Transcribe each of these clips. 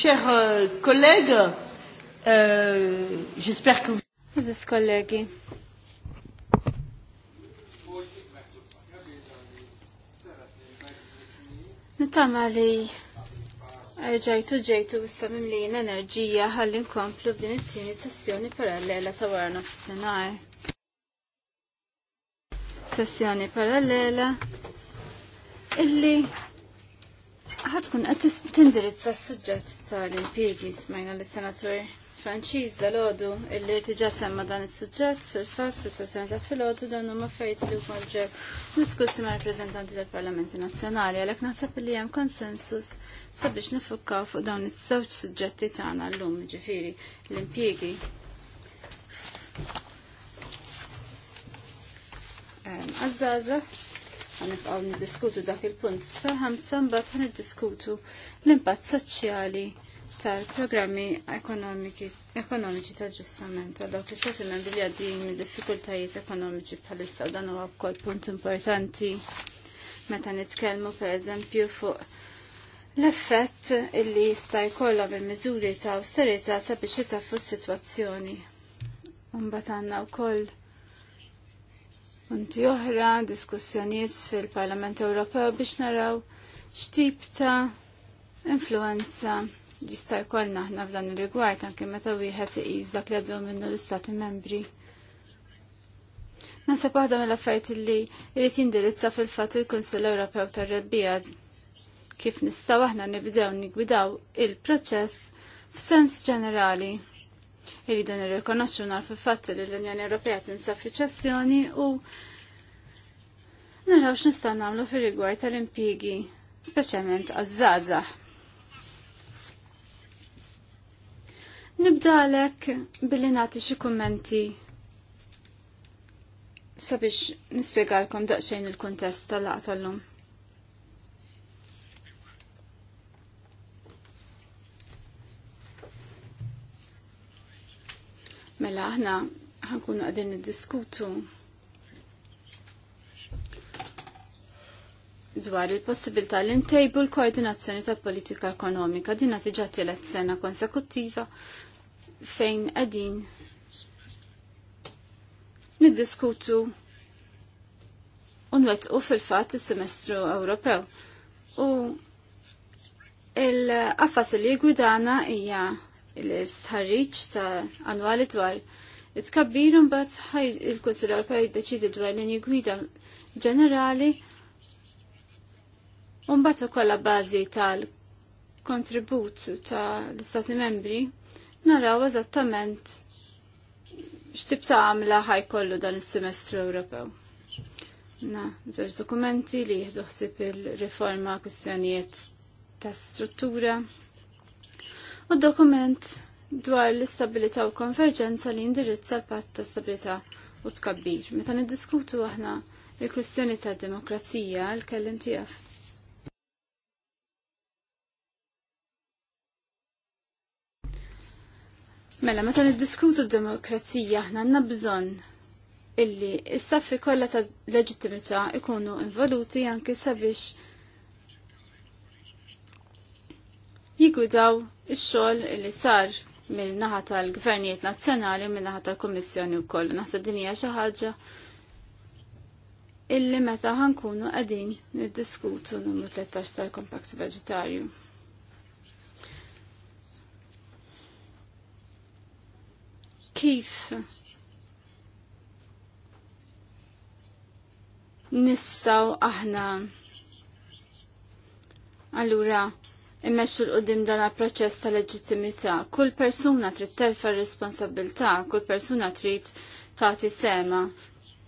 Chers euh, collègues, euh, j'espère que vous... Aziz kollegi. Nittama li rġajtu ġejtu issa mimlijin enerġija ħalli nkomplu b'din it-tieni sessjoni parallela ta' wara nofsinhar. Sessjoni parallela illi ħatkun qed tindirizza s-suġġett tal-impjiegi smajna lis senatur Franċiż dal-għodu illi tiġa semma dan is-suġġett fil-fass fis-sessjoni ta' filgħodu dan huma affarijiet li u ġew diskussi ma' reprezentanti tal-Parlamenti Nazzjonali għalhekk naħseb li hemm konsensus sabiex nifukkaw fuq dawn il żewġ suġġetti tagħna llum ġifiri l-impjiegi għazzaza nid niddiskutu dak il-punt sa' sambat għanid-diskutu l-impatt soċjali tal-programmi ekonomiċi tal-ġustament Għallok, dawk l-istati membri li għaddin diffikultajiet ekonomiċi bħal-issa u dan huwa wkoll punt importanti meta nitkellmu pereżempju fuq l-effett illi jista' jkollha bil-miżuri ta' awsterità sabiex jitaffu s-sitwazzjoni. Mbagħad għandna wkoll Unti oħra, diskussjonijiet fil-Parlament Ewropew biex naraw x'tip ta' influenza jista' jkollna aħna f'dan ir-rigward anke meta wieħed iqis dak li għadhom minnu l-Istati Membri. Nasab waħda mill-affarijiet li jrid jindirizza fil-fatt il-Kunsill Ewropew tar-rebbija kif nistgħu aħna nibdew nigwidaw il-proċess f'sens ġenerali Iridu nirrikonoxxu nar fil-fatt li l-Unjoni Ewropea tinsab fiċċazzjoni u naraw x'nistgħu nagħmlu fir-rigward tal-impjiegi, speċjalment għaż-żgħażagħ. Nibdalek billi nagħti xi kummenti sabiex nispjegalkom daqsxejn il-kuntest tal-laqgħa tal-lum. Mela aħna ħankun għadin niddiskutu dwar il-possibilità li ntejbu l-koordinazzjoni tal-politika ekonomika din tiġa tielet sena konsekutiva fejn qegħdin niddiskutu u nwettqu fil-fatt is-semestru Ewropew. U il affas li jgwidana hija il-sħarriċ ta' annwali dwar it bat mbagħad il-Kunsill Ewropew jiddeċidi dwar l-inju gwida ġenerali u mbagħad ukoll bażi tal-kontribut tal-Istati Membri naraw eżattament x'tib ta' għamla ħaj kollu dan is-semestru Ewropew. Na, żewġ dokumenti li jieħdu il-riforma kwistjonijiet ta' struttura u dokument dwar l-istabilità u konverġenza li indirizza l-patt ta' stabilita u tkabbir. Meta niddiskutu aħna il-kwistjoni ta' demokrazija l-kellim tiegħek. Mela, meta niddiskutu d-demokrazija aħna għandna bżonn illi s-saffi kollha ta' leġittimità ikunu involuti anke sabiex jigudaw ix-xogħol li sar mill-naħa tal-gvernijiet nazzjonali u mill-naħa tal-Kummissjoni wkoll. Naħseb din hija xi ħaġa illi meta ħankunu qegħdin niddiskutu numru 13 tal-kompakt veġitarju. Kif nistaw aħna allura immexxu l-qudiem dan proċess ta' leġittimità. Kull persuna trid terfa' responsabilità, kull persuna trid tagħti sema.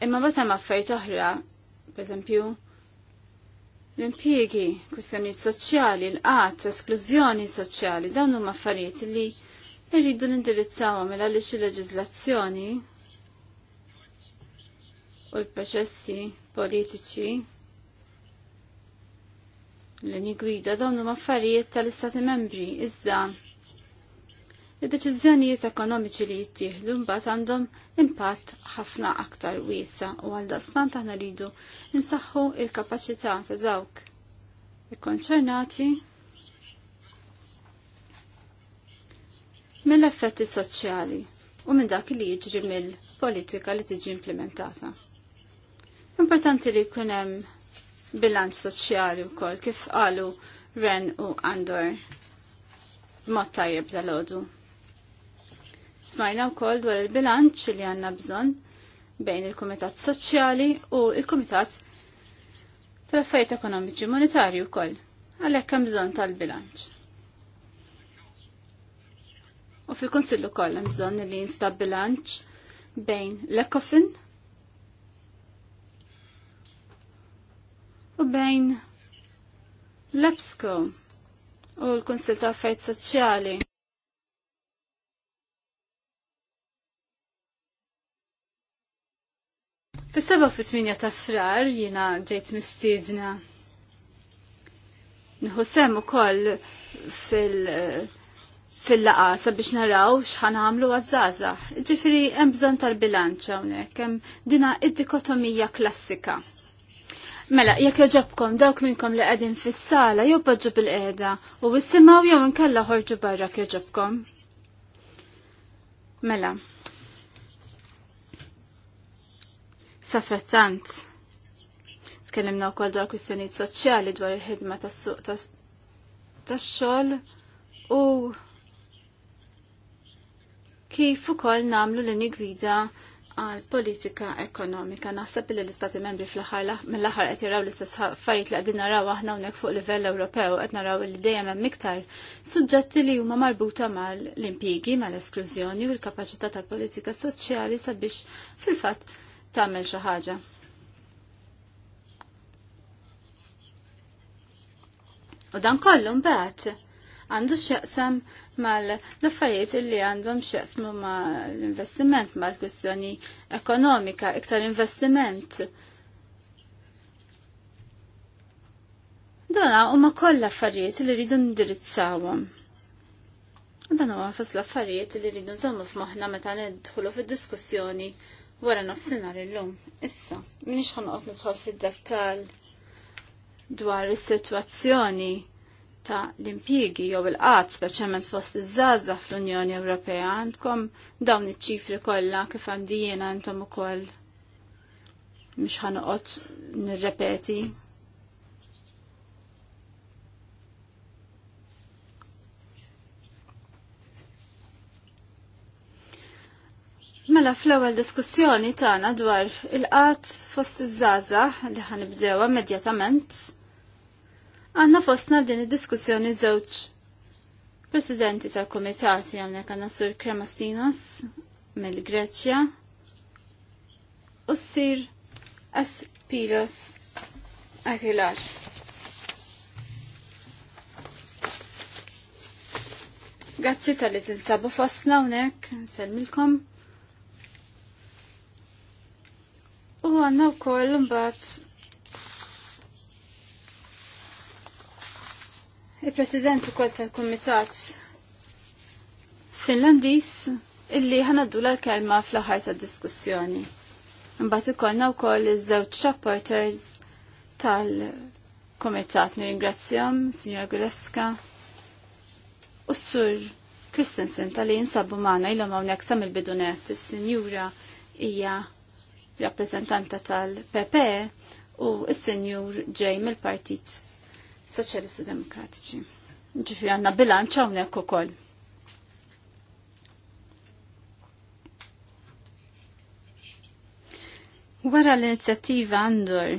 Imma meta hemm affarijiet oħra, pereżempju, l-impjiegi, kwistjonijiet soċjali, l-qatt, esklużjoni soċjali, dawn huma affarijiet li irridu nindirizzawhom mela għaliex il-leġiżlazzjoni u l-proċessi politiċi l-linji gwida dawn maffarijiet affarijiet tal-Istati Membri iżda id-deċiżjonijiet ekonomiċi li jittieħdu mbagħad għandhom impatt ħafna aktar wiesa u għal daqstant aħna rridu insaħħu il-kapaċità ta' dawk ikkonċernati mill-effetti soċjali u minn dak li jiġri mill-politika li tiġi implementata. Importanti li jkun hemm bilanċ soċjali wkoll kif qalu Ren u Andor mod tajjeb dal-għodu. Smajna wkoll dwar il-bilanċ li għandna bżonn bejn il-Kumitat Soċjali u il-Kumitat tal-Affarijiet Ekonomiċi Monetarju wkoll għalhekk hemm bżonn tal-bilanċ. U fil-Kunsillu hemm bżonn li jinstab bilanċ bejn l-Ecofin u bejn l-EPSCO u l-Konsil ta' Affarijiet Soċjali. fis 7 fit-8 ta' frar jiena ġejt mistiedna. Nħu sem ukoll fil- fil-laqa sabiex naraw xħan għamlu għazzaza. Ġifiri, hemm bżon tal-bilanċ hawnhekk, hemm dina id-dikotomija klassika. Mela, jekk joġobkom dawk minnkom li qegħdin fis-sala jew bħadġu bil-qiegħda u issimgħu jew inkella ħorġu barra joġobkom. Mela. Safrattant. Tkellimna wkoll dwar kwistjonijiet soċjali dwar il-ħidma tas-suq tax-xogħol u kif ukoll nagħmlu linji gwida għal politika ekonomika. Naħseb li l-Istati membri fl-aħħar mill-aħħar qed jaraw l-istess affarijiet li qegħdin naraw aħna hawnhekk fuq livell Ewropew qed naraw li dejjem hemm iktar suġġetti li huma marbuta mal-impjiegi, mal-esklużjoni u l-kapaċità tal-politika soċjali sabiex fil-fatt tagħmel xi ħaġa. U dan kollu mbagħad għandu x'jaqsam mal-affarijiet illi għandhom x'jaqsmu mal-investiment, mal-kwistjoni ekonomika, iktar investiment. Dona huma kollha affarijiet li rridu ndirizzawhom. Dan huwa fis l-affarijiet li rridu nżommu f'moħħna meta nidħlu fid-diskussjoni wara nofsinhar illum. Issa, minix ħanqod nidħol fid-dettall dwar is-sitwazzjoni ta' l-impjiegi jew il qat speċjalment fost iż-żgħażagħ fl-Unjoni Ewropea għandkom dawn iċ-ċifri kollha kif jiena intom ukoll mhux ħanoqgħod nirrepeti. Mela fl-ewwel diskussjoni tagħna dwar il qat fost iż-żgħażagħ li ħanibdew immedjatament Għanna fostna din id-diskussjoni żewġ presidenti tal-komitati għamnek għanna sur Kremastinas mill-Greċja u sir Aspiros Aguilar. Grazzi tal-li fostna fosna unek, nselmilkom. U għanna u koll bat il-President kol tal-Kumitat Finlandis illi ħanaddu l-kelma fl-aħħar tad-diskussjoni. Mbagħad ikollna wkoll iż-żewġ rapporters tal-Kumitat nirringrazzjahom, Sinjora Gureska u s-Sur Christensen tal-li jinsabu magħna ilhom hawnhekk sa il-bidunet is-Sinjura hija rappreżentanta tal-PP e u s-Sinjur ġej mill-Partit Soċjalisti Demokratiċi. Ġifir għanna bilanċ hawnhekk ukoll. Wara l-inizjattiva għandur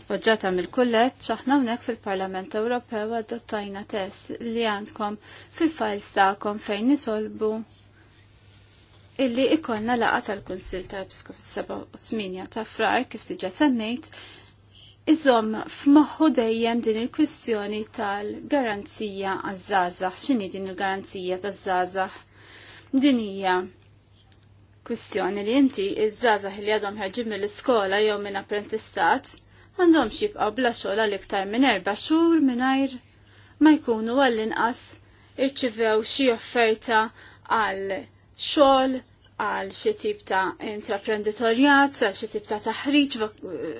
appoġġata mill-kulleġġ aħna hawnhekk fil-Parlament Ewropew adottajna test li għandkom fil-files tagħkom fejn nisolbu illi ikollna laqa tal-Kunsil ta' Episkop 87 ta' Frar kif diġà semmejt iżom f'moħħu dejjem din il-kwistjoni tal-garanzija għaż-żgħażagħ. X'inhi din il-garanzija taż-żgħażagħ? Din hija kwistjoni li inti iż-żgħażagħ li għadhom ħarġin mill-iskola jew minn apprentistat għandhom jibqgħu bla xogħol għal iktar minn erba' xhur mingħajr ma jkunu għall-inqas irċivew xi offerta għal xogħol għal xi tip ta' intraprenditorjat, għal xi tip ta' taħriġ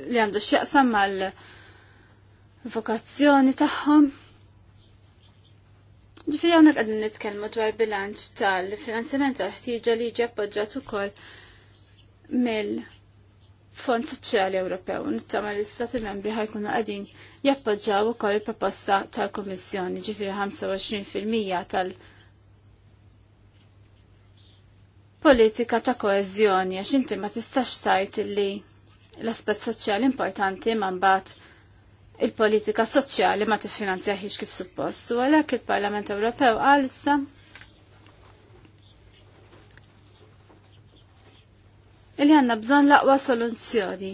li għandu x'jaqsam mal vokazzjoni tagħhom. Ġifieri hawnhekk qegħdin nitkellmu dwar bilanċ tal-finanzjament tal-ħtieġa li jiġi appoġġjat ukoll mill-Fond Soċjali Ewropew. Nittama l-Istati Membri ħajkunu qegħdin jappoġġjaw ukoll il-proposta tal-Kummissjoni, ġifieri 25% tal-, -tal politika ta' koezjoni għax inti ma tistax tajt li l-aspett soċjali importanti ma mbagħad il-politika soċjali ma tiffinanzjahiex kif suppost u għalhekk il-Parlament Ewropew għalissa issa illi għandna bżonn laqwa soluzzjoni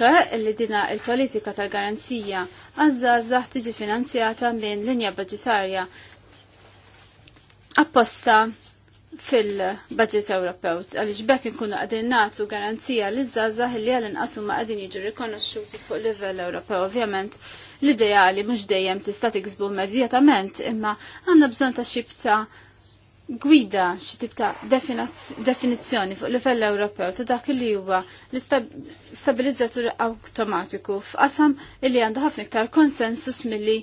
ċe illi dina il-politika ta' garanzija għazzazzaħ tiġi finanzjata minn linja budgetarja apposta fil-budget Ewropew għaliex bekk inkunu għadin nagħtu garanzija li zazah li għal inqasu ma għadin jiġu rikonoxxuti fuq livell Ewropew. Ovvjament l-ideali mhux dejjem tista' tiksbu immedjatament, imma għandna bżonn ta' xibta gwida xi tip ta' definizzjoni fuq livell Ewropew ta' dak li huwa l-stabilizzatur awtomatiku f'qasam illi għandu ħafna iktar konsensus milli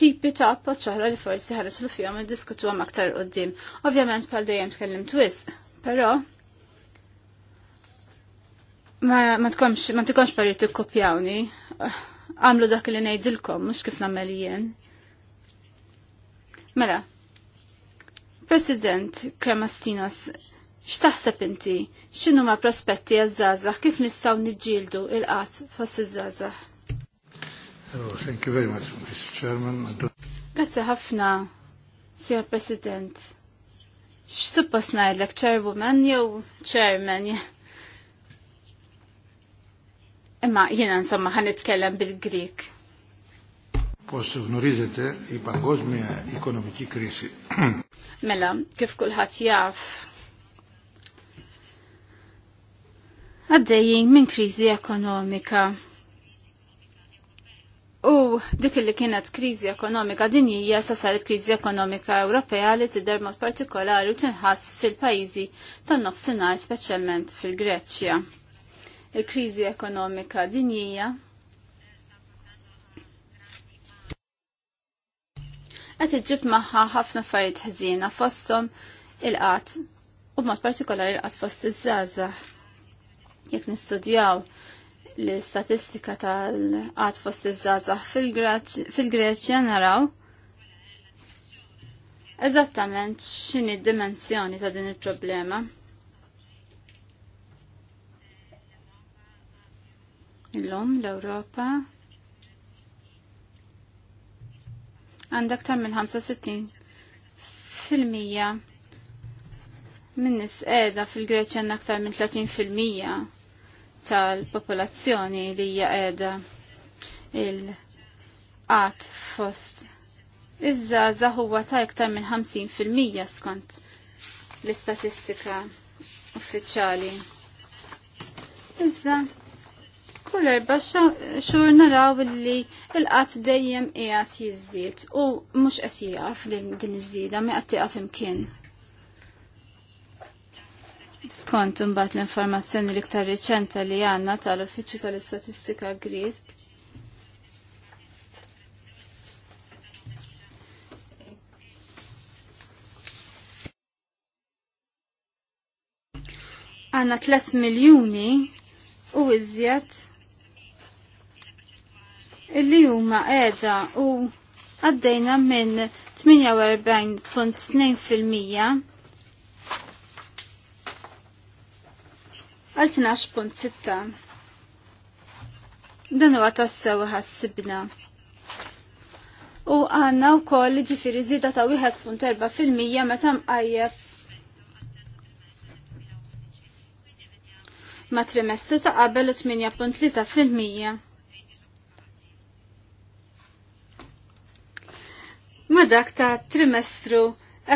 tipi ta' appoġġ li forsi ħareslu fihom għam aktar qudiem. Ovvjament bħal dejjem tkellim wisq, però ma, ma tkomx ma tkomx t-kopjawni, Għamlu dak li ngħidilkom mhux kif nagħmel jien. Mela. President Kremastinos, x'taħseb inti? xinu ma prospetti għaż-żgħażagħ kif nistgħu niġġieldu il-qatt fost iż-żgħażagħ? Oh, thank you very much, Mr. Chairman. Grazie ħafna, Sir President. X-suppost najdlek, Chairwoman jow Chairman? Imma jena insomma ħan nitkellem bil-Grik. Post nurizete i pangozmija ekonomiki krisi. mela, kif kulħadd jaf, għaddejjin minn krizi ekonomika U dik li kienet kriżi ekonomika din hija sa saret kriżi ekonomika Ewropea li tidher mod partikolari u tinħass fil-pajjiżi tan-nofsinhar speċjalment fil-Greċja. Il-kriżi ekonomika hija qed iġġib magħha ħafna affarijiet ħżiena fosthom il-qatt u b'mod partikolari il-qatt fost iż-żgħażagħ. Jekk nistudjaw l-istatistika tal qat fost iż-żgħażagħ fil-Greċja naraw eżattament x'inhi d-dimensjoni ta' din il-problema. Illum l-Ewropa għandha aktar minn 65 fil-mija minn nis qiegħda fil-Greċja għandna aktar minn 30 fil-mija tal-popolazzjoni li hija qiegħda il-qatt fost iż-żgħażagħ huwa ta' iktar minn 50% skont l-istatistika uffiċjali. Iżda, kull erba xhur naraw li l-qatt dejjem qiegħed jiżdied u mhux qed jieqaf din iż-żieda ma qed tieqaf imkien. Skont imbagħad l-informazzjoni l-iktar riċenta li għandna tal-Uffiċċju tal-Istatistika Grid għanna 3 miljoni u iżjed illi huma qiegħda u għaddejna minn 48.2% għal 12.6. Dan huwa tassew ħassibna. U għanna u koll ġifiri zida ta' 1.4% meta mqajjeb ma' trimessu ta' qabel u 8.3%. Ma' dak ta' trimestru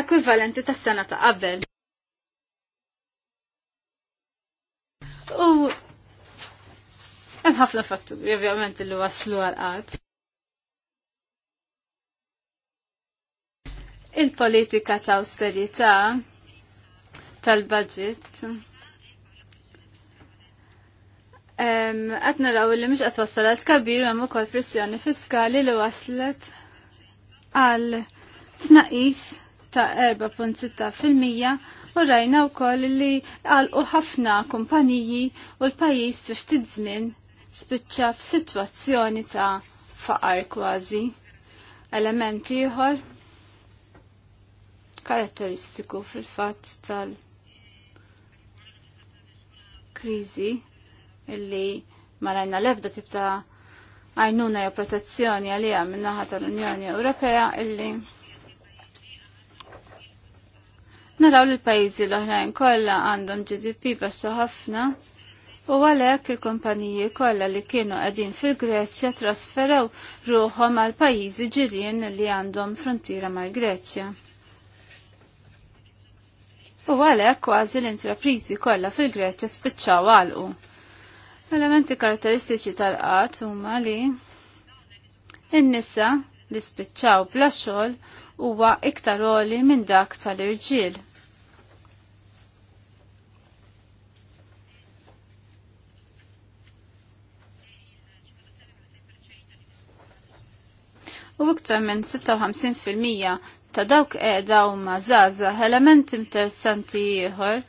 ekvivalenti tas sena ta' qabel. U hemm ħafna fatturi ovvjament li waslu għal qatt. Il-politika ta' austerità tal-budget qed naraw li mhux qed wassalet kabir hemm ukoll pressjoni fiskali li waslet għal tnaqis ta' 4.6 fil-mija u rajna wkoll li għalqu ħafna kumpaniji u l-pajjiż fi ftit żmien spiċċa f'sitwazzjoni ta' faqar kważi. Element ieħor karatteristiku fil-fatt tal-kriżi illi ma rajna l-ebda tip ta' għajnuna jew protezzjoni għalija minnaħa tal-Unjoni Ewropea illi Naraw li l-pajizi l-oħrajn kollha għandhom GDP baxxu ħafna u għalhekk il-kumpaniji kollha li kienu qegħdin fil-Greċja trasferaw ruħhom għal pajjiżi ġirien li għandhom frontiera mal-Greċja. U għalek kważi l-intraprizi kollha fil-Greċja spiċċaw għalqu. Elementi karatteristiċi tal-qat huma li in-nisa li spiċċaw bla xogħol huwa iktar għoli minn dak tal-irġiel. U iktar minn 56% ta' dawk qiegħda huma żgħażagħ element interessanti ieħor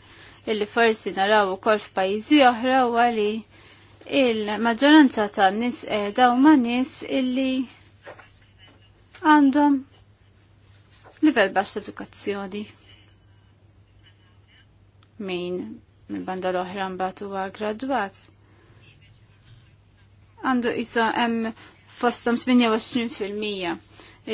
illi forsi naraw ukoll f'pajjiżi oħra huwa li il-maġġoranza tan nies qiegħda huma nies illi għandhom Livell ba'x edukazzjoni. Min minn banda l-oħra mbagħad huwa gradwat. Għandu iso hemm fostom 28%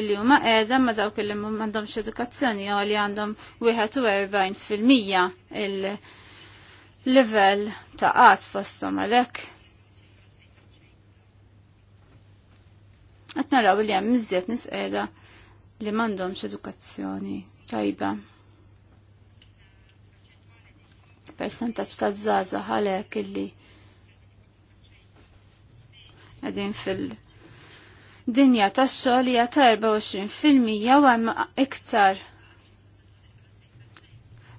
illi huma qiegħda ma dawk illi m'għandhomx edukazzjoni jew li għandhom 41% il-level ta' qatt fosthom għalhekk. Qed naraw li hemm iżjed nis qiegħda li m'għandhomx edukazzjoni tajba. Persentaċ ta' zaza għalhekk illi għedin fil- dinja tax xogħol hija ta' 24% u hemm iktar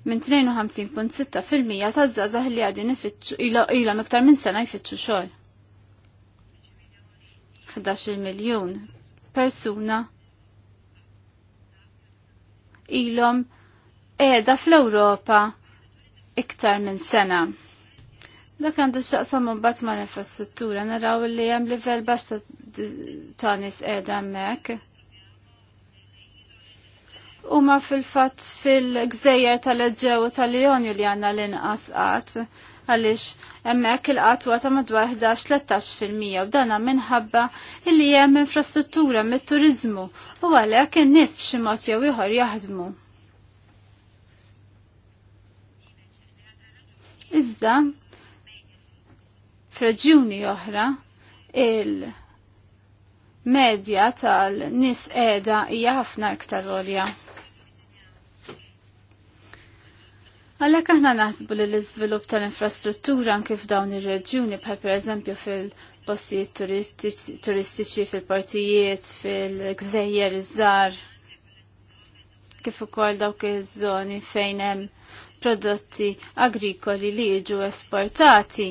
minn 52.6% ta' żgħażagħ li għadin ifitxu ilhom iktar minn sena jfittxu xogħol. 11 miljun persuna ilhom qiegħda fl-Ewropa iktar minn sena. Dak għandu xaqsam un bat ma l-infrastruttura, naraw li jem livell bax ta' tanis edha mek. U ma fil-fat fil-gżejjer tal ġewu tal-Ljonju li għanna l-inqasqat, għaliex hemmhekk il-qatwa ta' madwar 11-13% u dana minħabba illi hemm infrastruttura mit-turiżmu u għalhekk in-nies b'xi mod jew ieħor jaħdmu. Iżda f'reġjuni oħra il- medja tal-nis edha hija ħafna iktar għolja. Għalhekk aħna naħsbu li l izvilup tal-infrastruttura anke f'dawn ir-reġjuni bħal pereżempju fil-postijiet turistiċi, fil-partijiet, fil-gżejjer iż-żar, kif ukoll dawk iż-żoni fejn hemm prodotti agrikoli li jiġu esportati.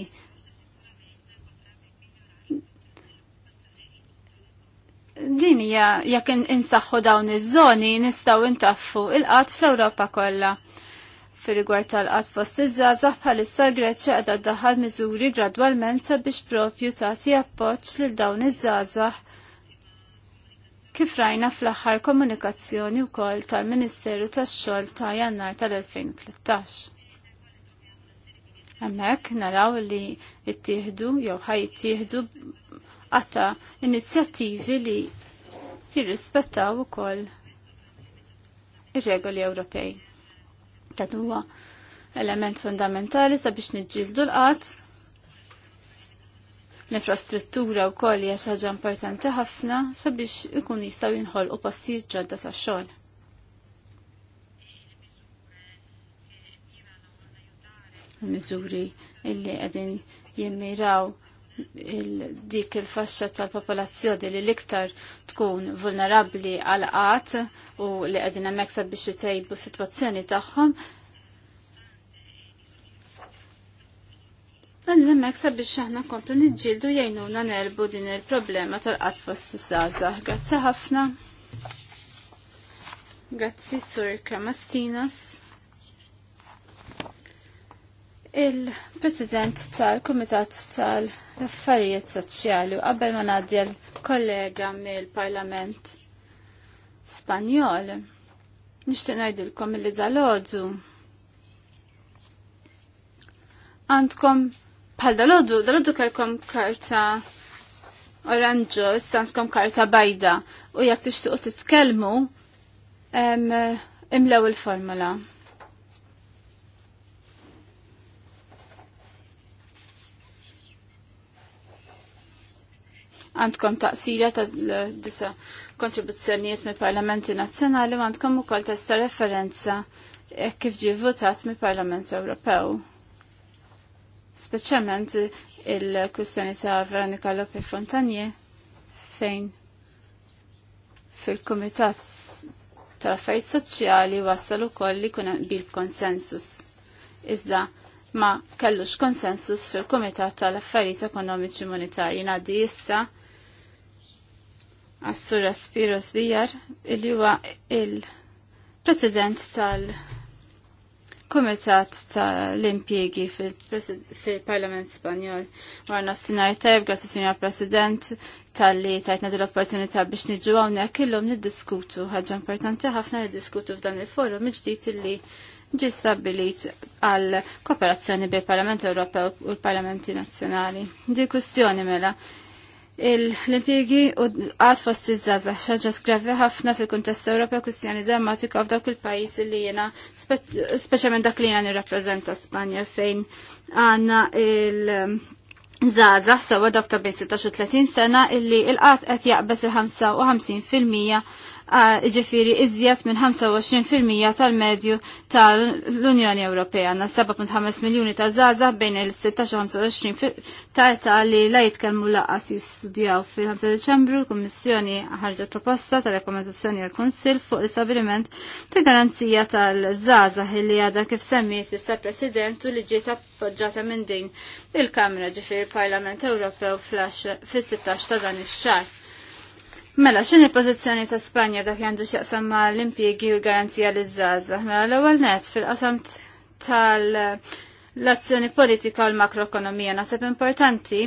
Din hija jekk insaħħu dawn iż-żoni nistgħu intaffu il-qatt fl-Ewropa kollha fir rigward tal-qat fost iż-żgħażagħ bħalissa Greċċja qiegħda ddaħħal miżuri gradwalment sabiex propju tagħti appoġġ lil dawn iż żazah kif rajna fl-aħħar komunikazzjoni wkoll tal-Ministeru tax-xogħol ta' Jannar tal-2013. Hemmhekk naraw li ttieħdu jew ħaj jittieħdu għata inizjattivi li jirrispettaw ukoll ir-regoli Ewropej. Dan huwa element fundamentali sabiex niġġieldu l-qatt. L-infrastruttura wkoll hija xi importanti ħafna sabiex ikun jistgħu jinħolqu postijiet ġodda tax-xogħol. Miżuri illi qegħdin jimmiraw dik il-fasċa tal-popolazzjoni li l-iktar tkun vulnerabli għal qat u li għedin hemmhekk biex jitejbu situazzjoni tagħhom. Għedin hemmhekk sabiex aħna komplu niġġieldu jgħinuna nerbu din il-problema tal-qat fost iż-żgħażagħ. Grazzi ħafna. Grazzi Sur Kamastinas il-President tal-Komitat tal-Affarijiet Soċjali u qabel ma ngħaddi l-kollega mill-Parlament Spanjol nixtieq ngħidilkom illi dalodu għandkom bħal dalodu, dalodu kelkom karta oranġo, issa għandkom karta bajda u jekk tixtiequ titkellmu imlew il-formula. għandkom taqsira ta' disa kontribuzzjonijiet mill parlamenti nazzjonali u għandkom ukoll testa referenza eh, kif ġi votat mill parlament Ewropew. Speċjalment il-kustjoni ta' Veronika Lope Fontanje fejn fil-Kumitat tal-Affarijiet Soċjali wassal ukoll li kun bil-konsensus. Iżda ma kellux konsensus fil-Kumitat tal-Affarijiet Ekonomiċi Monetarji ngħaddi issa għassura Spiros Vijar, il huwa il-President tal-Kumitat tal-Impjegi fil-Parlament Spanjol. Warna f-sinar tajb, grazzi Signor President, tal-li tajtna dil-opportunità biex nidġu għawnek illum niddiskutu. ħagġa importanti ħafna niddiskutu f'dan il-forum ġdijt illi ġi stabilit għal kooperazzjoni bil parlament Ewropew u l-Parlamenti Nazzjonali. Di kustjoni mela, il impiegi u għad fost iż-żaza, xaġa skravi ħafna fil kontest Ewropew kustjani drammatika f'dawk il-pajis li jena, speċjalment dak li jena nirrappreżenta Spanja fejn għanna il- Zaza, sewa dak ta' 36 sena illi il-qat qed jaqbes il-55% Ah, ġifiri iżjed minn 25% tal-medju tal-Unjoni Ewropea. Na 7.5 miljoni ta' zaza bejn il-16 u 25 tarta li la jitkellmu laqas jistudjaw fil-5 Deċembru l-Kummissjoni ħarġet proposta ta' rekomendazzjoni għal konsil fuq l-establiment ta' garanzija tal-zaza li għada kif semmiet issa President u li ġiet appoġġata minn din il-Kamra ġifiri Parlament Ewropew fl-16 ta' dan ix-xar. Mela, x'in il pozizjoni ta' Spanja ta' kjandu xaqsam ma' l-impiegi u l-garanzija li zaza? Mela, l-ewel net fil-qasam tal- l-azzjoni politika u l-makroekonomija nasib importanti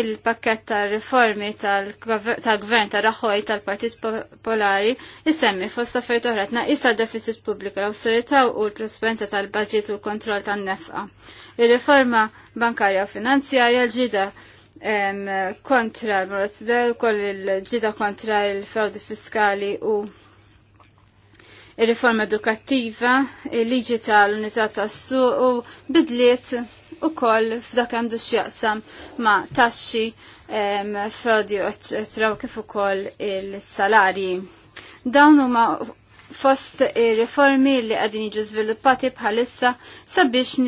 il-pakket ta' riformi tal-gvern ta' raħoj tal-Partit Popolari isemmi fost affarijiet oħra tnaqis tad-deficit pubbliku l-awtorità u l-prospenza tal-budget u l-kontroll tan-nefqa. Ir-riforma bankarja u finanzjarja l-ġida kontra l-morazzidel, koll il-ġida kontra il fraudi fiskali u il-riforma edukattiva, il-liġi tal-unità tas-su u bidliet u koll f'dak għandu x'jaqsam ma' taxxi frodi u u kif ukoll il-salarji. Dawn huma fost il-reformi li għadin jiġu żviluppati bħalissa sabiex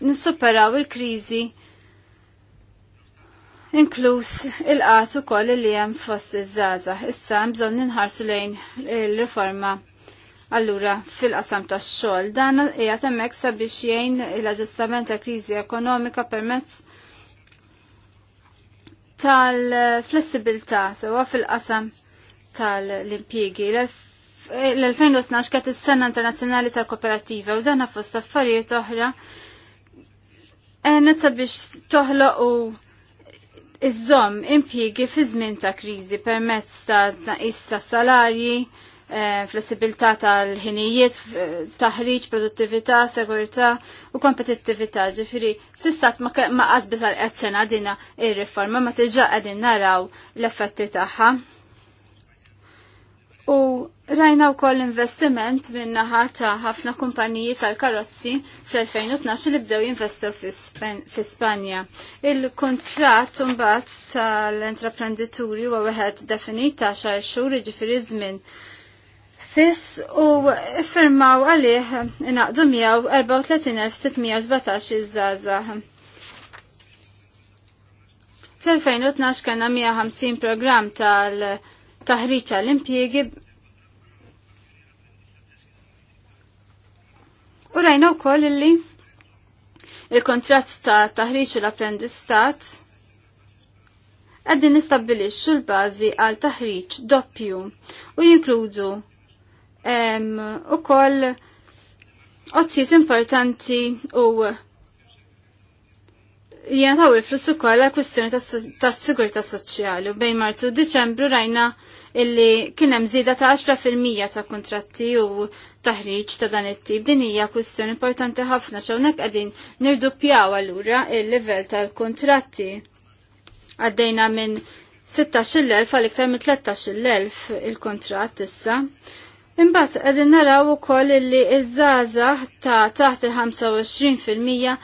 nissuperaw il-kriżi Inkluż il-qat ukoll li hemm fost iż-żaża. Issa hemm bżonn ninħarsu lejn il-riforma Allura, fil-qasam tax xogħol dan hija hemmhekk sabiex jgħin l-aġġustament ta' kriżi ekonomika permezz tal-flessibilità sewa fil-qasam tal-impjiegi. L-2012 kienet is-Sena Internazzjonali tal-Kooperativa u dan fost affarijiet oħra għenet eh, sabiex toħloq u iżżomm impjiegi fi żmien ta' kriżi permezz ta' tnaqis ta' salarji, eh, flessibilità tal-ħinijiet, taħriġ, produttività, sekurità u kompetittività. Ġifiri, sissat ma qasbet għal-qed sena dina ir-riforma ma tiġa qegħdin naraw l-effetti tagħha. U rajna wkoll investiment minn naħa ta' ħafna kumpaniji tal-karozzi fl-2012 li bdew jinvestu fi Spanja. Il-kontratt mbagħad tal-entreprenditurju u wieħed definita xar xhur jiġifieri żmien fiss u firmaw għalih inaqdu 34.617 iż-żgħażagħ. Fl-2012 kellna 150 programm tal- taħriġ għall-impjiegi U rajna wkoll illi il kontrat ta' taħriġ u l-apprendistat għaddin nistabbilixxu l-bażi għal taħriġ doppju u jinkludu ehm, ukoll ozzis importanti u taw il flussu u koll kwestjoni ta' sigurta soċjali u bej marzu Deċembru rajna illi kienem zida ta' 10% ta' kontratti u taħriġ ta' dan it-tip. Din hija kwistjoni importanti ħafna x'hawnhekk qegħdin nirduppjaw allura il-livell tal-kontratti. Għaddejna minn 16,000 għal iktar minn 13,000 il kontrat issa. Imbagħad għedin naraw ukoll li iż-żgħażagħ ta' taħt il-25%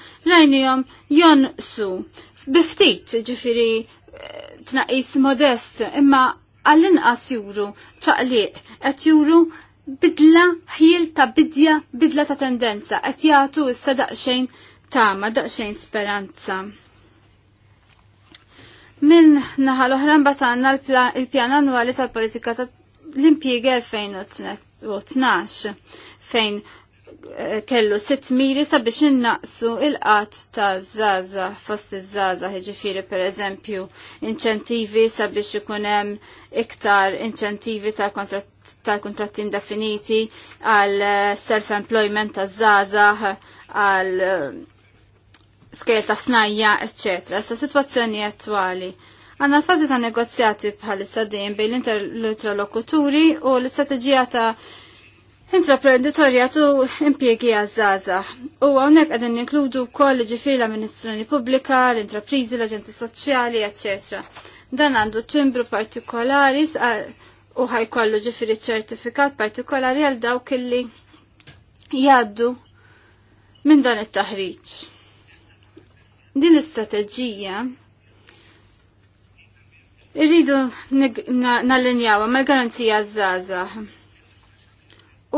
jon su. Biftit ġifieri tnaqis modest imma għall-inqas juru ċaqliq qed juru bidla ħil ta' bidja bidla ta' tendenza qed jagħtu issa daqsxejn tama daqsxejn speranza. Min naħa l-oħra mbagħad il l-pjan annwali tal-politika ta' l-impjiegi 2012 fejn eh, kellu 6 miri sabiex innaqsu il-qat ta' zaza fost iż-żaza per pereżempju inċentivi sabiex ikun hemm iktar inċentivi ta' kontrat tal-kontratti indefiniti għal eh, self-employment ta' zaza għal eh, skel ta' snajja, eccetera. Sa' situazzjoni attwali Għanna l-fazi ta' negozjati bħalissa dejjem bejn l-interlokuturi u l-istrateġija ta' intraprenditorja tu impiegi għazzaza. U għonek għadin inkludu koll ġifir l-amministrazzjoni pubblika, l-intraprizi, l-agenti soċjali, ecc. Dan għandu ċimbru partikolari u ħajkollu ġifir ċertifikat partikolari għal dawk illi jaddu minn dan it-taħriġ. Din l-istrateġija Irridu nallinjawa mal garanzija zaza.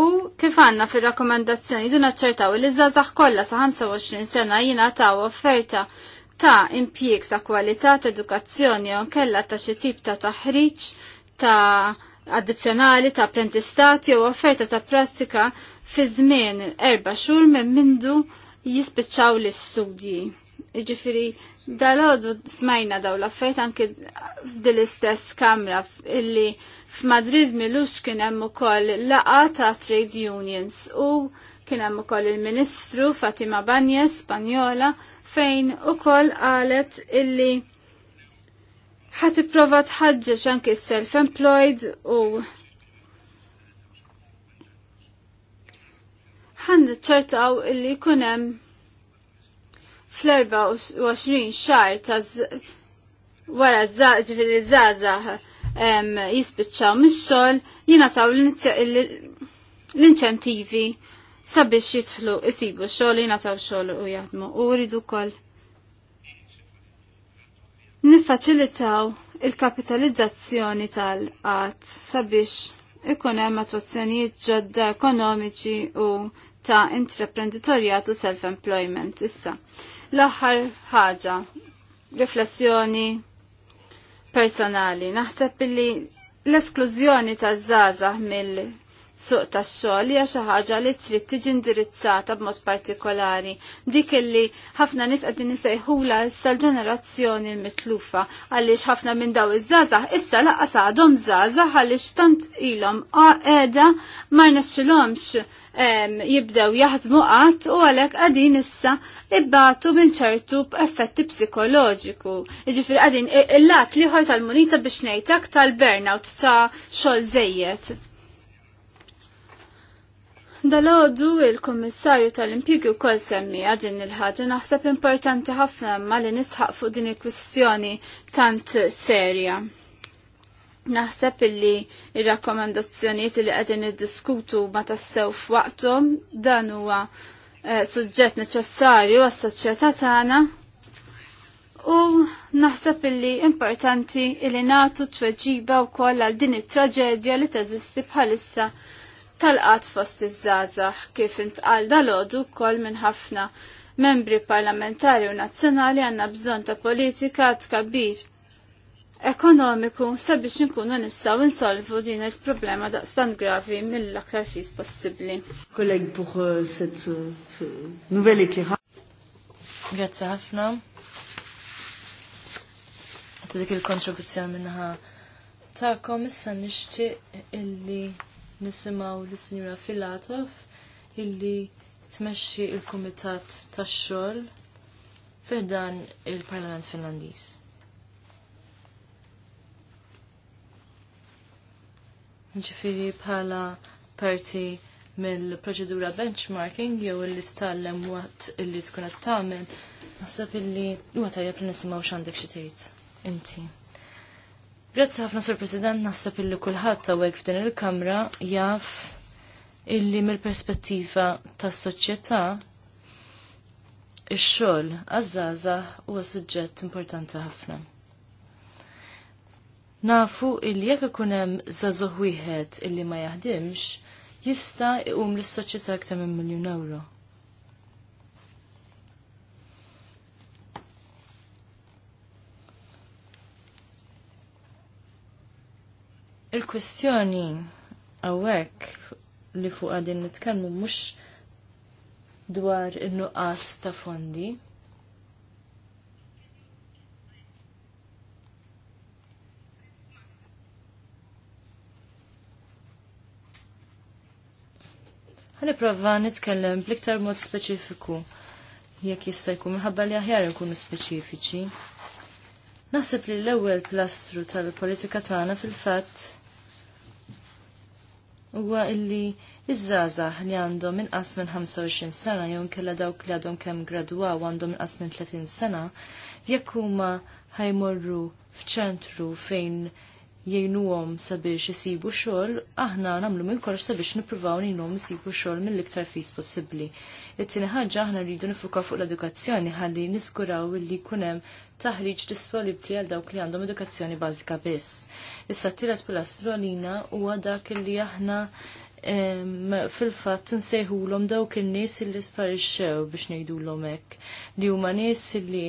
U kif għanna fil-rakkomandazzjoni dun naċċertaw li żazax kollha sa 25 sena jingħataw offerta ta' impjieg ta' kwalità ta' edukazzjoni u kella ta' xi tip ta' taħriġ ta' addizzjonali ta' apprentistati u offerta ta' prattika fi żmien erba' xhur minn mindu jispiċċaw l-istudji. Jiġifieri Dal-ħodu smajna daw l anki f'dil istess kamra illi f'Madrid milux kien hemm ukoll laqa ta' trade unions u kien hemm ukoll il-Ministru Fatima Banjes Spanjola fejn ukoll qalet illi ħati ipprova tħaġġeġ anki self-employed u ħandi ċertaw illi kunem hemm fl-24 xar ta' wara ġifiri zazah jispiċċaw mis-xol taw l-inċentivi sabiex jitħlu jisibu xol taw xol u jaħdmu u rridu kol Nifacilitaw il-kapitalizzazzjoni tal-qat sabiex ikun hemm attwazzjonijiet ġodda ekonomiċi u ta' intraprenditorjat u self-employment issa. L-aħħar ħaġa, riflessjoni personali. Naħseb li l-esklużjoni ta' zazah mill suq tax xogħol hija xi ħaġa li trid tiġi indirizzata b'mod partikolari. Dik illi ħafna nies qegħdin isejħula issa l-ġenerazzjoni mitlufa għaliex ħafna minn daw iż-żgħażagħ issa laqas għadhom żgħażagħ għaliex tant ilhom qiegħda ma rnexxilhomx jibdew jaħdmu qatt u għalhekk qegħdin issa ibbatu minn ċertu effetti psikoloġiku. Jiġifieri qegħdin il-lat liħor tal-munita biex ngħidlek tal-burnout ta' xogħol żejjed dal għoddu il-Kommissarju tal-Impjegi wkoll semmi din il-ħaġa naħseb importanti ħafna ma li nisħaq fuq din il-kwistjoni tant serja. Naħseb illi il-rakkomandazzjonijiet li qegħdin iddiskutu ma tassew f'waqthom dan huwa eh, suġġett neċessarju għas-soċjetà tagħna u naħseb illi importanti illi nagħtu tweġiba wkoll għal din it-traġedja li teżisti bħalissa tal-qat fost iż-żazax kif intqal dal-għodu kol minn ħafna membri parlamentari u nazzjonali għanna bżon ta' politika tkabbir ekonomiku sabiex nkunu nistaw insolvu din il-problema daqstant gravi mill-aktar fis possibli. Kolleg buħ set euh, euh, nuveli éclairage. Grazie ħafna. Ta' il-kontribuzzjoni minnaħa ta' komissa nishti illi nisimaw l-Sinjura Filatov illi tmexxi il-Kumitat tax-xogħol f'dan il-Parlament Finlandiż. Ġifieri bħala parti mill-proċedura benchmarking jew illi tallem waqt illi tkun qed tagħmel, naħseb illi huwa tajjeb li nisimgħu x'għandek xi tgħid inti. Grazzi ħafna Sur President, naħseb illi kulħadd għek f'din il-Kamra jaf illi mill-perspettiva tas-soċjetà ix-xogħol għaż-żgħażagħ huwa suġġett importanti ħafna. Nafu illi jekk ikun hemm żagħżugħ wieħed illi ma jaħdimx, jista' iqum lis-soċjetà aktar minn miljun euro. Il-kwestjoni għawek li fuq għadin nitkellmu mhux dwar in-nuqqas ta' fondi. prova nitkellem bliktar mod speċifiku jekk jista' jkun minħabba li aħjar ikunu speċifiċi. Naħseb li l-ewwel plastru tal-politika tagħna fil-fatt huwa illi iż-żgħażagħ li għandhom inqas minn 25 sena jew inkella dawk li għadhom kemm gradwaw għandhom inqas minn 30 sena jekk huma ħajmorru f'ċentru fejn jgħinuhom sabiex isibu xogħol, aħna nagħmlu minn kollox sabiex nippruvaw ngħinhom isibu xogħol mill-iktar fis possibbli. It-tieni ħaġa aħna rridu nifuka fuq l-edukazzjoni ħalli niskuraw li jkun hemm taħriġ disponibbli għal dawk li għandhom edukazzjoni bażika biss. Issa t-tielet pilastru għalina huwa dak li aħna fil-fat nsejħulhom dawk in-nies li sparixxew biex ngħidulhom hekk li huma nies li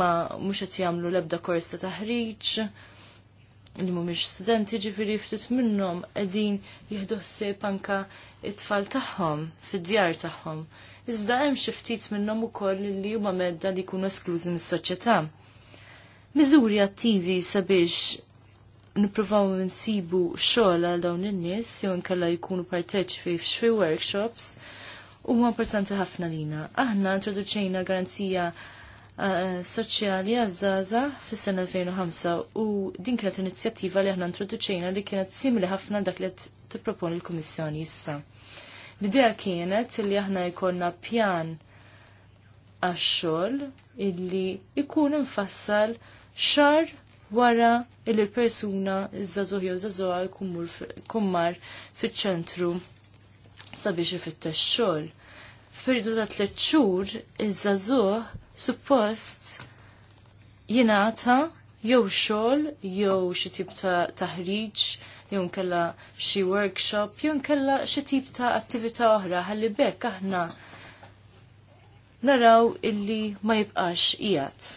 ma mhux qed jagħmlu l-ebda kors ta' taħriġ li mhumiex studenti ġifieri ftit minnhom qegħdin jieħdu ħsieb anke it-tfal tagħhom fid-djar tagħhom. Iżda hemm xi ftit minnhom ukoll li huma medda li jkunu esklużi mis-soċjetà. Miżuri attivi sabiex nippruvaw nsibu xogħol għal dawn in-nies jew inkella jkunu parteċipi f'xi workshops huma importanti ħafna lina. Aħna introduċejna garanzija Eh, soċjali għazzaza fis sena 2005 u din kienet inizjattiva li aħna introduċejna li kienet simili ħafna dak li tipproponi l-Kummissjoni issa. L-idea kienet li aħna jkollna pjan għax-xogħol illi ikun infassal xar wara illi l-persuna iż-żazuħi u żazuħa kummar fiċ-ċentru sabiex ifittex xogħol f'periodu ta' tliet xhur iż-żagħżugħ suppost jingħata jew xogħol jew xi tip ta' taħriġ jew nkella xi workshop jew nkella xi tip ta' attività oħra ħalli bekk aħna naraw illi ma jibqax qiegħed.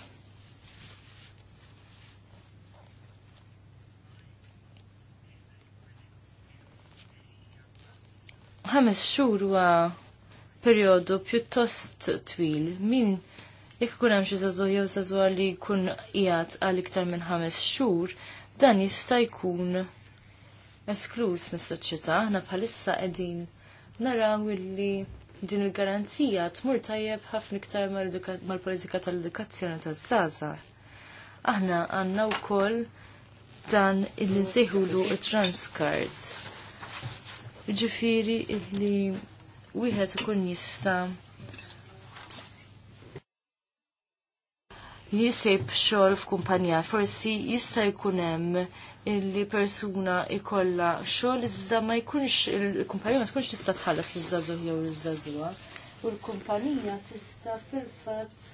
ħames xhur huwa perjodu pjuttost twil. Min jekk kun hemm xi żagħżugħ jew żagħżugħ li jkun qiegħed għal iktar minn ħames xhur, dan jista' jkun esklus mis-soċjetà aħna bħalissa qegħdin naraw illi din il-garanzija tmur tajjeb ħafna iktar mal-politika tal-edukazzjoni taż żgħażagħ Aħna għandna wkoll dan il-nsejħulu transcard. Ġifieri illi wieħed ikun jista' jisib xogħol f'kumpanija. Forsi jista' jkun hemm illi persuna ikolla xogħol iżda ma jkunx il-kumpanija ma tkunx tista' tħallas iż-żagħżugħ jew iż-żagħżugħa. U l-kumpanija tista' fil-fatt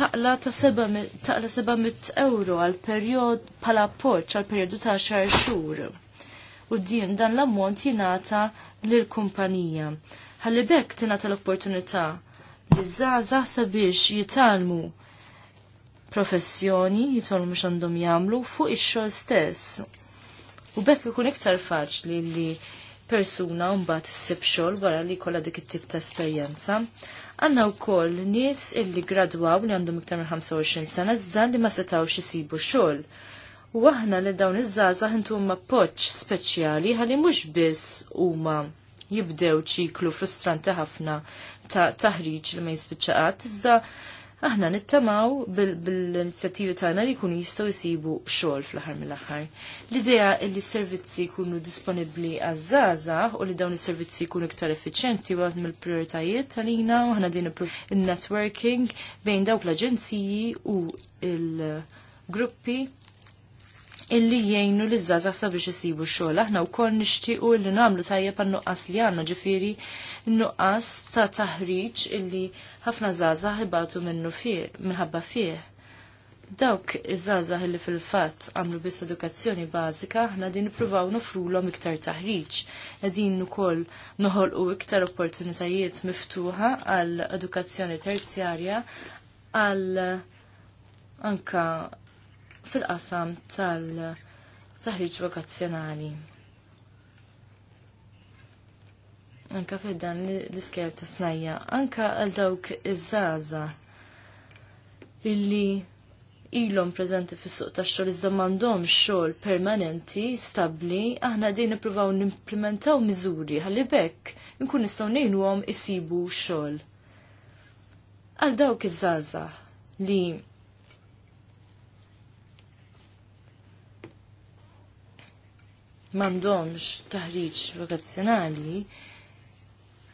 taqla ta' seba taqla 700 euro għal perjod bħala appoġġ għal perjodu ta' xar xhur u din dan l-ammont jingħata lill-kumpanija. Ħalli bekk tingħata l-opportunità li żgħażagħ sabiex jitalmu professjoni jitalmu mux għandhom jagħmlu fuq ix-xogħol stess. U bekk ikun iktar faċli li persuna mbagħad issib xogħol wara li jkollha dik it-tip ta' esperjenza. Għandna wkoll nies illi gradwaw li għandhom iktar minn 25 sena iżda li ma setgħux isibu xogħol. U aħna li dawn iż-żgħażagħ intuhom appoġġ speċjali ħalli mhux biss huma jibdew ċiklu frustranti ħafna ta' taħriġ li ma jispiċċaqat, iżda aħna nittamaw bil-inizjattivi tagħna li jkunu jistgħu jsibu xogħol fl-aħħar mill-aħħar. L-idea li s-servizzi jkunu disponibbli għaż-żgħażagħ u li dawn is-servizzi jkunu iktar effiċjenti waħed mill-prijoritajiet tagħlina u aħna din il-networking bejn dawk l-aġenziji u il-gruppi illi jgħinu li żgħażagħ sabiex isibu xogħol. Aħna wkoll nixtiequ illi nagħmlu tajjeb għan-nuqqas li għandna ġifieri nuqqas ta' taħriġ illi ħafna żgħażagħ ħibatu minnu fih minħabba fih. Dawk iż-żgħażagħ illi fil-fatt għamlu biss edukazzjoni bażika aħna din ippruvaw nofrulhom iktar taħriġ. Qegħdin ukoll noħolqu iktar opportunitajiet miftuħa għal edukazzjoni terzjarja għal anka fil-qasam tal-taħriġ vokazzjonali. Anka fiddan dan l-iskel ta' snajja, anka għal dawk iż-żaza illi ilhom preżenti fis-suq tax-xogħol iżda m'għandhomx xogħol permanenti, stabbli, aħna din nippruvaw nimplementaw miżuri ħalli bekk inkun nistgħu ngħinuhom isibu xogħol. Għal dawk iż żaza li m'għandhomx taħriġ vokazzjonali,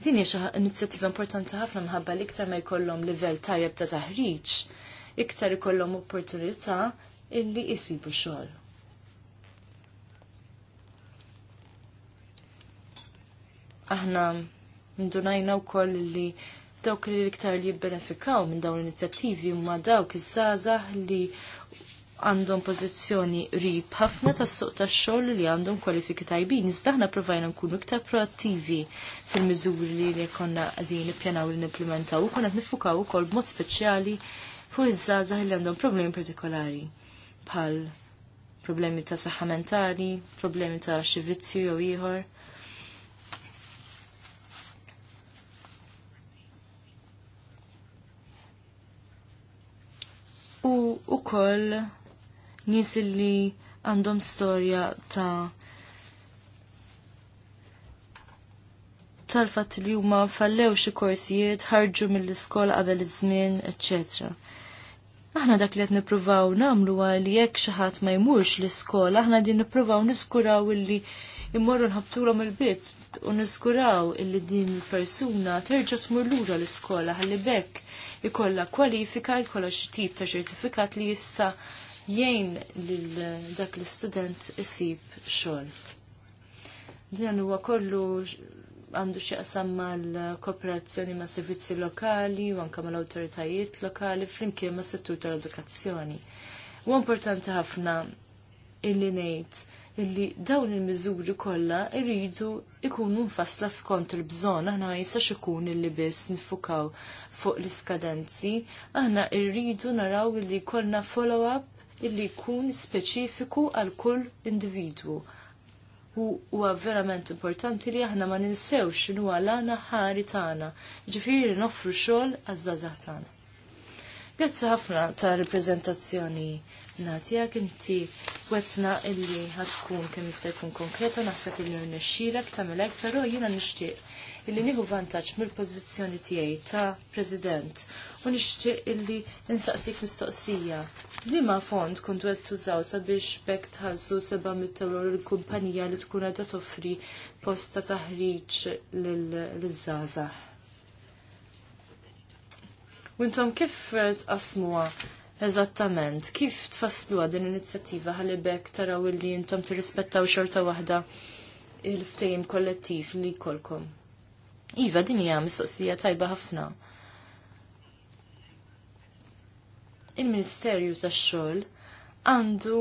din hija inizjattiva importanti ħafna mħabba li iktar ma jkollhom livell tajjeb ta' taħriġ, iktar ikollhom opportunità illi jisibu xogħol. Aħna ndunajna wkoll li dawk li iktar li jibbenefikaw minn dawn l-inizjattivi huma dawk iż-żgħażagħ li għandhom pożizzjoni rib ħafna tas-suq tax-xogħol li għandhom kwalifiki tajbin. Iżda aħna provajna nkunu iktar proattivi fil-miżuri li konna qegħdin nippjanaw li nimplementaw u qed nifukaw ukoll b'mod speċjali fuq iż-żgħażagħ li għandhom problemi partikolari bħal problemi ta' saħħa mentali, problemi ta' xi vizzju jew ieħor. U ukoll nis li għandhom storja ta' tal-fatt li huma fallew xi korsijiet, ħarġu mill-iskola qabel iż-żmien, etc. Aħna dak li qed nippruvaw nagħmlu li jekk xi ħadd ma jmurx l-iskola, aħna din nippruvaw niskuraw illi jmorru nħabtulhom il-bit u niskuraw illi din il-persuna terġa' tmur lura l-iskola ħalli bekk ikolla kwalifika, ikolla xi tip ta' ċertifikat li jista' Jien lil dak l-student isib xogħol. Dan huwa kollu għandu xieqsam mal-kooperazzjoni ma' servizzi lokali u anka mal-autoritajiet lokali flimkien ma' settur tal-edukazzjoni. U importanti ħafna illi ngħid illi dawn il-miżuri kollha irridu ikunu nfassla skont il bżon aħna ma jistax ikun illi biss nifukaw fuq l-iskadenzi, aħna rridu naraw illi kollna follow-up illi jkun speċifiku għal kull individwu. U huwa verament importanti li aħna ma ninsewx x'inhu għalana ħari tagħna, ġifieri noffru xogħol għaż-żgħażagħ tagħna. Grazzi ħafna ta' rappreżentazzjoni natijak inti wetna illi ħatkun kemm jista' jkun konkreta naħseb illi nixxilek tagħmelek, però jiena nixtieq illi nieħu vantaġġ mill-pożizzjoni tiegħi ta' President u nixtieq illi nsaqsik mistoqsija Liema fond kontu qed tużaw sabiex bekk tħallsu 700 euro l-kumpanija li tkun qed toffri posta taħriġ l żgħażagħ Wintom kif tqasmuha eżattament? Kif tfassluha din l-inizjattiva ħalli bekk taraw illi intom tirrispettaw xorta waħda il ftejim kollettiv li jkollkom? Iva, din hija mistoqsija tajba ħafna. il-Ministerju tax-xogħol għandu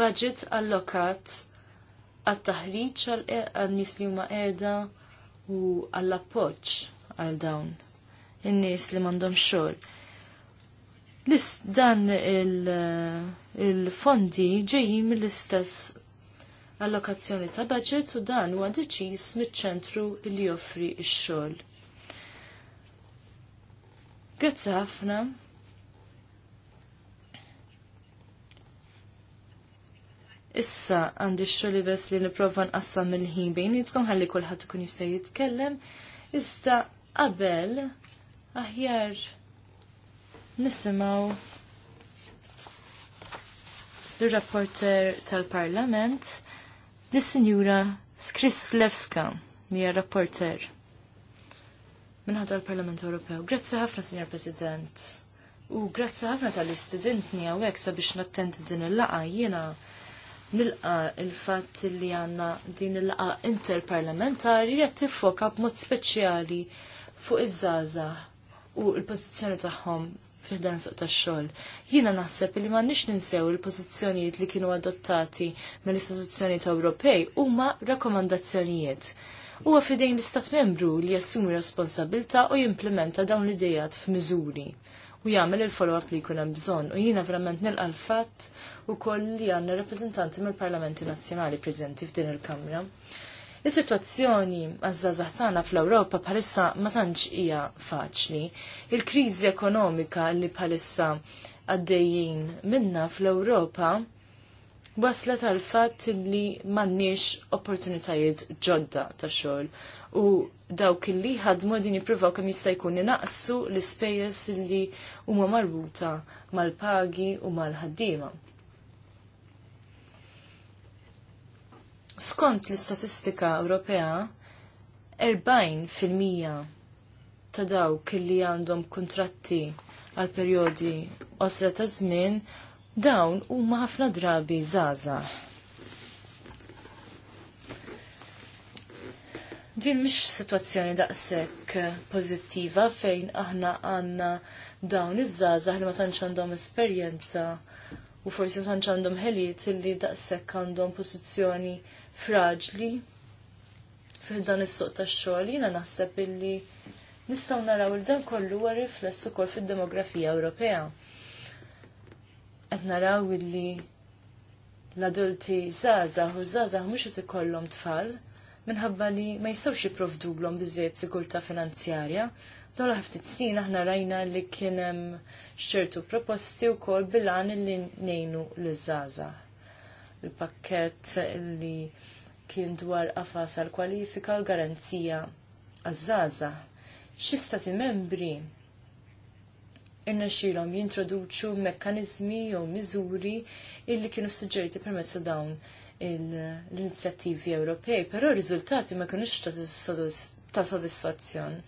budget allokat għat-taħriġ għal-nies e- li huma qiegħda u għall-appoġġ għal dawn in-nies li m'għandhom xogħol. List dan il-fondi il ġejjin mill-istess allokazzjoni ta' budget u dan huwa deċiż miċ-ċentru li joffri x-xogħol. Grazzi ħafna. Issa għandi xoli bes li nipprova nqassam mill ħin jitkom ħalli kulħadd ikun jista' jitkellem. Iżda qabel aħjar nisimgħu l rapporter tal-Parlament lis-Sinjura Skrislevska li hija rapporter minħata l-Parlament Ewropew. Grazzi ħafna, Sinjor President. U grazzi ħafna tal-istudentni għawek sabiex nattendi din il-laqa jiena nilqa il-fatt li għanna din il qa interparlamentari qed tiffoka b'mod speċjali fuq iż żaza u l-pożizzjoni tagħhom fiħdan suq tax-xogħol. Jiena naħseb li m'għandniex ninsew il-pożizzjonijiet li kienu adottati mill ta' Ewropej huma rakkomandazzjonijiet. Huwa fidejn l-Istat membru li jassumi responsabilta u jimplementa dawn l-idejat f'miżuri u jagħmel il-follow-up li jkun hemm bżonn. U jiena verament nilqa' l-fatt ukoll li għandna rappreżentanti mill-Parlamenti Nazzjonali preżenti f'din il-Kamra. Is-sitwazzjoni għaż-żgħażagħ tagħna fl-Ewropa bħalissa ma tantx hija faċli. Il-kriżi ekonomika li bħalissa għaddejjin minna fl-Ewropa waslet tal fatt li m'għandniex opportunitajiet ġodda ta' xogħol u dawk illi ħadmu din jippruvaw kemm jista' jkun inaqsu l-ispejjeż li huma marbuta mal-pagi u mal-ħaddiema. Skont l-istatistika Ewropea, 40% ta' dawk li għandhom kontratti għal perjodi osra ta' żmien dawn huma ħafna drabi żgħażagħ. Din mish situazzjoni daqsek pozittiva fejn aħna għanna dawn iż-żazah li ma tantx għandhom esperjenza u forsi ma tantx għandhom ħeliet illi daqsek għandhom pożizzjoni fraġli fil dan is-suq tax-xogħol jiena naħseb illi nistgħu naraw il dan kollu wara rifless ukoll fid-demografija Ewropea. Qed naraw illi l-adulti żgħażagħ u żgħażagħ mhux qed ikollhom tfal minħabba li ma jistawx jiprovduglom biżejjed sigurta finanzjarja. Dola ħaftit snin aħna rajna li kien hemm xertu proposti wkoll bilan li ngħinu l-żaża. Il-pakkett li kien dwar qafas għal kwalifika l garanzija għaż-żaża. Xi stati membri irnexxilhom jintroduċu mekkaniżmi jew miżuri illi kienu suġġeriti permezz dawn l-inizjattivi Ewropej, però r-riżultati ma kinux ta' sodisfazzjon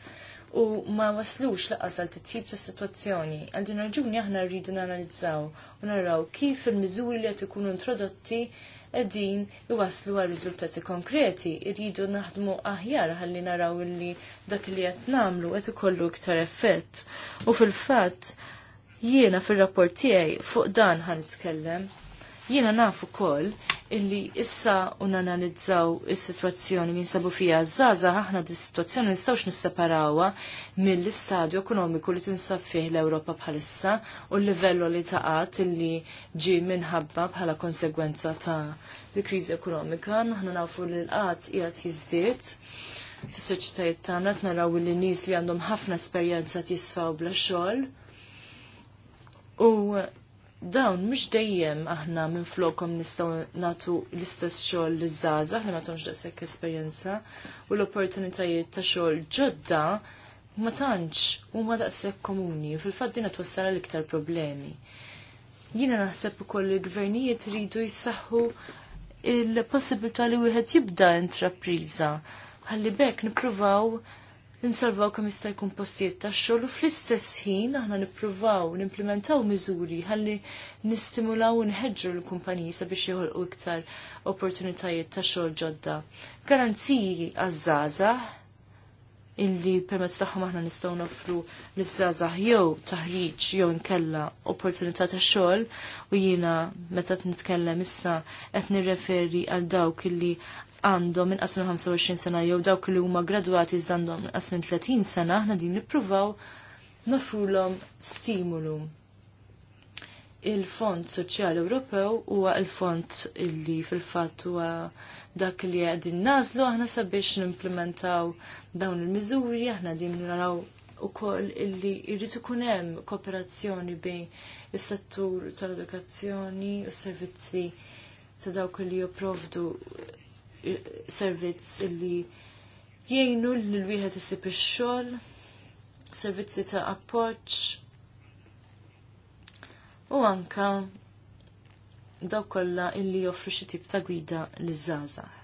u ma waslux laqas għal titjib ta' situazzjoni. Għal din raġuni aħna rridu nanalizzaw u naraw kif il-miżuri li qed ikunu introdotti edin iwaslu għal riżultati konkreti, irridu naħdmu aħjar ħalli naraw li dak li qed nagħmlu qed ikollu iktar effett. U fil-fatt jiena fir-rapport tiegħi fuq dan għan Jiena nafu kol illi issa unanalizzaw is-sitwazzjoni li nsabu fija zaza aħna di sitwazzjoni nistgħux nisseparawa mill-istadju ekonomiku li tinsab fih l-Ewropa bħalissa u l-livello li taqat illi ġi minħabba bħala konsegwenza ta' l-kriżi ekonomika. Aħna nafu li l qat qiegħed jiżdied fis soċitajiet tagħna qed naraw li nies li għandhom ħafna esperjenza jisfaw bla xogħol. U dawn mhux dejjem aħna minn flokom nistgħu nagħtu l-istess xogħol li żgħażagħ li ma tomx daqshekk esperjenza u l-opportunitajiet ta' xogħol ġodda ma tantx huma daqshekk komuni u fil-fatt din wassal l-iktar problemi. Jiena naħseb ukoll il-gvernijiet iridu jsaħħu il-possibilità li wieħed jibda intrapriża ħalli bekk nippruvaw Ninsalvaw kemm jista' jkun postijiet ta' xogħol u fl-istess ħin aħna nippruvaw nimplementaw miżuri ħalli nistimulaw u nħeġġu l-kumpaniji sabiex joħolqu iktar opportunitajiet ta' xogħol ġodda. Garanziji għaż-żgħażagħ illi permezz tagħhom aħna nistgħu nofru l-iżżażaħ jew taħriġ jew nkella opportunità ta' xogħol u jiena meta nitkellem issa qed nirreferi għal dawk illi għandhom inqas qasmin 25 sena jew dawk li huma gradwati iżda għandhom inqas 30 sena aħna din nippruvaw nofrulhom stimulu. Il-Fond Soċjali Ewropew huwa l-fond illi fil-fatt huwa dak li qegħdin nażlu aħna sabiex nimplementaw dawn il-miżuri aħna din naraw ukoll illi jrid ikun hemm kooperazzjoni bejn is-settur tal-edukazzjoni u s-servizzi ta' dawk li jopprovdu servizz illi jgħinu li l-wieħed isib ix-xogħol, servizzi ta' appoġġ u anka dawk kollha illi joffru xi tip ta' gwida liż-żgħażagħ.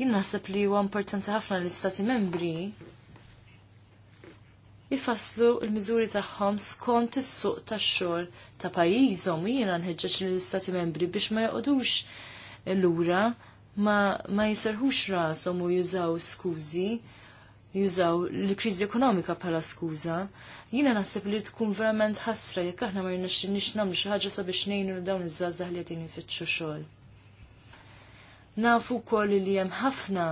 Jien naħseb li huwa importanti ħafna l-Istati Membri jifaslu l-miżuri tagħhom skont is-suq tax-xogħol ta' pajjiżhom jiena nħeġġeġ lill-istati membri biex ma l lura ma, ma jiserħux rashom u jużaw skużi jużaw l-kriżi ekonomika bħala skuża. Jiena naħseb li tkun verament ħasra jekk aħna ma nix nagħmlu xi ħaġa sabiex ngħinu dawn iż-żgħażagħ li qegħdin ifittxu xogħol. Nafu wkoll li hemm ħafna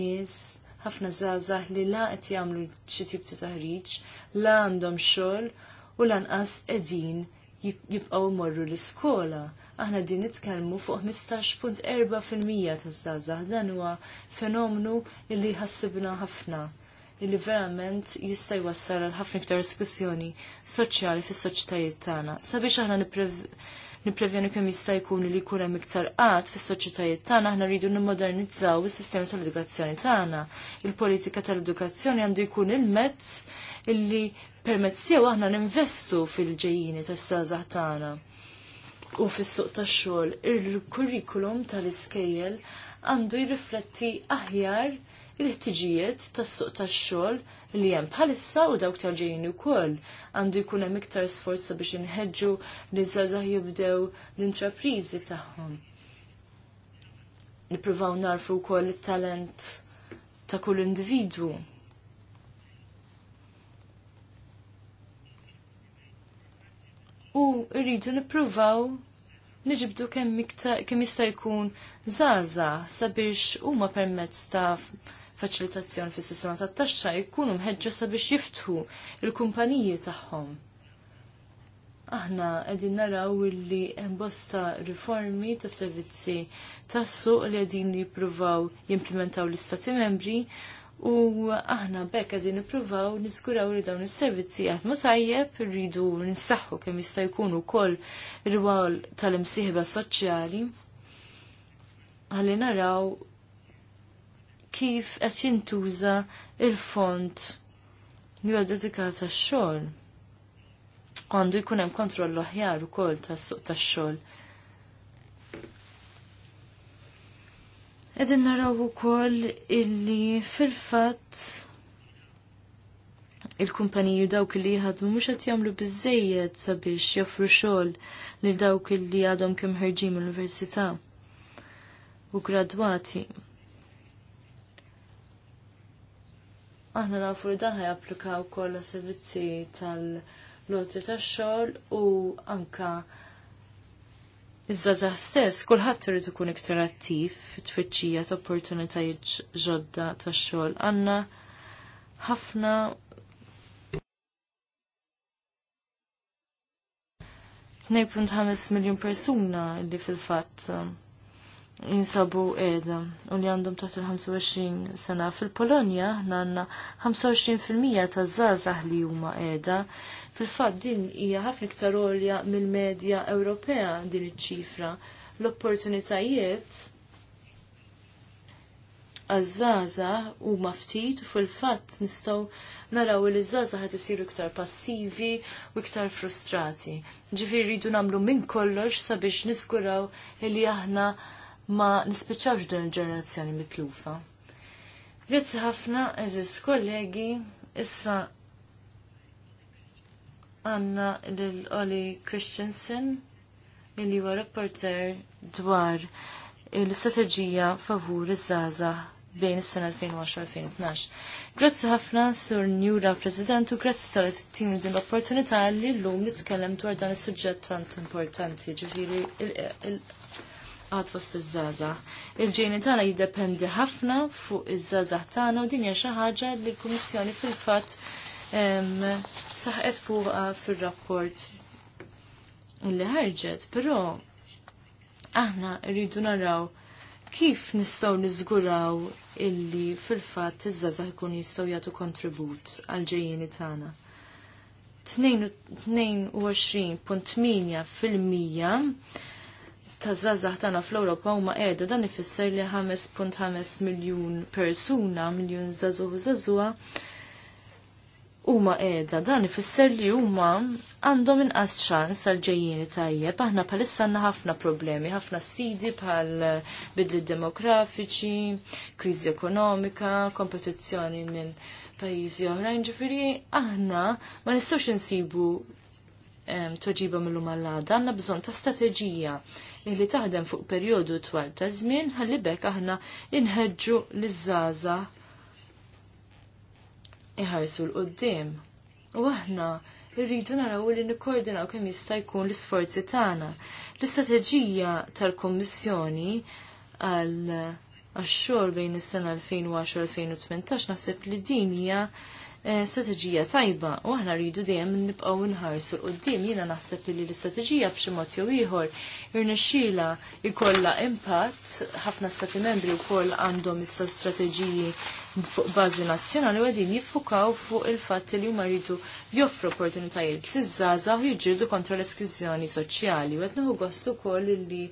nies ħafna żgħażagħ li la qed jagħmlu xi tip ta' taħriġ, la għandhom xogħol u lanqas qegħdin jibqgħu morru l-iskola. Aħna din nitkellmu fuq 15.4% taż-żgħażagħ dan huwa fenomenu li ħassibna ħafna li verament jista' jwassal għal ħafna iktar diskussjoni soċjali fis-soċjetajiet tagħna. Sabiex aħna nipprevjenu kemm jista' jkun li jkun hemm iktar qatt fis-soċjetajiet tagħna aħna rridu nimmodernizzaw is-sistema tal-edukazzjoni tagħna. Il-politika tal-edukazzjoni għandu jkun il-mezz illi permezz sew aħna ninvestu fil-ġejjini tas-sażaħ tagħna. U fis-suq tax-xogħol il-kurrikulum tal-iskejjel għandu jirrifletti aħjar il-ħtiġijiet tas-suq tax-xogħol li hemm bħalissa u dawk tal-ġejjin ukoll għandu jkun hemm iktar sforza biex inħeġġu li żgħażagħ jibdew l-intrapriżi tagħhom. Nippruvaw narfu wkoll it-talent ta' kull individwu u rridu nippruvaw niġibdu kemm jista' jkun żaża sabiex huma permezz ta' faċilitazzjoni fis-sistema tat-taxxa jkunu mħeġġa sabiex jiftħu il-kumpaniji tagħhom. Aħna qegħdin naraw li hemm bosta riformi ta' servizzi tas-suq li qegħdin jippruvaw jimplementaw l-istati membri U aħna bekk għadin niprovaw niskuraw li dawn is-servizzi jaħdmu tajjeb, rridu ninsaħħu kemm jista' jkunu wkoll rwol tal-imsieħba soċjali. Ħalli naraw kif qed jintuża il-font li huwa dedikata għax-xogħol. Għandu jkun hemm kontroll aħjar ukoll tas-suq tax-xogħol. Edin naraw ukoll illi fil-fatt il-kumpaniju dawk li jħadmu mhux qed jagħmlu bizzejiet sabiex joffru xogħol lil dawk li għadhom kemm ħerġin mill-università u gradwati. Aħna nafu li dan ħajapplika wkoll servizzi tal lotri tax-xogħol u anka Iżda zaħ stess, kulħadd irid ikun iktar attiv fit-tfittxija ta' opportunitajiet ġodda ta' xogħol. Għandna ħafna nejpunt ħames miljun persuna li fil-fatt um, jinsabu qiegħda u li għandhom taħt il-25 sena. Fil-Polonja ħna għandna 25% ta' żgħażagħ li huma qiegħda Fil-fatt din hija ħafna iktar għolja mill-medja Ewropea din iċ-ċifra. L-opportunitajiet għazzaza u maftit u fil-fatt nistaw naraw li żaza ħadd isiru iktar passivi u iktar frustrati. Ġifieri rridu nagħmlu minn kollox sabiex niskuraw li aħna ma nispiċċawx dan il-ġenerazzjoni mitlufa. Grazzi ħafna, eżis kollegi, issa għanna l-Oli Christensen il huwa rapporter dwar l-istrateġija favur iż-żaza bejn is-sena 2010-2012. Grazzi ħafna sur Njura President u grazzi tal-tini din l-opportunità li l-lum nitkellem dwar dan is-suġġett tant importanti ġifiri għad fost iż-żaza. Il-ġejni tagħna jiddependi ħafna fuq iż-żaza tagħna u din hija xi ħaġa li l-Kummissjoni fil-fatt saħqet fuqa fil-rapport li ħarġet, però aħna rridu naraw kif nistgħu niżguraw illi fil-fatt iż-żazax ikun jistgħu jagħtu kontribut għal ġejjieni tagħna. 22.8 fil-mija ta' zazah tana fl-Europa huma qiegħda dan ifisser li 5.5 miljun persuna, miljun zazuħu zazuha, huma qiegħda dan ifisser li huma għandhom inqas ċans għal ġejjini tajjeb aħna bħalissa għandna ħafna problemi, ħafna sfidi bħal bidli demografiċi, kriżi ekonomika, kompetizzjoni minn pajjiżi oħrajn, ġifieri aħna ma nistgħux insibu toġiba mill-lum għall-għada, għanna bżon ta' strateġija li taħdem fuq periodu twal ta' żmien ħalli bekk aħna inħedġu l-żaza iħarsu l-qoddim. U aħna rridu naraw li nikkoordinaw kemm jista' jkun l-isforzi tagħna. L-istrateġija tal-Kummissjoni għal għax-xogħol bejn is-sena 2010-2018 naħseb li din hija Eh, strateġija tajba u aħna rridu dejjem nibqgħu nħarsu l qudiem jiena naħseb li l-istrateġija b'xi mod jew ieħor irnexxiela jkollha impatt ħafna stati membri wkoll għandhom issa strateġiji fuq bażi nazzjonali u qegħdin jiffukaw fuq il-fatt li huma jridu joffru opportunitajiet liż-żgħażagħ u jiġġieldu kontra l-esklużjoni soċjali u qed nieħu gost ukoll li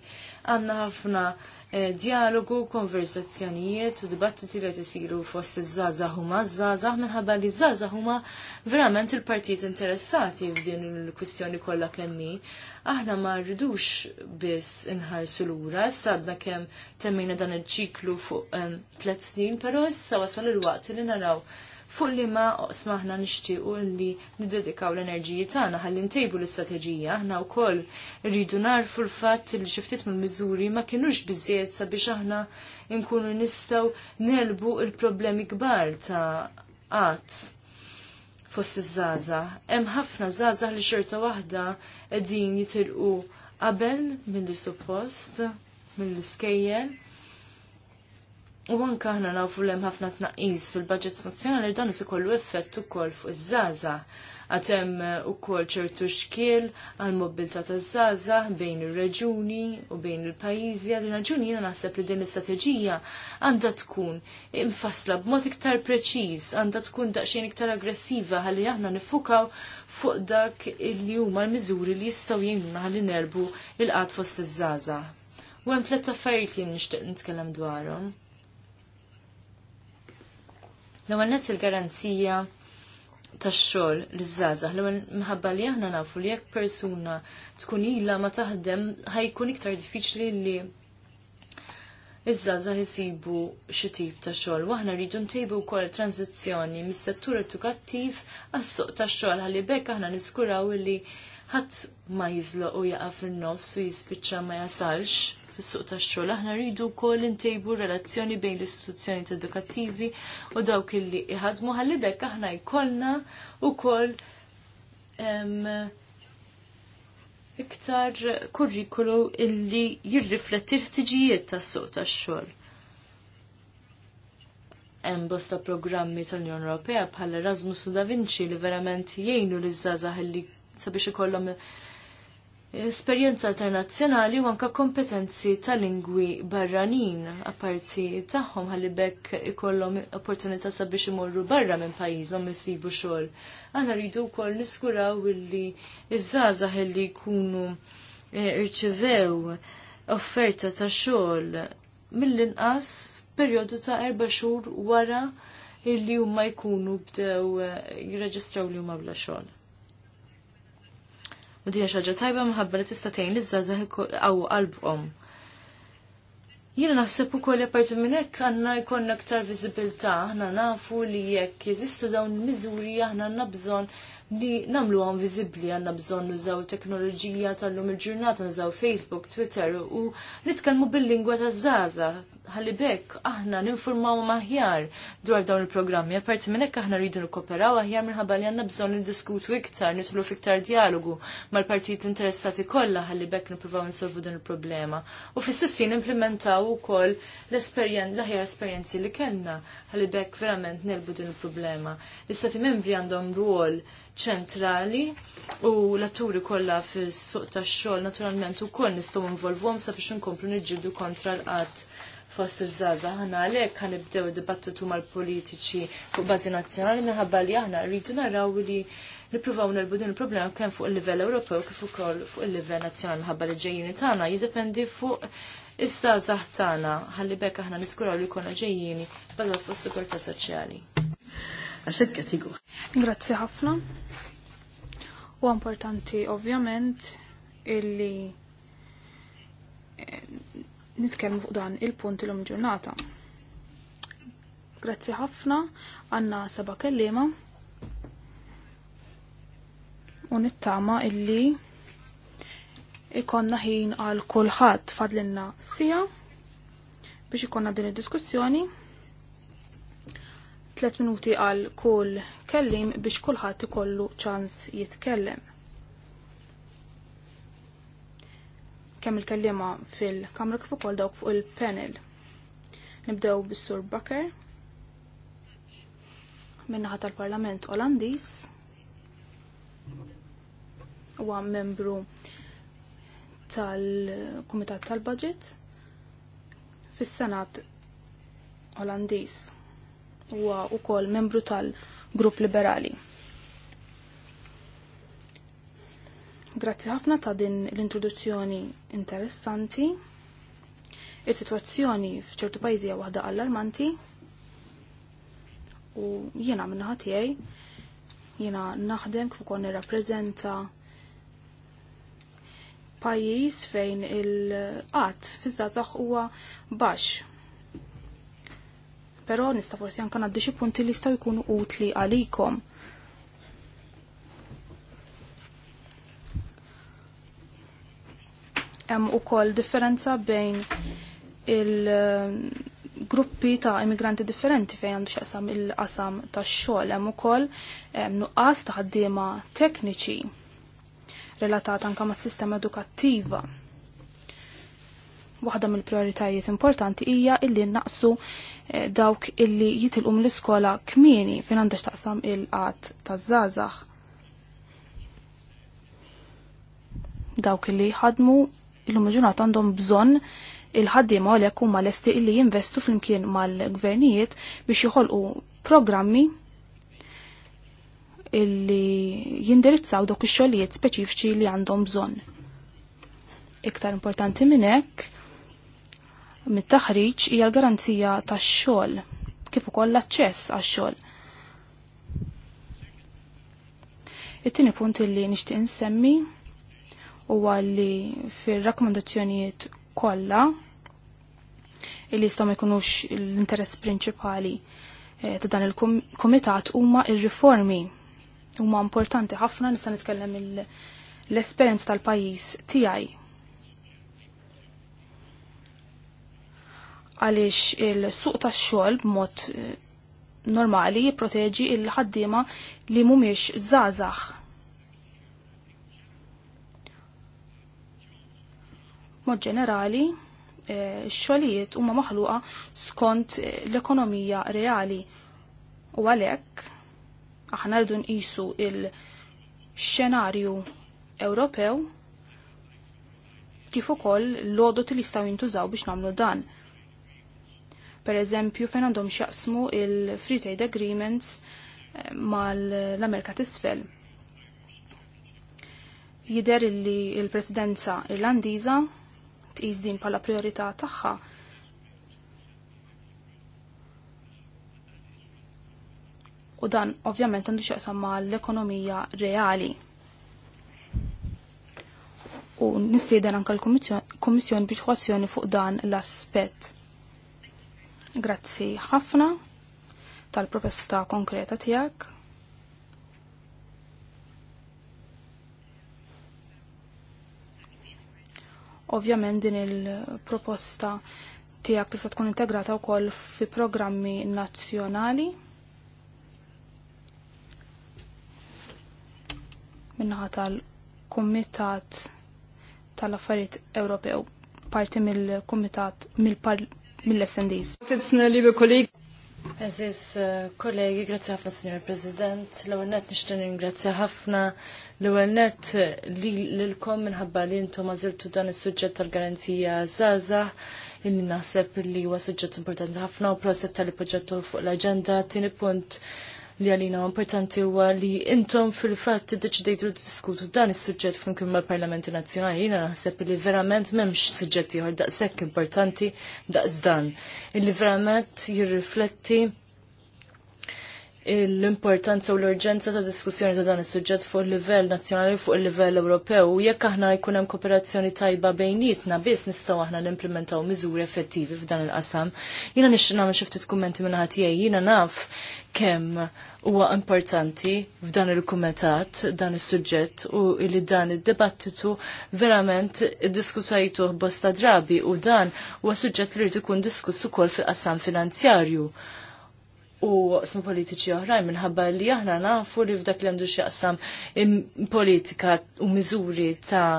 għandna ħafna Eh, dialogu, konversazzjonijiet u dibattiti li isiru fost iż-żgħażagħ huma żgħażagħ minħabba li żgħażagħ huma verament il-partijiet interessati f'din il-kwistjoni kollha kemm Aħna ma rridux biss inħarsu lura, sadna kemm temmina dan il-ċiklu fuq tliet snin, però issa wasal il-waqt li naraw fuq li ma oqsmaħna nixtiequ li niddedikaw l-enerġiji tagħna ħalli ntejbu l-istrateġija aħna wkoll rridu narfu l-fatt li xi ftit mill-miżuri ma kinux biżjed sabiex aħna nkunu nistgħu nelbu il-problemi kbar ta' qatt fost iż-żaża. Hemm ħafna żgħażagħ li xorta waħda qegħdin jitilqu qabel mill-suppost mill-iskejjel U anka ħna nafu l ħafna tnaqqis fil-budget nazzjonali dan qed ikollu effett ukoll fuq iż-żgħażagħ. Għad hemm eh, ukoll ċertu xkiel għal mobilità taż-żgħażagħ bejn ir-reġuni u bejn il-pajjiżi għal raġuni jiena naħseb li din l-istrateġija għandha tkun infassla b'mod iktar preċiż, għandha tkun daqsxejn iktar aggressiva ħalli aħna nifukaw fuq dak li huma l-miżuri li jistgħu jgħinuna ħalli nerbu il-qad fost iż-żaża. U hemm tliet affarijiet li nixtieq nitkellem dwarhom. L-ewwel nett il-garanzija tax-xogħol l-żazah, l-ewwel minħabba li aħna nafu li jekk persuna tkun ilha ma taħdem ħajkun iktar diffiċli li iż żazah jisibu xi tip ta' xogħol. Waħna rridu ntejbu wkoll tranzizzjoni mis-settur edukattiv għas-suq tax-xogħol ħalli bekk aħna niskuraw li ħadd ma jiżloq u jaqa' fin-nofs u jispiċċa ma jasalx fis-suq tax-xogħol. Aħna rridu wkoll intejbu relazzjoni bejn l-istituzzjoni edukattivi u dawk illi iħadmu ħallibek aħna jkollna wkoll iktar kurrikulu illi jirrifletti l-ħtiġijiet tas-suq tax-xogħol hemm bosta programmi tal-Unjoni Ewropea bħal Erasmus u Da Vinci li verament jgħinu li żgħażagħ li sabiex ikollhom esperjenza internazzjonali u anka kompetenzi ta' lingwi barranin apparti tagħhom ħalli bekk ikollhom opportunità sabiex imorru barra minn pajjiżhom jisibu xogħol. Aħna rridu wkoll niskuraw illi iż żazah illi jkunu eh, irċivew offerta ta' xogħol mill-inqas periodu ta' erba' xhur wara illi huma jkunu bdew eh, jirreġistraw li huma bla xogħol u dinja xaġa tajba maħabba li tista' tgħin liż-żgħażagħ qaw qalbhom. Jiena naħseb ukoll kolli minn hekk għandna jkollna ktar viżibilità, aħna nafu li jekk jeżistu dawn il-miżuri aħna għandna bżonn li namlu għan vizibli għanna bżon nużaw teknoloġija tal-lum il-ġurnata, nużaw Facebook, Twitter u nitkellmu bil-lingwa ta' zaza ħalli bekk aħna ninformaw maħjar dwar dawn il-programmi, apparti minn hekk aħna rridu nikkoperaw aħjar minħabba li għandna bżonn nidiskutu iktar, nidħlu fiktar dialogu mal-partijiet interessati kollha ħalli bekk nippruvaw insolvu din il-problema. U fl-istessin implementaw ukoll l-aħjar esperjenzi li kellna ħalli bekk verament nelbu din il-problema. L-istati membri għandhom rwol ċentrali u l-atturi kollha fis-suq tax-xogħol naturalment ukoll nistgħu involvuhom sabiex inkomplu niġġieldu kontra l-qatt fost il żaza ħana għalhekk ħanibdew dibattitu mal-politiċi fuq bażi nazzjonali minħabba li aħna rridu naraw li nippruvaw nelbu din il-problema kemm fuq il-livell Ewropew kif ukoll fuq il-livell nazzjonali minħabba li ġejjini tagħna jiddependi fuq issa tagħna ħalli bekk aħna niskuraw li jkollna ġejjini bażat fuq is-sigurtà soċjali. Għaxek katigu. Grazzi ħafna. U importanti ovvjament illi nitkellmu fuq dan il-punt l lum ġurnata. Grazzi ħafna, għanna seba kellima. U nittama illi ikonna ħin għal kulħadd fadlinna sija biex ikonna din id-diskussjoni. Tlet minuti għal kull kellim biex kulħadd ikollu ċans jitkellem. kemm il-kellima fil-kamra kif ukoll dawk fuq il-panel. Nibdew bis-Sur Baker minnaħa tal-Parlament Olandiż huwa membru tal-Kumitat tal-Budget fis-Senat Olandiż huwa wkoll membru tal-Grupp Liberali. Grazzi ħafna ta' din l-introduzzjoni interessanti. Is-sitwazzjoni f'ċertu pajjiżi hija waħda allarmanti u jiena minnaħa tiegħi jiena naħdem kif ukoll nirrappreżenta pajjiż fejn il-qatt fiż-żgħażagħ huwa baxx. Però nista' forsi anke ngħaddi xi punti li jistgħu jkunu utli għalikom. hemm ukoll differenza bejn il-gruppi ta' immigranti differenti fejn għandu xaqsam il-qasam tax-xogħol hemm ukoll eh, nuqqas ta' ħaddiema tekniċi relatata anke mas-sistema edukattiva. Waħda mill-prioritajiet importanti hija illi naqsu eh, dawk illi jitilqu mill-iskola kmieni fejn għandek taqsam il-qat taż-żgħażagħ. Dawk illi ħadmu illum ġurnat għandhom bżonn il-ħaddiema għalhekk huma esti illi jinvestu flimkien mal-gvernijiet biex joħolqu programmi illi jindirizzaw dawk ix-xogħlijiet speċifiċi li għandhom bżonn. Iktar importanti minn hekk mit-taħriġ hija l-garanzija tax-xogħol kif ukoll l-aċċess għax-xogħol. It-tieni punt li nixtieq insemmi huwa li fir-rakkomandazzjonijiet kollha li jistgħu ma jkunux l-interess prinċipali eh, ta' dan il-komitat huma ir-riformi. Huma importanti ħafna nista' nitkellem l-esperjenz tal-pajjiż tiegħi. Għaliex il-suq tax-xogħol b'mod eh, normali jipproteġi il-ħaddiema li mhumiex żgħażagħ Mod ġenerali, eh, xolijiet xogħlijiet huma maħluqa skont eh, l-ekonomija reali u għalhekk aħna rridu nqisu il-xenarju Ewropew kif ukoll l-għodot li jistgħu jintużaw biex nagħmlu dan. Per eżempju, fejn għandhom xjaqsmu il-Free Trade Agreements eh, mal-Amerika t-isfel. Jider li il-presidenza irlandiża tqis din bħala priorità tagħha. U dan ovvjament għandu ma' l ekonomija reali. U nistieden anke l-Kummissjoni biex azzjoni fuq dan l-aspett. Grazzi ħafna tal-proposta konkreta tiegħek. Ovvjament din il-proposta tiegħek tista' tkun integrata wkoll fi programmi nazzjonali. Minnaħa tal-Kumitat tal-Affarijiet Ewropew parti mill-Kumitat mill-SNDs. Sitzna, liebe kollegi. Aziz eh, kollegi, grazzi ħafna, Signor President. L-ewwel net nixtieq ningrazzja ħafna l-ewwel l lilkom minħabba li intom għażiltu dan is-suġġett tal-garanzija żgħażagħ illi naħseb li huwa suġġett importanti ħafna u proset tal-proġett fuq l-aġenda. Tieni punt li għalina importanti huwa li intom fil-fatt tiddeċidejtu diskutu dan is-suġġett flimkien mal-Parlamenti Nazzjonali. Jiena naħseb li verament m'hemmx suġġett ieħor daqshekk importanti daqs dan. Illi verament jirrifletti l-importanza u l-urġenza ta' diskussjoni ta' dan is-suġġett fuq il-livell nazzjonali fuq il-livell Ewropew u jekk aħna jkun hemm kooperazzjoni tajba bejnietna biss nistgħu aħna nimplementaw miżuri effettivi f'dan il-qasam. Jiena nixtieq nagħmel xi ftit kummenti minn ħadd jiena naf kemm huwa importanti f'dan il-kumitat dan is-suġġett u li dan id-dibattitu verament diskutajtu bosta drabi u dan huwa suġġett li jrid ikun diskuss ukoll fil-qassam finanzjarju u qsmu politiċi oħrajn minħabba li aħna nafu li f'dak li għandu xi qassam politika u miżuri ta'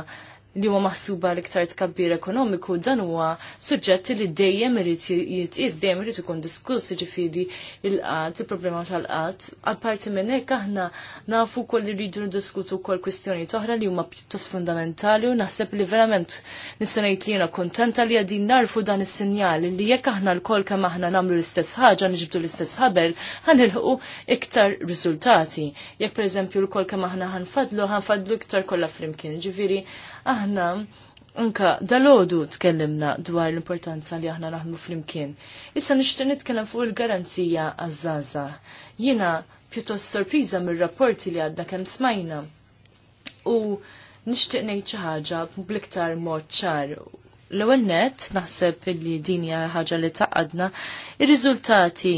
li huwa maħsuba l-iktar tkabbir ekonomiku dan huwa suġġett li dejjem irid jitqies dejjem irid ikun diskuss ġifieri il-qatt, il-problema tal-qatt. Apparti minn hekk aħna nafu wkoll li rridu niddiskutu wkoll kwistjonijiet oħra li huma pjuttost fundamentali u naħseb li verament nista' ngħid li jiena kuntenta li qegħdin narfu dan is-sinjal li jekk aħna lkoll kemm aħna nagħmlu l-istess ħaġa niġbdu l-istess ħabel ħanilħu iktar riżultati. Jekk pereżempju lkoll kemm aħna ħanfadlu ħanfadlu iktar kollha flimkien. Ġifieri Aħna Anka, dal-ħodu tkellimna dwar l-importanza li aħna naħdmu fl-imkien. Issa nixtieq nitkellem fuq il-garanzija għazzaza. Jina pjuttost sorpriża mir-rapporti li għadda kemm smajna. U nishtiq ngħid xi ħaġa bl-iktar mod ċar. L-ewwel nett naħseb li din hija ħaġa li taqadna ir-riżultati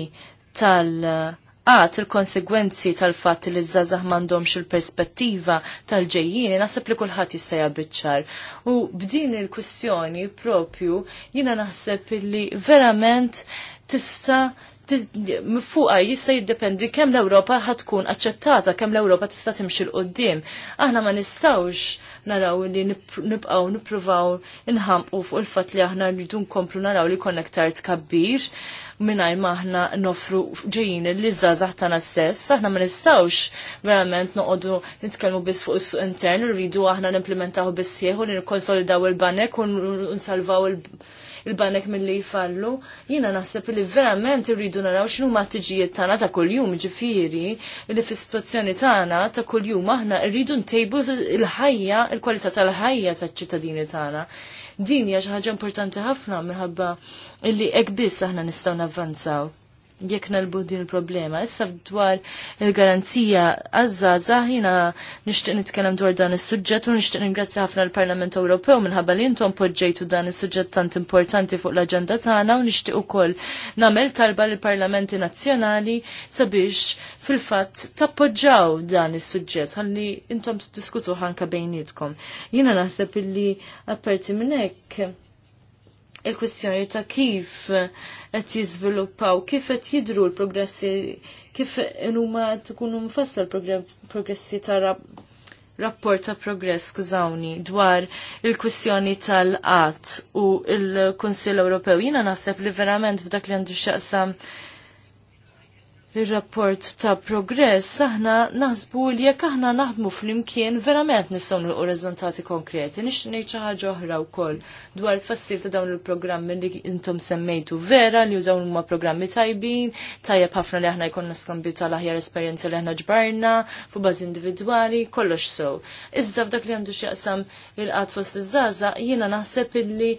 tal- għat il-konsegwenzi tal-fat li z-zazah mandom il-perspettiva tal-ġejjini naħseb li kullħat jista' jabbiċċar. U b'din il-kwistjoni propju jina naħseb li verament tista' fuqa jista' jiddependi kemm l-Ewropa ħatkun aċċettata, kemm l-Ewropa tista' timxil qoddim Aħna ma nistawx naraw li nibqaw nipruvaw inħamqu fuq il-fat li aħna rridu nkomplu naraw li konnektar tkabbir minnaj maħna nofru ġejjin li zazah tana stess, aħna ma nistawx verament noqodu nitkellmu biss fuq is-suq intern, rridu aħna nimplementaw biss jieħu li nikkonsolidaw il-banek u nsalvaw il-banek il-banek mill-li jfallu, jina naħseb li verament irridu naraw xinu ma tiġijiet tagħna ta' kuljum ġifieri li fis-sitwazzjoni tagħna ta' kuljum aħna rridu ntejbu il-ħajja, il-kwalità tal-ħajja taċ-ċittadini tagħna. Din hija xi ħaġa importanti ħafna minħabba illi hekk biss aħna nistgħu navvanzaw jekk nalbu din il-problema. Issa dwar il-garanzija għazzaza jina nishtiq nitkellem dwar dan is-suġġett u nixtieq ningrazzja ħafna l-Parlament Ewropew minħabba li intom poġġejtu dan is-suġġett tant importanti fuq l-aġenda tagħna u nixtieq ukoll nagħmel talba lill parlamenti nazzjonali sabiex fil-fatt tappoġġaw dan is-suġġett ħalli intom tiddiskutu ħanka bejnietkom. Jiena naħseb illi apparti minn hekk il kwestjoni ta' kif qed jiżviluppaw, kif qed jidru l-progressi, kif huma tkunu mfassla l-progressi ta' rapport ta' progress, skużawni, dwar il-kwistjoni tal-qatt u l kunsill Ewropew. Jiena naħseb li verament f'dak li għandu x'aqsam il-rapport ta' progress, aħna naħsbu li jekk aħna naħdmu fl-imkien verament nistgħu nilqu riżultati konkreti. Nix ngħid xi ħaġa oħra wkoll dwar tfassil ta' dawn il-programmi li intom semmejtu vera li dawn huma programmi tajbin, tajjeb ħafna li aħna jkollna skambju tal-aħjar esperjenza li aħna ġbarna fuq bażi individwali, kollox sew. Iżda f'dak li għandu x'jaqsam il-qatt fost iż-żgħażagħ jiena naħseb illi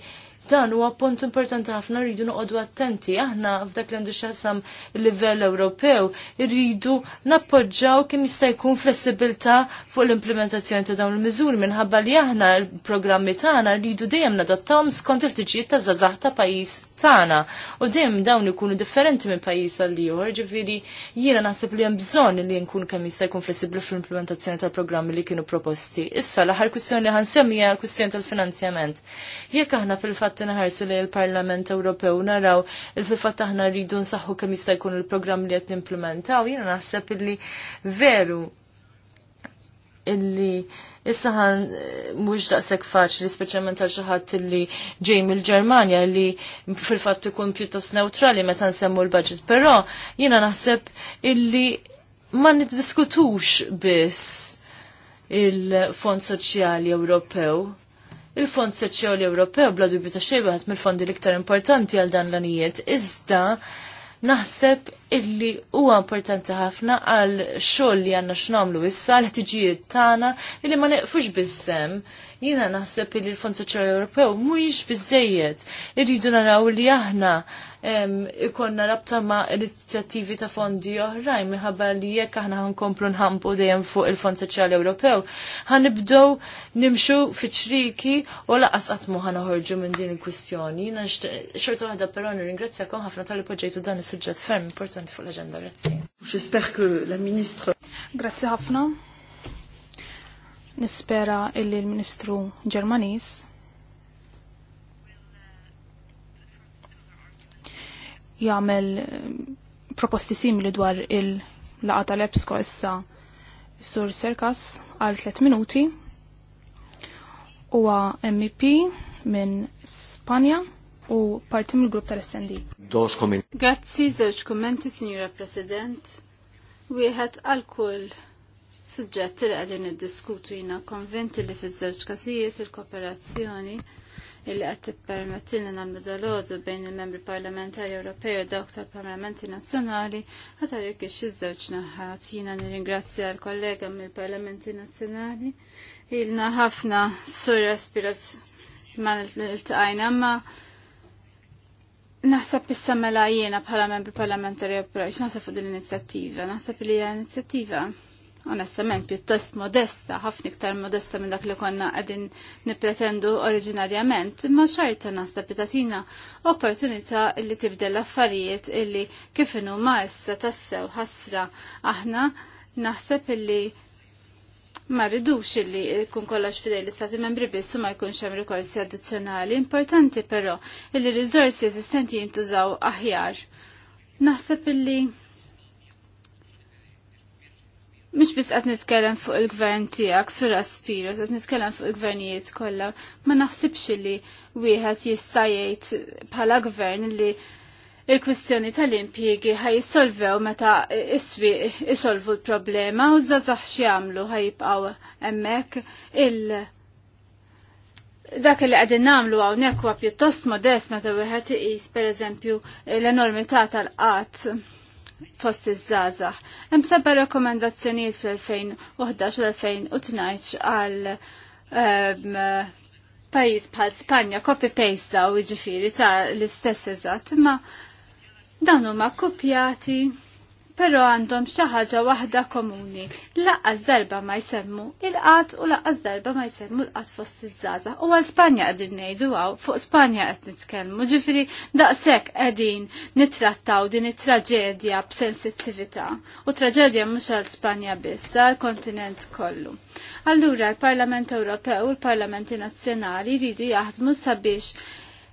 Dan huwa punt importanti ħafna rridu noqogħdu attenti. Aħna f'dak li għandu xasam il-livell Ewropew irridu nappoġġaw kemm jista' jkun flessibilità fuq l-implementazzjoni ta' dawn il-miżuri minħabba li aħna l-programmi tagħna rridu dejjem nadattawhom skont il-tiġijiet ta' żażagħ ta' pajjiż tagħna. U dejjem dawn ikunu differenti minn pajjiż għal ieħor, ġifieri jiena naħseb li hemm bżonn li nkun kemm jista' jkun flessibbli fl-implementazzjoni tal-programmi li kienu proposti. Issa l-aħħar kwistjoni li ħansemmi hija kwistjoni tal-finanzjament. Jekk aħna fil-fatt fil-fatt inħarsu li l-Parlament Ewropew naraw il fil-fatt aħna rridu nsaħħu kemm jista' jkun il-programm li qed nimplementaw, jiena naħseb illi veru illi issa ħan eh, mhux daqshekk faċli speċjalment għal xi ħadd illi ġej mill-Ġermanja li fil-fatt ikun pjuttost newtrali meta nsemmu l-budget, però jiena naħseb illi ma niddiskutux biss il-Fond Soċjali Ewropew Il-Fond Soċjali Ewropew bla dubju ta' xejn waħed mill-fondi l-iktar importanti għal dan l-anijiet, iżda naħseb illi huwa importanti ħafna għal xogħol li għandna x'nagħmlu issa l-ħtiġijiet tagħna illi ma neqfux bissem Jiena naħseb li l-Fond Soċjali Ewropew mhuwiex biżejjed. Irridu naraw li aħna ikonna rabta ma' inizjattivi ta' fondi oħrajn minħabba li jekk aħna ħankomplu nħampu dejjem fuq il-Fond Soċjali Ewropew, ħanibdew nimxu fiċriki u laqas qatt mu ħanoħorġu minn din il-kwistjoni. Jina xorta waħda però nirringrazzjakom ħafna tal poġġejtu dan is-suġġett ferm importanti fuq l-aġenda. Grazzi. Grazzi ħafna. Nispera illi l-Ministru Ġermanis jagħmel eh, proposti simili dwar il-laqa tal epsko issa Sur Serkas għal 3 minuti huwa MEP minn Spanja u parti mill-grupp tal-SND. Grazzi żewġ kummenti, Sinjura President. Wieħed għal kull suġġett li għadin niddiskutu jina konvinti li fiż-żewġ każijiet il-kooperazzjoni illi qed tippermettilna nagħmlu dalodu bejn il-membri parlamentari Ewropej u dawk tal-parlamenti nazzjonali ħatarik ix iż-żewġ naħat jiena nirringrazzja l-kollega mill-parlamenti nazzjonali ilna ħafna sur Espiras ma niltqajna ma Naħseb issa mela jiena bħala membri parlamentari operajx naħseb fuq din l-inizjattiva, naħseb li hija inizjattiva onestament pjuttost modesta, ħafna iktar modesta minn dak li konna qegħdin nippretendu oriġinarjament, imma xorta naħseb li tagħtina opportunità li tibdel l-affarijiet illi kif inhu ma issa tassew ħasra aħna naħseb illi ma rridux illi jkun kollox fidej l-istati membri biss u ma jkunx hemm rikorsi addizzjonali. Importanti però illi riżorsi eżistenti jintużaw aħjar. Naħseb illi Mux bis għat nitkellem fuq il-gvern tijak, sura spiros, għat nitkellem fuq il-gvernijiet kolla, ma naħsibx li wieħed jistajajt bħala gvern li il-kwistjoni tal-impjegi ħaj jissolvew meta iswi isolvu l-problema u zazax xiamlu ħaj jibqaw emmek il- dak li għadin namlu għaw huwa pjuttost modest meta wieħed iqis pereżempju l-enormità tal-qatt fost iż-żgħażagħ. Hemm seba' rakkomandazzjonijiet fl-2011 l-2012 għal ehm, pajjiż bħal Spanja copy paste daw jiġifieri ta' l-istess eżatt, ma dawn huma kopjati però għandhom xi ħaġa waħda komuni. Laqqas darba ma jsemmu il qat u laqqas darba ma jsemmu l qat fost iż-żaża. U għal Spanja qegħdin ngħidu għaw, fuq Spanja qed nitkellmu, ġifieri daqshekk qegħdin nittrattaw din it-traġedja b'sensittività. U traġedja mhux għal Spanja biss, għal kontinent kollu. Allura l-Parlament Ewropew u l-Parlamenti Nazzjonali jridu jaħdmu sabiex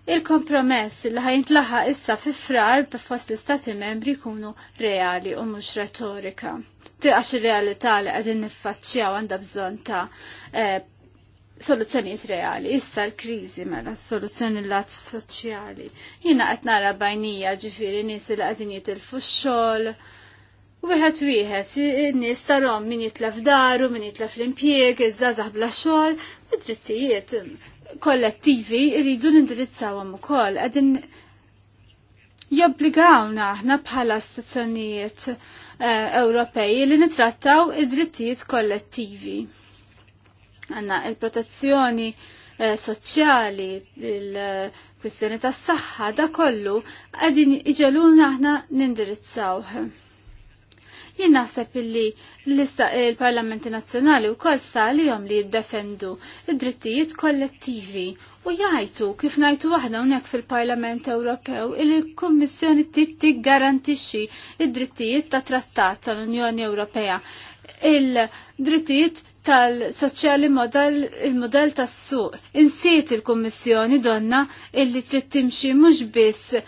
il-kompromess li tlaħa issa fi frar b'fost l-istati membri jkunu reali u mhux retorika. Tiqax ir-realità li qegħdin niffaċċjaw għandha bżonn ta' eh, soluzzjonijiet reali, issa l-krizi mela soluzzjoni l-lat soċjali. Jina qed nara bajnija ġifieri nies li qegħdin jitilfu x-xogħol. Wieħed wieħed nies tarom min jitlef daru, min jitlef l impieg iż bla xogħol, id-drittijiet kollettivi rridu nindirizzawhom ukoll qegħdin jobbligawna aħna bħala stazzjonijiet eh, Ewropej li nitrattaw id-drittijiet kollettivi. Għanna il-protezzjoni eh, soċjali, il-kwistjoni tas saħħa da kollu għadin iġeluna aħna nindirizzawh. Jien naħseb illi l-Parlamenti Nazzjonali wkoll sta jom li jiddefendu id-drittijiet kollettivi u jajtu kif ngħidu aħna hawnhekk fil-Parlament Ewropew il l-Kummissjoni trid tiggarantixxi id-drittijiet ta' trattat tal-Unjoni Ewropea il-drittijiet tal-soċjali model, il-model tas-suq. Insiet il-Kommissjoni donna illi trid timxi mhux biss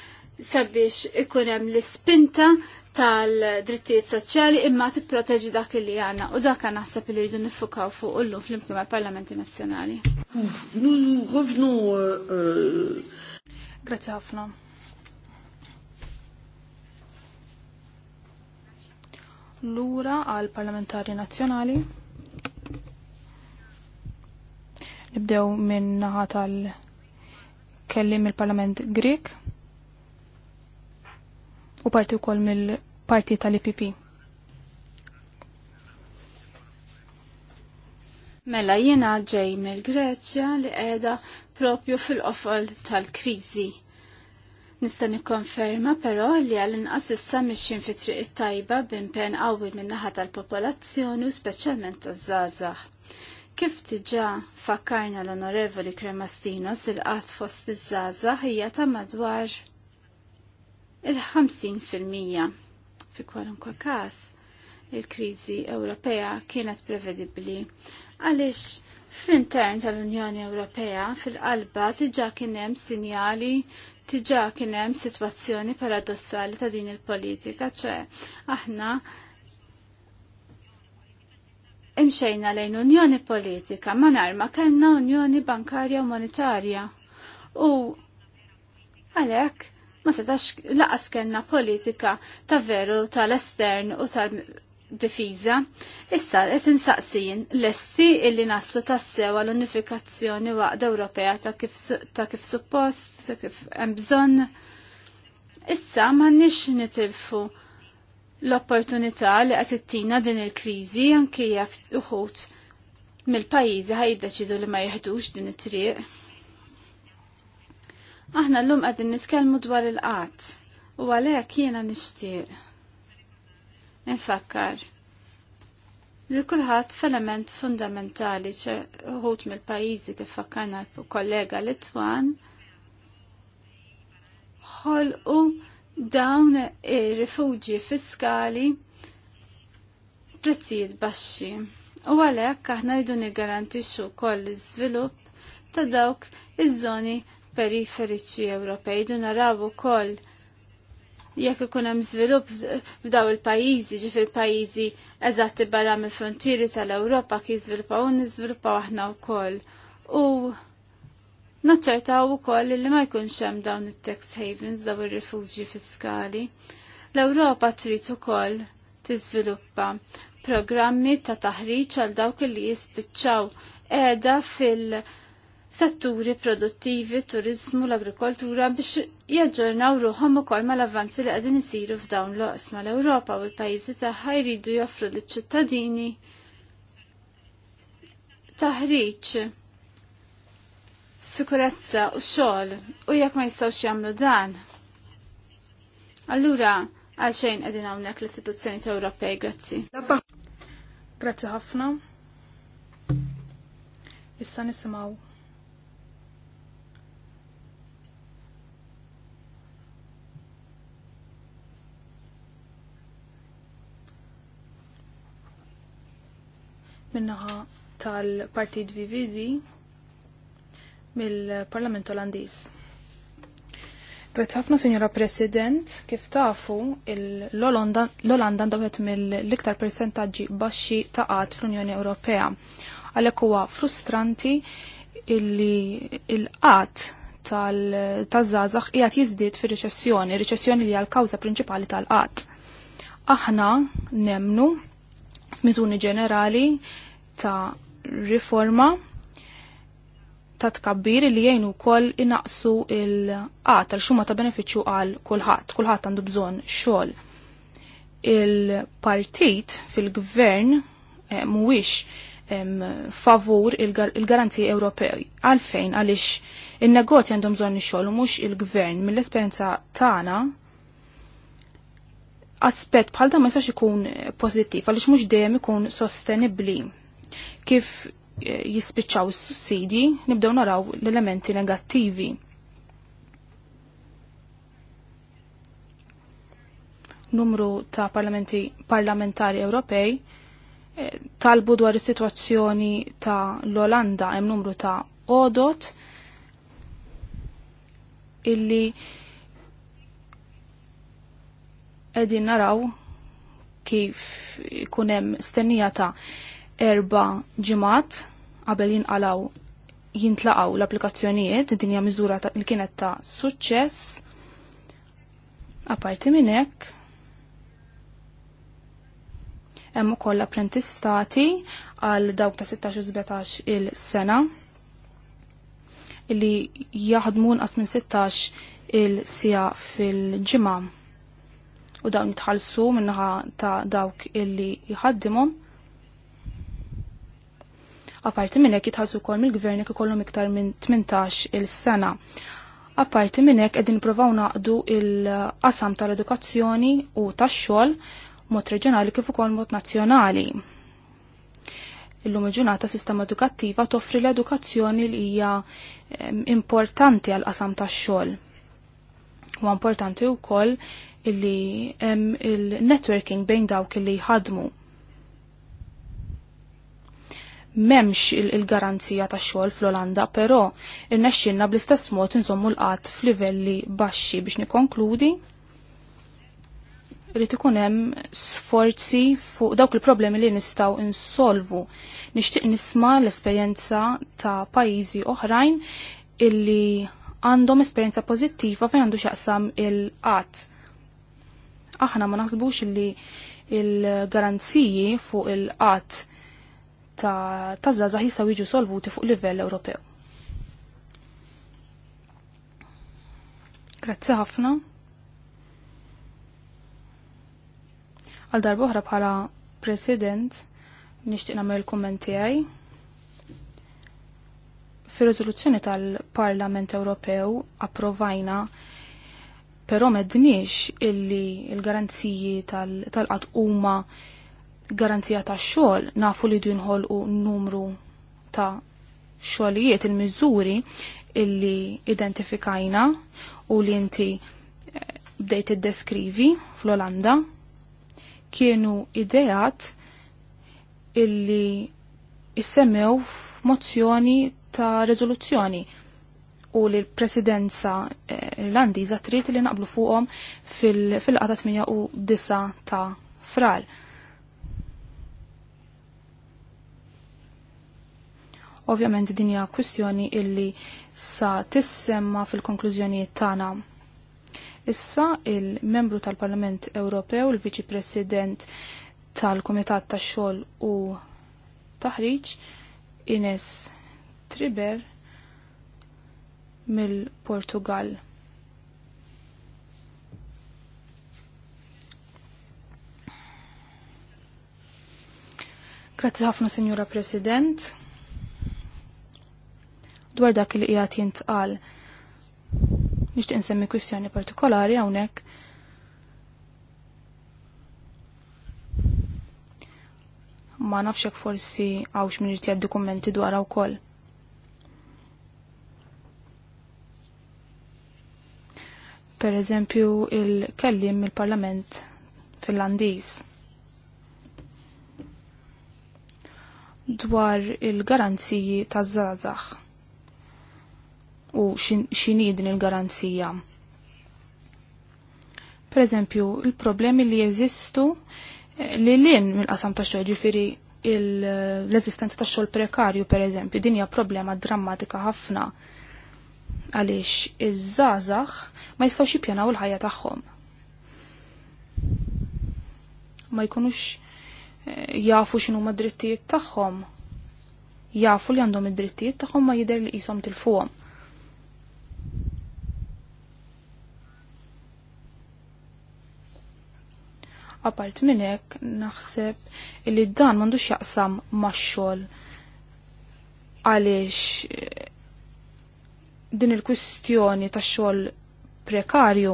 sabiex ikun hemm l-ispinta tal-drittijiet soċjali imma tipproteġi dak li għanna u dak għan naħseb li rridu nifukaw fuq ullu fl imkim għal parlamenti Nazzjonali. Ħafna. Euh, euh, Grazzi ħafna. L-ura għal parlamentari nazzjonali. Nibdew minn naħa tal-kellim il-Parlament Grek u parti wkoll mill-parti tal-IPP. Mela jiena ġej mill-Greċja li qiegħda propju fil-qofol tal-kriżi. Nista' nikkonferma però li għall-inqas issa mixin fi triq it-tajba b'impenn qawwi min-naħa tal-popolazzjoni u speċjalment taż-żgħażagħ. Kif diġà fakkarna l-Onorevoli Kremastinos il qatt fost iż-żgħażagħ hija ta' madwar il-50 fil-mija. Fi kwalunkwe każ il-kriżi Ewropea kienet prevedibbli għaliex fl-intern tal-Unjoni Ewropea fil-qalba tiġa kien hemm sinjali tiġa kien hemm sitwazzjoni paradossali ta' din il-politika, ċe aħna imxejna lejn unjoni politika ma narma kellna unjoni bankarja u monetarja. U għalhekk ma setax laqas kellna politika ta' veru tal-estern u tal-difiża. Issa qed insaqsin lesti illi naslu tassew l unifikazzjoni waqda Ewropea ta' kif ta' kif suppost, ta' kif hemm bżonn. Issa m'għandniex nitilfu l-opportunità li qed ittina din il-kriżi anke jekk uħud mill-pajjiżi ħajdeċidu li ma jeħdux din it-triq. Aħna l-lum għadin nitkellmu dwar il-qat u għalek jiena nishtiq. Infakkar li kulħadd f'element fundamentali uħut mill-pajjiżi kif fakkarna kollega Litwan ħolqu dawn ir-rifuġi fiskali prezzijiet baxxi. U għalhekk aħna rridu niggarantixxu wkoll l-iżvilupp ta' dawk iż-żoni periferiċi Ewropej du naraw ukoll jekk ikun hemm żvilupp f'daw il-pajjiżi ġifir pajjiżi eżatt barra mill-frontieri tal-Ewropa kif jiżviluppaw niżviluppaw aħna wkoll. U naċċertaw ukoll li ma jkunx hemm dawn it-tax havens daw ir-rifuġi fiskali. L-Ewropa trid ukoll tiżviluppa programmi ta' taħriġ għal dawk li jispiċċaw qiegħda fil- setturi produttivi, turizmu, l-agrikoltura biex jaġġornaw ruħom ukoll mal avanzi li qegħdin isiru f'dawn l osma l-Ewropa u l-pajjiżi tagħha jridu joffru liċ-ċittadini taħriġ sikurezza u xogħol u jekk ma jistgħux jagħmlu dan. Allura għalxejn qegħdin hawnhekk l-istituzzjoni Ewropej, grazzi. Grazzi ħafna. Issa nisimgħu minnaħa tal-Partit VVD mill-Parlament Olandiż. Grazzi ħafna, Sinjora President, kif tafu l-Olanda ndobet mill-iktar percentaġġi baxxi ta' qatt fl-Unjoni Ewropea. Għalhekk huwa frustranti illi il-qatt tal-żgħażagħ qiegħed jiżdied fir-riċessjoni, riċessjoni li hija l-kawża prinċipali tal-qatt. Aħna nemnu mizuni ġenerali ta' riforma ta' tkabbir li jgħinu kol inaqsu il-qat tal-xuma ta' beneficju għal kulħadd, kulħadd għandu bżonn xogħol. Il-partit fil-gvern muwix eh, mhuwiex favur il-garanziji Ewropej. Għalfejn, għaliex il-negozji għandhom bżonn xol, u mhux il-gvern mill-esperjenza tagħna aspett bħal ta' ma ikun pożittiv għaliex mhux dejjem ikun sostenibbli. Kif eh, jispiċċaw is-sussidji nibdew naraw l-elementi negattivi. numru ta' parlamenti parlamentari Ewropej eh, talbu dwar is-sitwazzjoni ta' l-Olanda hemm numru ta' odot illi edin naraw kif kunem stennija ta' erba ġimat qabel jinqalaw jintlaqaw l-applikazzjonijiet, dinja miżura ta' li kienet ta' suċċess. Aparti minn hekk, hemm ukoll apprentistati għal dawk ta' 16 u il-sena li jaħdmu nqas minn 16 il-sija fil-ġimgħa u dawn jitħallsu minnaħa ta' dawk illi jħaddimhom. Apparti minn hekk jitħallsu wkoll mill-gvern jekk ikollhom iktar minn 18 il-sena. Apparti minn hekk qegħdin nippruvaw naqdu il-qasam tal-edukazzjoni u tax-xogħol mod reġjonali kif ukoll mod nazzjonali. Illum il-ġurnata sistema edukattiva toffri l-edukazzjoni li hija importanti għal qasam tax-xogħol. Huwa importanti wkoll illi hemm il-networking bejn dawk illi jħadmu. Memx il-garanzija ta' xogħol fl-Olanda, però irnexxinna bl-istess mod inżommu l-qatt f'livelli baxxi biex nikonkludi li ikun hemm sforzi fuq dawk il-problemi li nistgħu insolvu. Nixtieq nisma' l-esperjenza ta' pajjiżi oħrajn illi għandhom esperjenza pożittiva fejn għandu xaqsam il-qatt aħna ma naħsbux li il-garanziji fuq il qat ta' tażaza jistgħu jiġu solvuti fuq livell Ewropew. Grazzi ħafna. Għal boħra bħala President nixtieq nagħmel il kommenti għaj fir riżoluzzjoni tal-Parlament Ewropew approvajna però medniex illi il-garanziji tal-qatt huma garanzija ta' xogħol nafu li dinħol u numru ta' xogħlijiet il-miżuri illi identifikajna u li inti eh, bdejt iddeskrivi fl-Olanda kienu ideat illi issemmew f'mozzjoni ta' rezoluzzjoni u li l-presidenza eh, irlandiża trid li naqblu fuqhom fil-qata 8 ta' frar. Ovvjament din hija kwistjoni illi sa tissemma fil-konklużjonijiet tagħna. Issa il-membru tal-Parlament Ewropew, il-Viċi President tal-Komitat tax-Xogħol u Taħriġ, Ines Triber, mill-Portugal. Grazzi ħafna, Signora President. Dwar dak li qiegħed jintqal nixtieq insemmi kwistjoni partikolari hawnhekk. Ma nafx hekk forsi hawnx min irid dokumenti dwar. wkoll. per eżempju il-kellim il-Parlament Finlandiż dwar il-garanziji taż zazax u xinidin din il-garanzija. Per eżempju, il-problemi li jeżistu eh, li l-in mill-qasam ta' xogħol ġifieri l-eżistenza ta' xogħol prekarju per eżempju, din hija problema drammatika ħafna għaliex iż żazax ma jistgħux jippjanaw il-ħajja tagħhom. Ma jkunux eh, jafu x'inhu ma drittijiet tagħhom. Jafu li għandhom id-drittijiet tagħhom ma jidher li qishom tilfuhom. apart minn hekk naħseb li dan m'għandux jaqsam max-xogħol għaliex eh, din il-kwistjoni ta' xogħol prekarju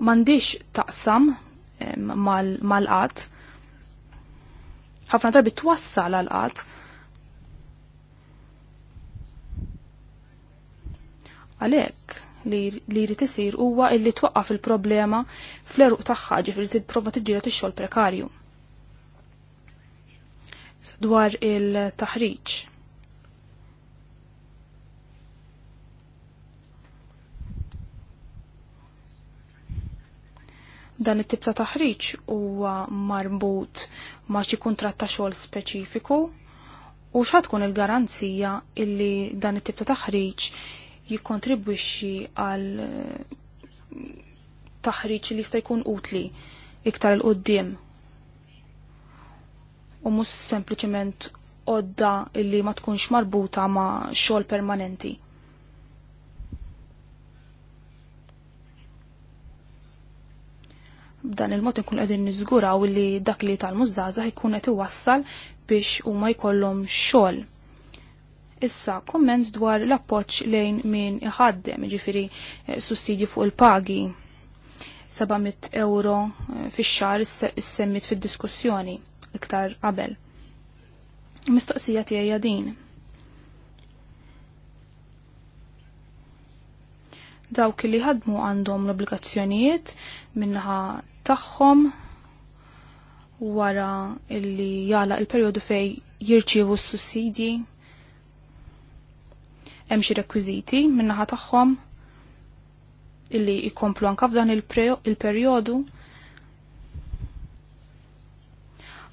m'għandix taqsam mal-qatt. Ħafna drabi twassal għal qatt. Għalhekk li jrid isir huwa li twaqqaf il-problema fl-eruq tagħha ġifieri tipprova tiġġiela tix-xogħol prekarju. Dwar il-taħriġ Dan it-tip ta' taħriġ huwa marbut ma' xi kuntratt ta' xogħol speċifiku u tkun il-garanzija illi dan it-tip ta' taħriġ jikkontribwixxi għal eh, taħriġ li jista' jkun utli iktar il qudiem u mhux sempliċement odda illi ma tkunx marbuta ma' xogħol permanenti. b'dan il-mod ikun qegħdin niżguraw li dak li tal-mużżaża jkun qed iwassal biex huma jkollhom xogħol. Issa, komment dwar l-appoċ lejn min iħaddem, ġifiri eh, sussidji fuq il-pagi. 700 euro eh, fix xar semmit fid diskussjoni iktar qabel. Mistoqsija tiegħi din. Dawk li ħadmu għandhom l-obbligazzjonijiet minnaħa tagħhom wara illi jala il-perjodu fej jirċievu s-sussidji hemm xi rekwiżiti min-naħa tagħhom illi jkomplu anka f'dan il-perjodu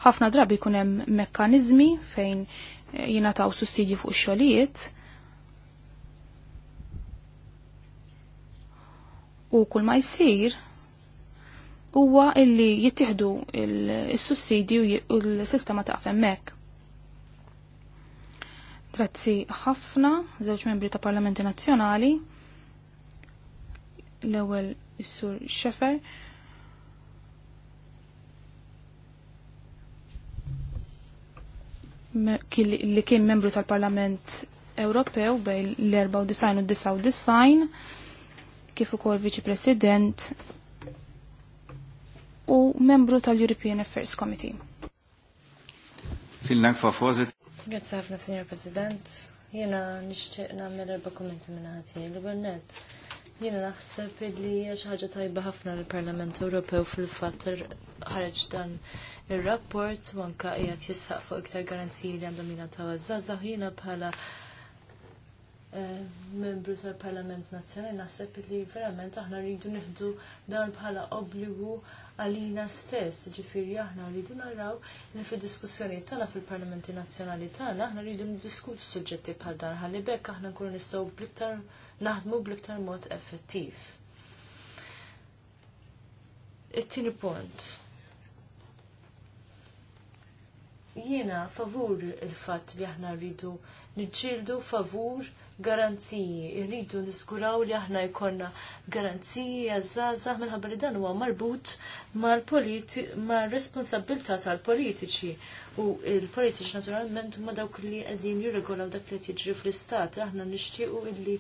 ħafna drabi jkun hemm mekkaniżmi fejn eh, jingħataw sussidji fuq xogħlijiet u kull ma jsir huwa illi jittihdu il-sussidi u l-sistema ta' femmek. Grazzi ħafna, żewġ membri ta' Parlamenti Nazzjonali, l-ewwel is-Sur Xefer. li kien membru tal-Parlament Ewropew bejn l-94 u 99 kif ukoll Viċi President u membru tal-European Affairs Committee. Fil-lank fa' fozit. Grazie ħafna, Signor President. Jena nishtiq namel erba kommenti minna ħati. L-Bernet, jena naħseb li ħaġa tajba ħafna l-Parlament Ewropew fil-fat ħareġ dan il-rapport u anka qiegħed jisħaq fuq iktar garanziji li għandhom jina għaż-żgħażagħ jiena bħala eh, membru tal-Parlament Nazzjonali naħseb li verament aħna rridu nieħdu dan bħala obbligu għalina stess, ġifiri aħna rridu naraw li fi diskussjoni tagħna fil-Parlamenti Nazzjonali tagħna aħna rridu niddiskutu suġġetti bħal dan ħalli bekk aħna nkunu nistgħu bliktar naħdmu bliktar mod effettiv. It-tieni punt. Jiena favur il-fatt li aħna rridu niġġieldu favur garanziji, irridu niskuraw li aħna jkollna garanziji għazzazah minħabba li dan huwa marbut mal-responsabilità tal-politiċi. U il-politiċi naturalment huma dawk li qegħdin jirregolaw dak li qed jiġri fl-istat, aħna nixtiequ illi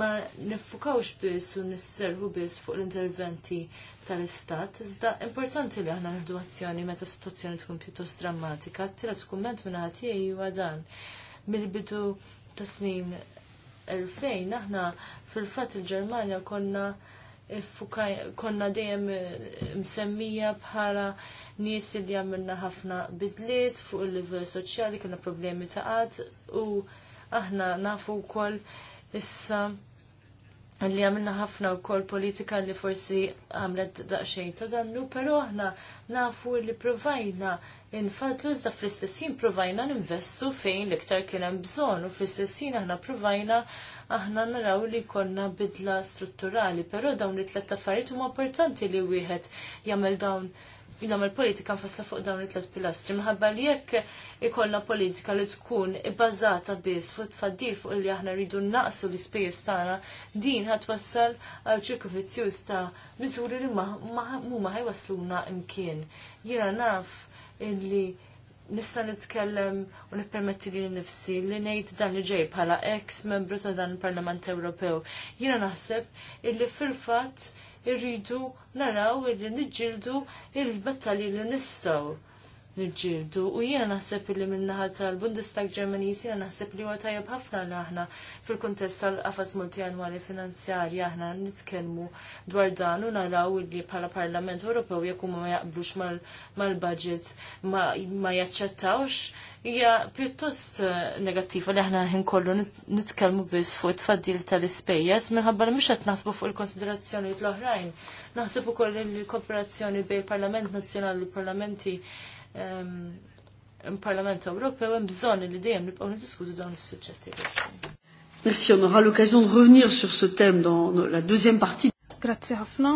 ma nifukawx biss u nisserħu biss fuq l-interventi tal-istat, iżda importanti li aħna nħdu azzjoni meta situazzjoni tkun pjuttost drammatika, t-tira tkumment minna ħatijaj dan. Mill-bidu ta' snin 2000 aħna fil-fatt il-Ġermanja konna konna dejjem eh, msemmija bħala nies li għamilna ħafna bidliet fuq il-livell soċjali kienna problemi ta' qatt u aħna nafu wkoll issa li għamilna ħafna u kol politika li forsi għamlet daqxejn ta' dannu, pero aħna nafu li provajna infadlu iżda fl-istessin provajna ninvestu fejn l-iktar kien hemm bżonn u fl-istessin aħna provajna aħna naraw li konna bidla strutturali, pero dawn li farit affarijiet huma importanti li wieħed jagħmel dawn jilom il-politika nfasla fuq dawn it-tlet pilastri. Minħabba li jekk ikollna politika li tkun ibbażata biss fuq tfaddil fuq li aħna rridu naqsu l-ispejjeż tagħna, din ħatwassal wassal għal ċirku vizzjuż ta' miżuri li huma ħajwasluna imkien. Jiena naf illi nista' nitkellem u nippermetti li nifsi li ngħid dan li ġej bħala ex membru ta' dan il-Parlament Ewropew. Jiena naħseb illi fil-fatt irridu naraw illi niġġieldu il-battalji li nistgħu nġildu. U jiena naħseb li minnaħa tal-Bundestag Ġermaniż jiena naħseb li huwa tajjeb ħafna li aħna fil-kuntest tal-qafas multianwali finanzjarja aħna nitkellmu dwar dan u naraw li bħala Parlament Ewropew jekk huma ma jaqblux mal-budget ma jaċċettawx hija pjuttost eh, negattiva li aħna ħin kollu nitkellmu biss fuq it-tfaddil tal-ispejjeż minħabba li mhux qed naħsbu fuq il-konsiderazzjonijiet l-oħrajn. Naħseb ukoll li l-kooperazzjoni bejn il-Parlament Nazzjonali u parlamenti ehm, il-Parlament Ewropew hemm bżonn li dejjem nibqgħu niddiskutu dawn is-suġġetti. Merci, on aura l'occasion de revenir sur ce thème dans la deuxième partie. Grazie ħafna.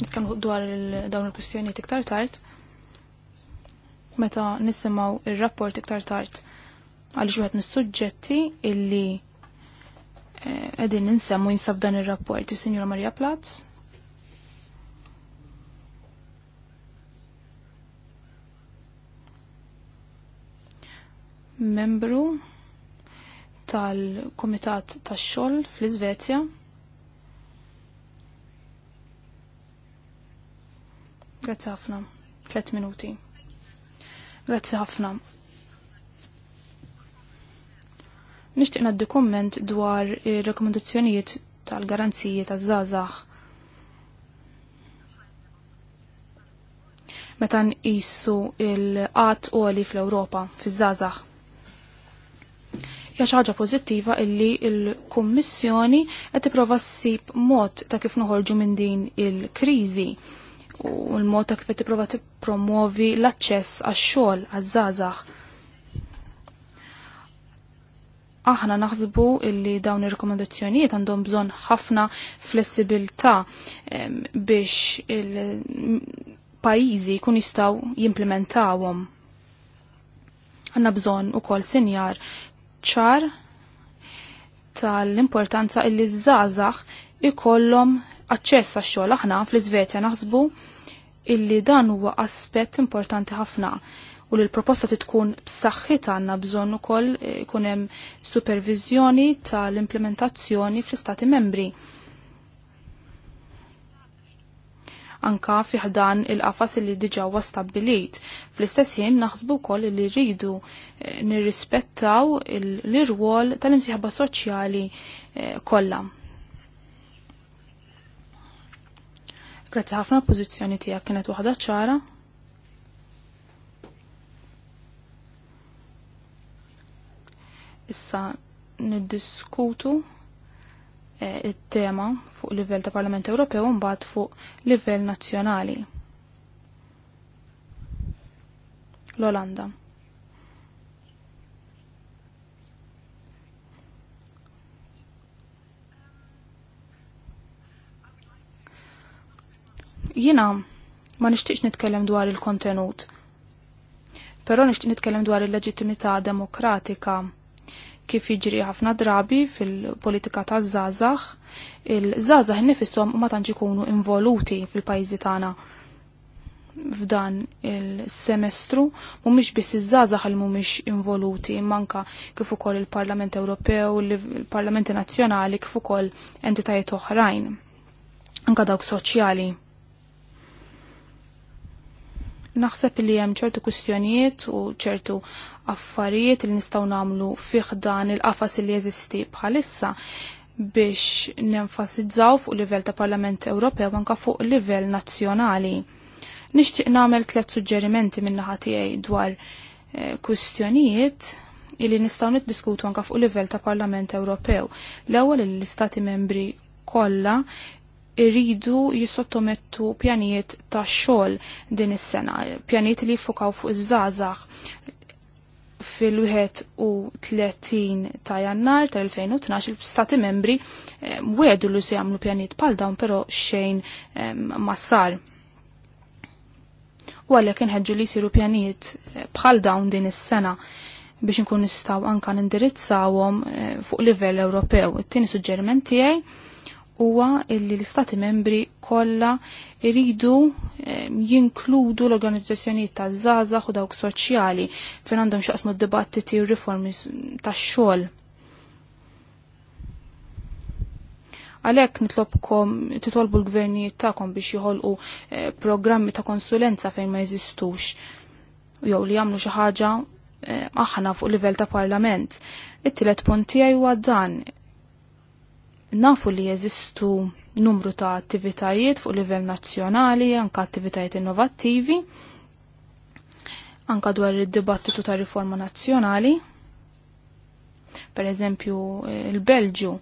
Nitkellmu dwar dawn il-kwistjonijiet iktar tard meta nisimaw ir-rapport iktar tard għaliex wieħed nissuġġetti suġġetti illi eh, qegħdin ninsemmu jinsab dan ir-rapport is signora Marija Platz. Membru tal-Komitat tax-xogħol fl-Iżvezja. Grazzi ħafna. Tlet minuti. Grazzi ħafna. Nishtiq naddi komment dwar il-rekomendazzjonijiet tal-garanziji taż zazax. Meta nqisu il-qatt għali fl-Ewropa fiż zazax. Hija ħaġa pożittiva illi l-Kummissjoni qed tipprova ssib mod ta' kif noħorġu minn din il-kriżi. il il kriżi u l-mod ta' kif qed tipprova tippromovi l-aċċess għax-xogħol għaż-żgħażagħ. Aħna naħsbu illi dawn ir-rekomendazzjonijiet għandhom bżonn ħafna flessibilità biex il-pajjiżi jkun jistgħu jimplementawhom. Għandna bżonn ukoll sinjar ċar tal-importanza illi żgħażagħ ikollhom aċċess għax-xogħol aħna fl-Iżvezja naħsbu illi dan huwa aspett importanti ħafna u li l-proposta tkun b'saħħit għandna bżonn ukoll eh, ikun hemm supervizjoni tal-implementazzjoni fl-Istati membri. Anka fi ħdan il-qafas li diġà huwa stabbilit. Fl-istess ħin naħsbu wkoll li rridu eh, nirrispettaw l-irwol tal-imsieħba soċjali eh, kollha Grazzi ħafna l-pożizzjoni tiegħek kienet waħda ċara. Issa niddiskutu eh, it-tema fuq livell ta' Parlament Ewropew u mbagħad fuq livell nazzjonali. L-Olanda. Jina ma nishtiqx nitkellem dwar il-kontenut. Però nixtieq nitkellem dwar il-leġittimità demokratika kif jiġri ħafna drabi fil-politika ta' zazax. il-żgħażagħ innifishom ma tantx ikunu involuti fil pajzi tagħna f'dan il-semestru mhumiex biss iż-żgħażagħ li mhumiex involuti manka kif ukoll il-Parlament Ewropew, il-Parlamenti Nazzjonali kif ukoll entitajiet oħrajn anka dawk soċjali. Naħseb li hemm ċertu kwistjonijiet u ċertu affarijiet li nistgħu nagħmlu fih dan il-qafas li jeżisti bħalissa biex nenfasizzaw fuq livell ta' Parlament Ewropew anke fuq livell nazzjonali. Nixtieq nagħmel tliet suġġerimenti min-naħa tiegħi dwar eh, kwistjonijiet illi nistgħu niddiskutu anka fuq livell ta' Parlament Ewropew. L-ewwel l-istati membri kollha irridu jisottomettu pjanijiet ta' xogħol din is-sena, pjanijiet li jiffokaw fuq iż żazax fil-31 ta' jannar tal-2012 il-stati membri ehm, wedu li se jagħmlu pjanijiet bħal dawn però xejn ehm, ma sar. U għalhekk inħeġġu li jsiru pjanijiet eh, bħal dawn din is-sena biex nkun nistgħu anka nindirizzawhom eh, fuq livell Ewropew. It-tieni suġġeriment tiegħi huwa illi l-Istati membri kollha iridu eh, jinkludu l-organizzazzjonijiet ta' żgħażagħ u dawk soċjali fejn għandhom xaqsmu d-dibattiti u riformi tax-xogħol. Għalhekk nitlobkom titolbu l-gvernijiet tagħkom biex jħolqu eh, programmi ta' konsulenza fejn ma jeżistux jew li jagħmlu xi ħaġa eh, aħna fuq livell ta' parlament. It-tielet punt tiegħi huwa dan Nafu li jeżistu numru ta' attivitajiet fuq livell nazzjonali, anka attivitajiet innovattivi, anka dwar id-dibattitu ta' riforma nazzjonali. Per eżempju, il-Belġu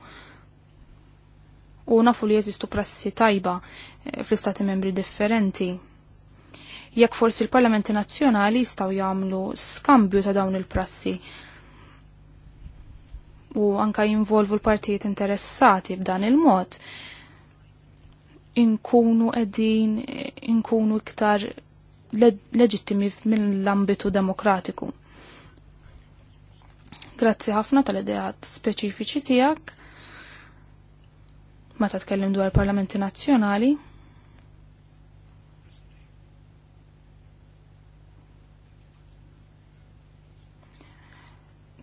u nafu li jeżistu prassi tajba eh, fl-istati membri differenti. Jekk forsi l-Parlamenti Nazzjonali jistgħu jagħmlu skambju ta' dawn il-prassi u anka jinvolvu l-partijiet interessati b'dan il-mod inkunu edin, inkunu iktar leġittimi mill-ambitu demokratiku. Grazzi ħafna tal-idejat speċifiċi tijak, ta' tkellim dwar parlamenti nazzjonali.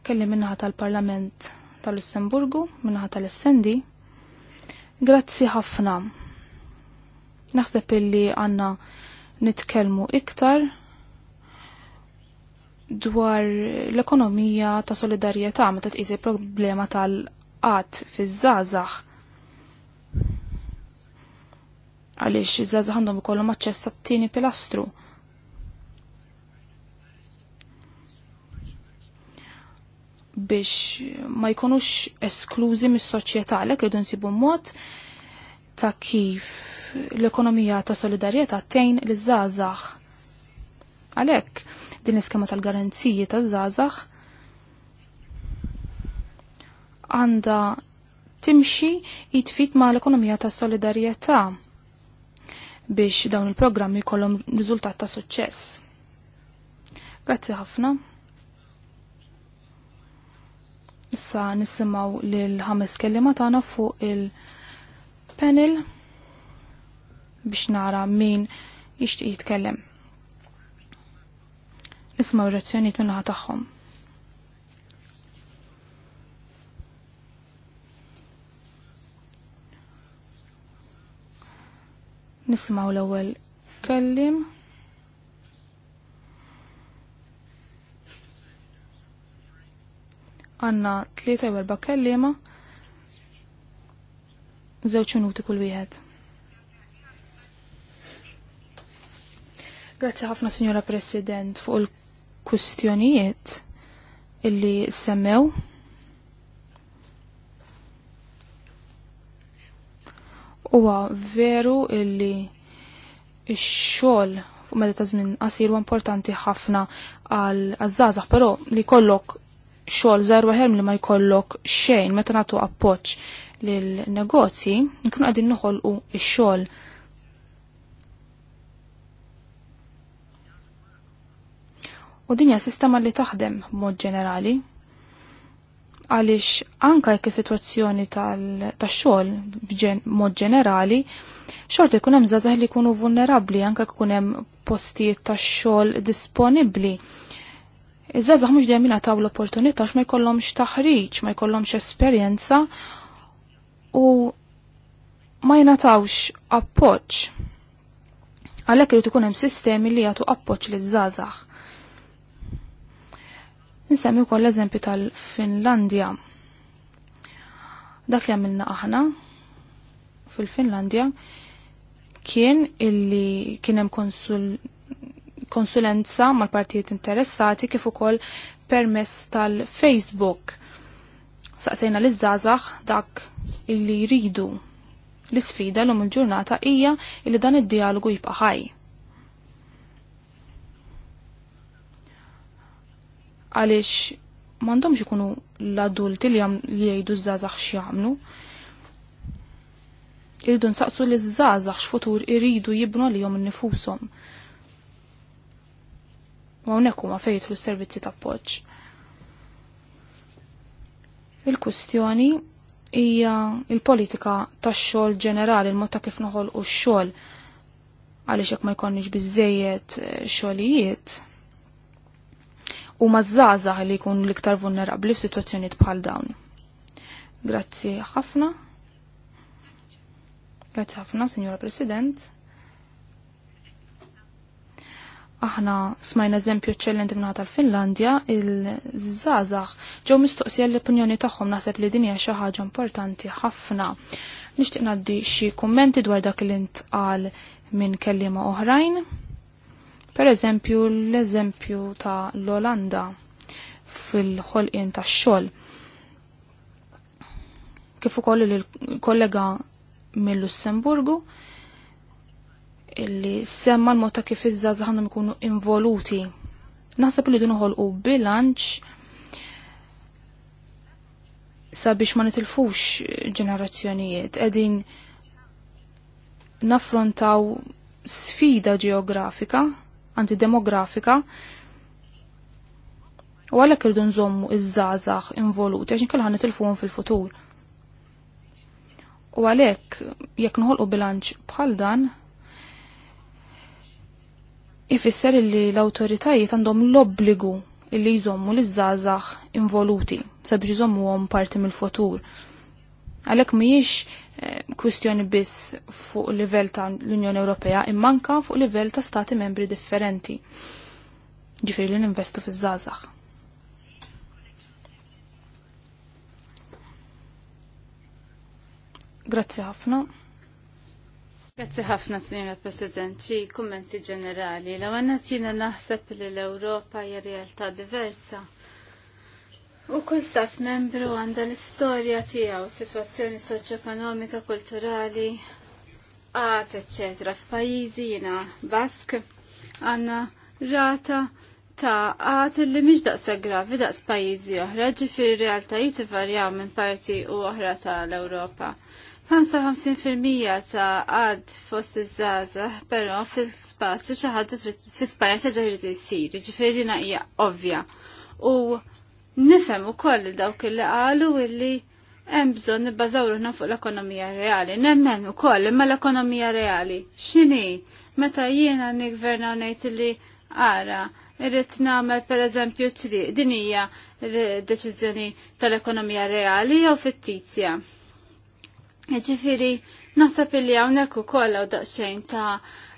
Kellim minnaħat tal-parlament tal-Lussemburgu minnaħa tal-Essendi. Grazzi ħafna. Naħseb illi għanna nitkelmu iktar dwar l-ekonomija ta' solidarjetà meta tqisi problema tal-qatt fiż-żgħażagħ. Għaliex iż-żgħażagħ għandhom ikollhom aċċess tat-tieni pilastru. biex ma jkunux esklużi mis-soċjetà għalhekk irdu nsibu mod ta' kif l-ekonomija ta' solidarjetà tgħin l-żazax. Għalhekk din l-iskema tal garanzijiet taż żazax għanda timxi jitfit ma l-ekonomija ta' solidarieta biex dawn il-programmi kollom riżultat ta' suċċess. Grazzi ħafna. Issa nisimaw lil ħames kelliema tagħna fuq il-panel biex nara min jixtieq jitkellem. Nisma' reazzjonijiet naħa tagħhom. Nisimgħu l-ewwel kellim. għanna 3 4 kellima, zewċ minuti kull wieħed. Grazzi ħafna, Signora President, fuq il-kustjonijiet illi semmew. Huwa veru illi x-xogħol fuq meta ta' żmien qasir huwa importanti ħafna għal żgħażagħ, però li kollok xogħol żgħar waħelm li ma jkollok xejn meta nagħtu appoġġ lill-negozji, nkunu qegħdin noħolqu x-xogħol. U dinja sistema li taħdem mod ġenerali għaliex anka jekk is-sitwazzjoni tax-xogħol mod ġenerali, xorta jkun hemm li jkunu vulnerabbli anke jkun hemm postijiet tax-xogħol disponibbli Iż-żazax mhux dejjem jingħataw l-opportunità x'ma jkollhomx taħriġ, ma jkollhomx esperjenza u ma jingħatawx appoġġ. Għalhekk irid ikun hemm sistemi li jagħtu appoġġ liż-żazax. Nsemmi wkoll eżempju tal-Finlandja. Dak li għamilna aħna fil-Finlandja kien illi kien hemm konsul konsulenza mal-partijiet interessati kif ukoll permess tal-Facebook. Saqsejna l żazax dak illi jridu. L-isfida l-lum il-ġurnata hija illi dan id-dialogu jibqa' ħaj. Għaliex m'għandhomx ikunu l-adulti li jgħidu żazax x'jagħmlu. Irridu nsaqsu l żazax x'futur irridu jibnu li jom nifusom. Ma hawnhekk huma fejn l s-servizzi ta' poċ. Il-kustjoni hija il-politika tax-xogħol ġenerali, il-mod ta' kif noħolqu x-xogħol għaliex jek ma jkollniex bizzejiet eh, xogħlijiet u mażżażaħ li jkunu l-iktar vulnerabbli situazzjoniet bħal dawn. Grazzi ħafna. Grazzi ħafna, Signora President aħna smajna eżempju eċċellenti minn tal-Finlandja, il zazax ġew mistoqsija l-opinjoni tagħhom naħseb li din hija xi ħaġa importanti ħafna. Nixtieq ngħaddi xi kummenti dwar dak li ntqal minn kelliema oħrajn. Per eżempju l-eżempju ta' l-Olanda fil-ħolqien tax-xogħol. Kif ukoll il-kollega mill-Lussemburgu, illi semma l-mod kif iż-żgħażagħ għandhom ikunu involuti. Naħseb li dun u bilanċ sabiex ma nitilfux ġenerazzjonijiet qegħdin naffrontaw sfida ġeografika, anti demografika, u għalhekk irdu nżommu iż-żgħażagħ involuti għax inkella ħanitilfuhom fil-futur. U għalhekk jekk nħolqu bilanċ bħal dan, ifisser li l-autoritajiet għandhom l-obbligu illi jżommu l-żazax involuti sabiex jżommu għom parti mill-futur. Għalek miex eh, kwistjoni biss fuq livell ta' l-Unjoni Ewropea immanka fuq livell ta' stati membri differenti. Ġifiri li ninvestu fi żazax. Grazzi ħafna. Grazie ħafna, Signora President. ċi kummenti ġenerali. Law għannatina naħseb li l-Europa hija realtà diversa. U kull stat membru għandha l-istorja tiegħu, sitwazzjoni soċjoekonomika, kulturali, għad, eċetera. F'pajjiżi jiena Bask għandna rata ta' għat li mhix daqsa gravi daqs pajjiżi oħra, ġifieri realtajiet ivarjaw minn parti u oħra tal-Ewropa. 55% ta' għad fost iż-żaza, però fil-spazju xi ħaġa trid fl-Ispanja xi ħaġa trid issir, ġifieri hija ovvja. U nifhem ukoll dawk li qalu illi hemm bżonn nibbażaw fuq l-ekonomija reali. Nemmen ukoll imma l-ekonomija reali x'inhi meta jiena niggverna u ngħid li ara irrit namel per eżempju triq din hija deċiżjoni tal-ekonomija reali jew fittizja. Ġifiri, nasab li għawnek u kolla u daqxejn ta'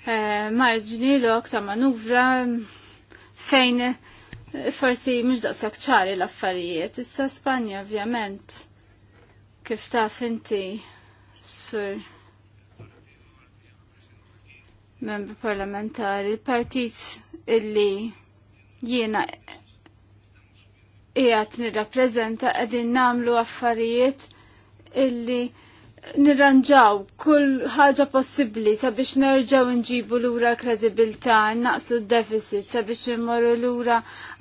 eh, marġni lok ta' manuvra fejn eh, forsi mux daqsak ċari l-affarijiet. Issa Spanja, ovvjament, kif ta' finti sur membru parlamentari, il-partit illi jiena jgħat nirrapprezenta għedin namlu affarijiet illi nirranġaw kull ħaġa possibbli sabiex nerġaw nġibu lura kredibilità, naqsu d-deficit sabiex immorru lura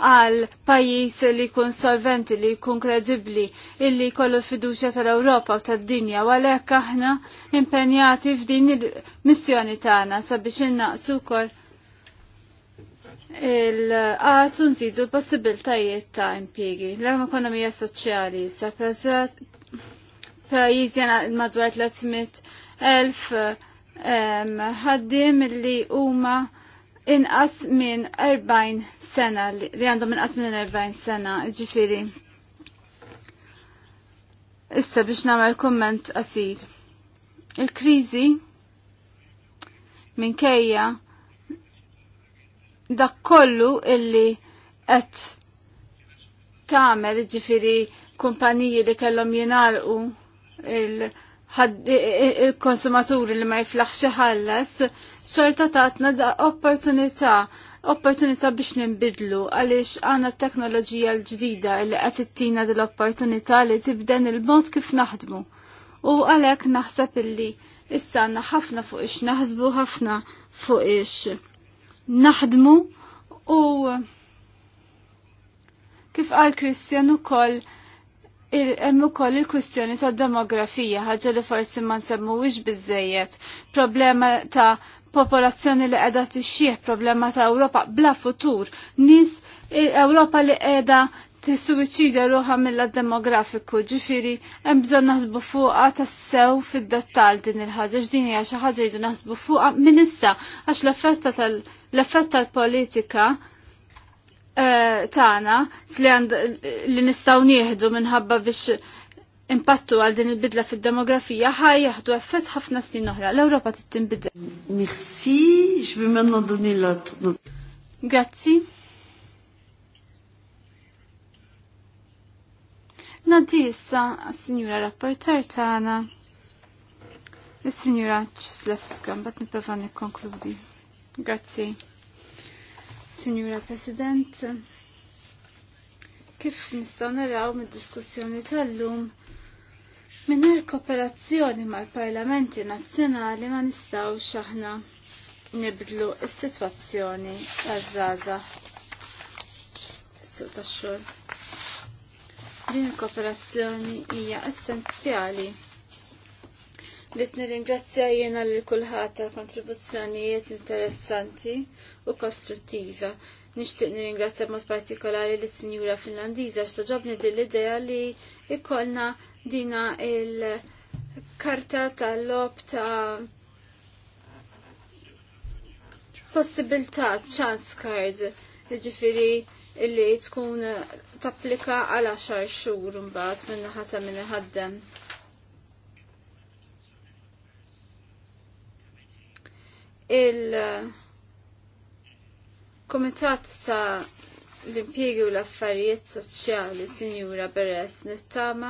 għal pajjiż li jkun solventi li jkun kredibbli illi jkollu fiduċja tal-Ewropa u tad-dinja u għalhekk aħna impenjati f'din il-missjoni tagħna sabiex innaqsu wkoll il għazun nżidu l-possibiltajiet ta' impiegi. L-ekonomija soċjali sa' pajiz jena madwar 300.000 ħaddim li huma inqas minn 40 sena li għandhom inqas minn 40 sena ġifiri. Issa biex nagħmel komment qasir. Il-kriżi kejja dak kollu illi qed tagħmel ġifiri kumpaniji li kellhom jingħalqu il-konsumaturi li ma jiflaħx ħallas, xorta tatna da opportunità opportunità biex nimbidlu għaliex għana t-teknoloġija l-ġdida li qed ittina dil-opportunità li tibden il-mod kif naħdmu. U għalhekk naħseb illi issa ħafna fuq ix naħsbu ħafna fuq ix naħdmu u kif qal Kristjan ukoll koll hemm ukoll il-kwistjoni ta' demografija, ħaġa li forsi ma nsemmuwix biżejjed, problema ta' popolazzjoni li qiegħda tixjih, problema ta' Ewropa bla futur, Nis eh, Ewropa li qiegħda tissuwiċidja ruħa mill demografiku ġifiri, hemm bżonn naħsbu fuqha tassew fid-dettall din il-ħaġa, x'din hija xi ħaġa jridu naħsbu fuqha minn issa għax l-effetta tal tal politika Eh, Tana li nistgħu nieħdu minħabba biex impattu għal din il-bidla fil-demografija ħaj jaħdu effett ħafna snin oħra. L-Ewropa tittinbidla. Merci, ġvi menna doni l Grazzi. Nadi issa s sinjura Rapporter tagħna. Is-Sinjura Ċislevska, mbagħad nipprova nikkonkludi. Grazzi. Signora President, kif nistgħu naraw mid-diskussjoni tal-lum mingħajr kooperazzjoni mal-Parlamenti Nazzjonali ma nistgħux aħna nibdlu s-sitwazzjoni għaż-żgħażagħ suq Din il-kooperazzjoni hija essenzjali Rrit nirringrazzja jiena li kulħadd kontribuzzjonijiet interessanti u kostruttiva. Nixtieq nirringrazzja mod partikolari lis sinjura Finlandiża x'toġobni din l-idea li ikollna dina il-karta tal-lob ta' possibilità chance card ġifiri illi tkun tapplika għal xar xhur mbagħad minn ħata minn ħaddem. il-Komitat ta' l-impiegi u l-affarijiet soċjali, Sinjura Beres Nittama,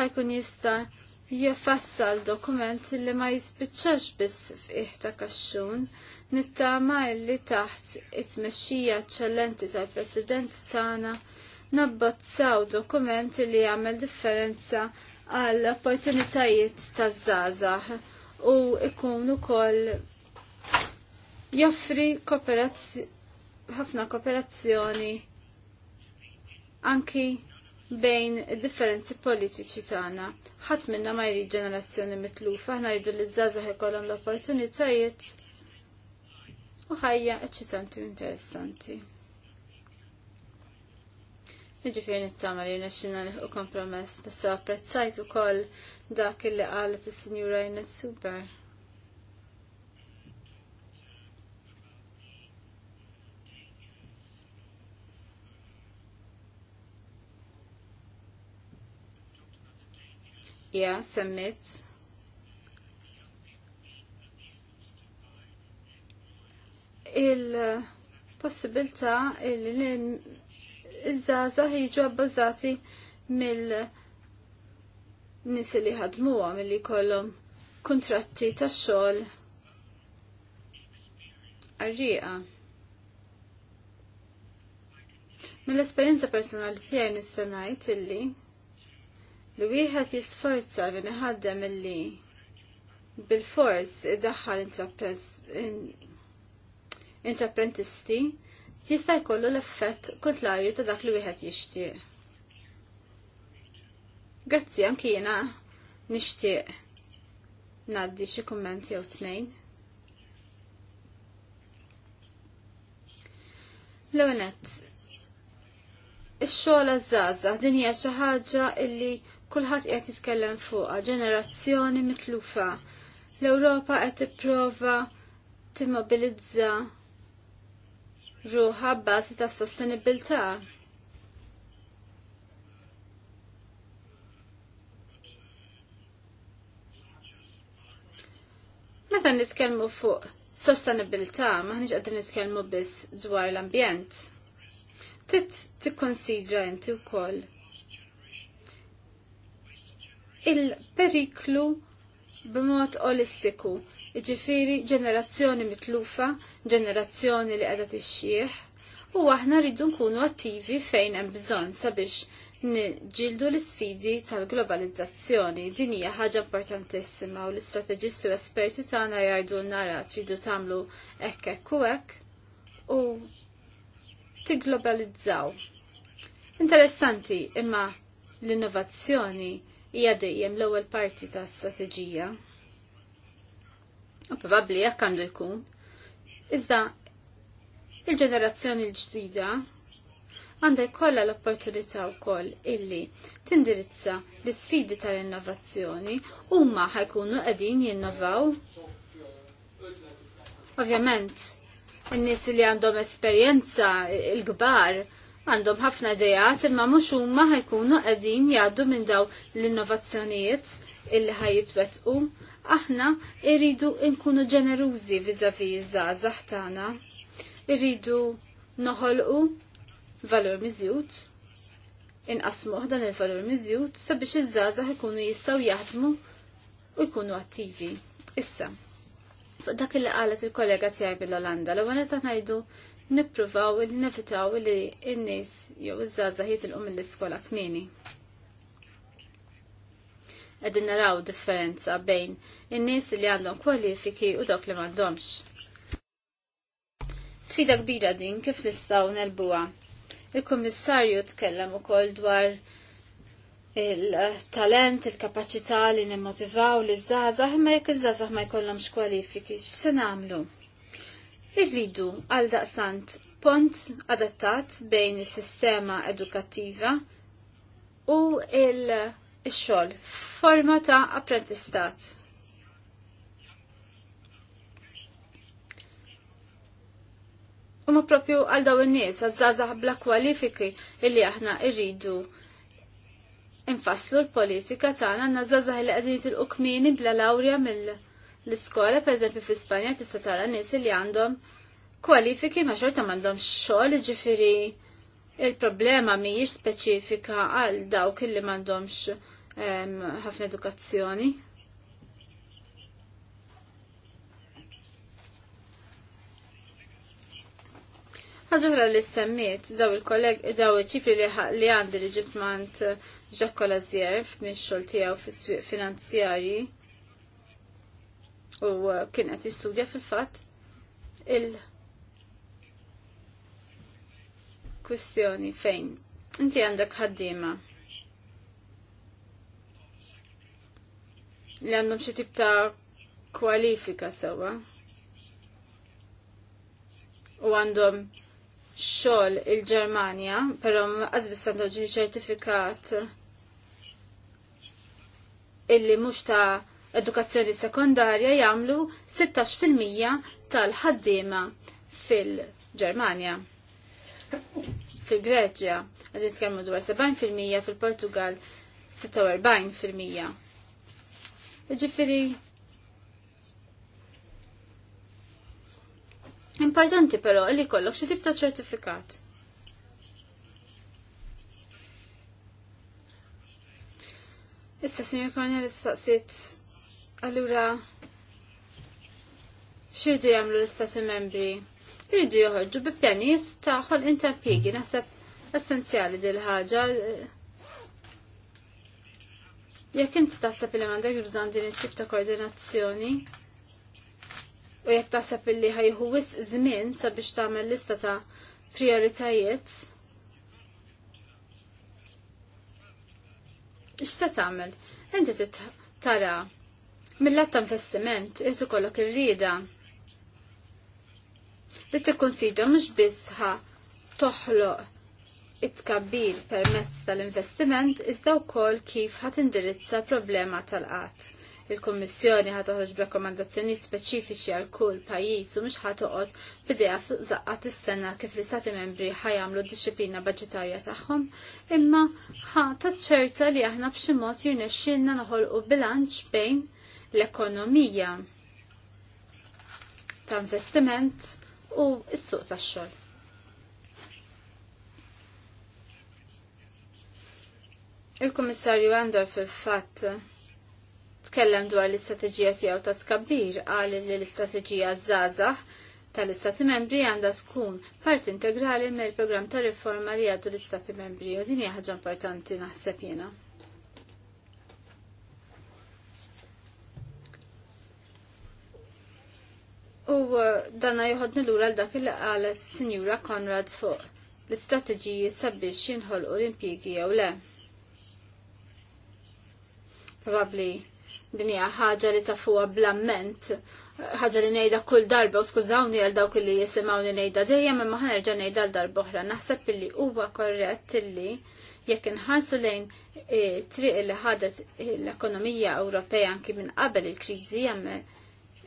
ħajkun jista' jaffassal dokument li ma jispiċċax biss f'ih ta' kaxxun, nittama illi taħt it-mexxija eċċellenti tal-President tagħna nabbozzaw dokument li jagħmel differenza għall opportunitajiet taż-żgħażagħ u ikun ukoll joffri ħafna kooperazzjoni anki bejn differenzi politiċi tagħna. Ħadd minna ma jrid ġenerazzjoni mitlufa, aħna jridu li żgħażagħ ikollhom l-opportunitajiet u ħajja eċċitanti u interessanti. Jiġifieri nittama li nexxina u kompromess, tassa apprezzajt ukoll dak illi qalet is-Sinjura Inet Super. Yeah, submit. il-possibilità il iż-żaza jiġu abbażati mill nies li għam li jkollhom kuntratti tax-xogħol għarriqa. Mill-esperjenza personali tiegħi nista' ngħid illi li wieħed jisforza li nħaddem illi bil-fors id-daħħal intraprentisti jista' jkollu l-effett kontlarju ta' dak li wieħed jixtieq. Grazzi anki jiena nixtieq ngħaddi xi kummenti jew tnejn. L-ewwel ix-xogħol għaż-żgħażagħ din hija xi ħaġa illi kulħadd qed jitkellem fuqha ġenerazzjoni mitlufa. L-Ewropa qed tipprova timmobilizza ruħa bbażi ta' sostenibilità. Meta nitkellmu fuq sostenibilità maħniġ qegħdin nitkellmu biss dwar l-ambjent. Tit tikkonsidra inti wkoll il-periklu b'mod olistiku. Iġifiri ġenerazzjoni mitlufa, ġenerazzjoni li qiegħda tixxieħ, u aħna rridu nkunu attivi fejn hemm bżonn sabiex nġildu l-sfidi tal-globalizzazzjoni. Din hija ħaġa importantissima u l-istrateġisti u esperti tagħna jgħidu nara tridu tagħmlu hekk hekk u hekk u tigglobalizzaw. Interessanti imma l-innovazzjoni hija dejjem l-ewwel parti ta' strateġija. U probabbli jekk għandu jkun. Iżda il-ġenerazzjoni l-ġdida għandha jkollha l-opportunità wkoll illi tindirizza l-isfidi tal-innovazzjoni huma ħajkunu qegħdin jinnovaw. Ovvjament, in-nies li għandhom esperjenza il-kbar għandhom ħafna idejat imma mhux huma ħajkunu qegħdin jgħaddu minn daw l-innovazzjonijiet illi ħajjitwettqu. Aħna irridu nkunu ġenerużi viżavi żgħażagħ tagħna. Irridu noħolqu valur miżjud. Inqasmu dan il-valur miżjud sabiex iż-żgħażagħ ikunu jistgħu jaħdmu u jkunu attivi. Issa, fuq dak li qalet il-kollega tiegħi bil-Olanda, l-ewwel qed ngħidu nippruvaw il nevitaw li n-nies jew iż il-qum mill-iskola kmieni. Qegħdin naraw differenza bejn in-nies li għandhom kwalifiki u dawk li għandhomx. Sfida kbira din kif nistgħu nelbuha. Il-Kummissarju tkellem ukoll dwar il-talent, il-kapacità li nimmotivaw li żgħażagħ imma jekk iż zazah ma jkollhomx kwalifiki, x'se nagħmlu? Irridu għal daqsant pont adattat bejn is-sistema edukattiva u il-xogħol forma ta' apprentistat. Uma propju għal daw in-nies għazzazah bla kwalifiki illi aħna rridu infaslu l-politika tagħna għandna żgħażagħ li qegħdin il kmieni bla lawrja mill- L-iskola, per eżempju, fi Spanja tista' tara nies li għandhom kwalifiki ma xorta m'għandhom xogħol, ġifieri il-problema mhijiex speċifika għal dawk li m'għandhomx ħafna edukazzjoni. Għadduħra li semmiet daw il-kolleg, daw il-ċifri li għandi li ġibmant ġakkola zjerf minn xoltijaw fis-swiq finanzjari u kienet jistudja fil-fatt il- kwistjoni fejn inti għandek ħaddiema li għandhom xi tip ta' kwalifika sewwa u għandhom xogħol il-Ġermanja, però għazbis biss għandhom ċertifikat illi mhux ta' edukazzjoni sekondarja jagħmlu 16% tal-ħaddiema fil-Ġermanja. Fil-Greċja qed nitkellmu dwar 70% fil-Portugal 46%. Ġifieri Importanti però li kollok xi tip ta' ċertifikat. Issa, Signor Cornelis, staqsit Allura, xirdu jamlu l-istati membri? Jridu joħorġu bi pjanis taħol intampigi, naħseb essenzjali dil-ħagġa. Jekk inti taħseb li mandek bżonn din it-tip ta' koordinazzjoni, u jekk taħseb li ħajħu wis żmien sabiex tagħmel lista ta' prioritajiet, se tagħmel? Inti tara mill-lat ta' investiment irtu kollok ir-rida li tikkonsidra mhux bizħa toħloq it-tkabbir permezz tal-investiment iżda wkoll kif ħat indirizza problema tal qat Il-Kommissjoni ħat uħroġ b'rakkomandazzjonijiet speċifiċi għal kull pajjiż u mhux ħat toqgħod bidea zaqqa tistenna kif l-Istati membri ħajamlu d-disciplina budġetarja tagħhom, imma ħat taċċerta li aħna b'xi mod jirnexxielna noħolqu bilanċ bejn l-ekonomija ta' investiment u s-suq tax-xogħol. Il-Kummissarju Andor fil-fatt tkellem dwar l-istrateġija tiegħu ta' tkabbir għal li l-istrateġija żgħażagħ tal-Istati Membri għandha tkun parti integrali mill-programm ta' riforma li għadu l-Istati Membri u din hija ħaġa importanti naħseb jiena. U uh, danna joħodni ura għal dak li qalet Sinjura Konrad fuq l-istrateġiji sabiex jinħol l-impjegi jew le. Probabli din hija ħaġa li tafuha blamment, ħaġa li ngħidha kull darba u skużawni għal dawk li jisimgħuni ngħidha dejjem imma ħanerġa' nejda għal darba uħra. Naħseb illi huwa korrett illi jekk inħarsu lejn eh, triq li ħadet l-ekonomija Ewropea anki minn qabel il-kriżi jagħmel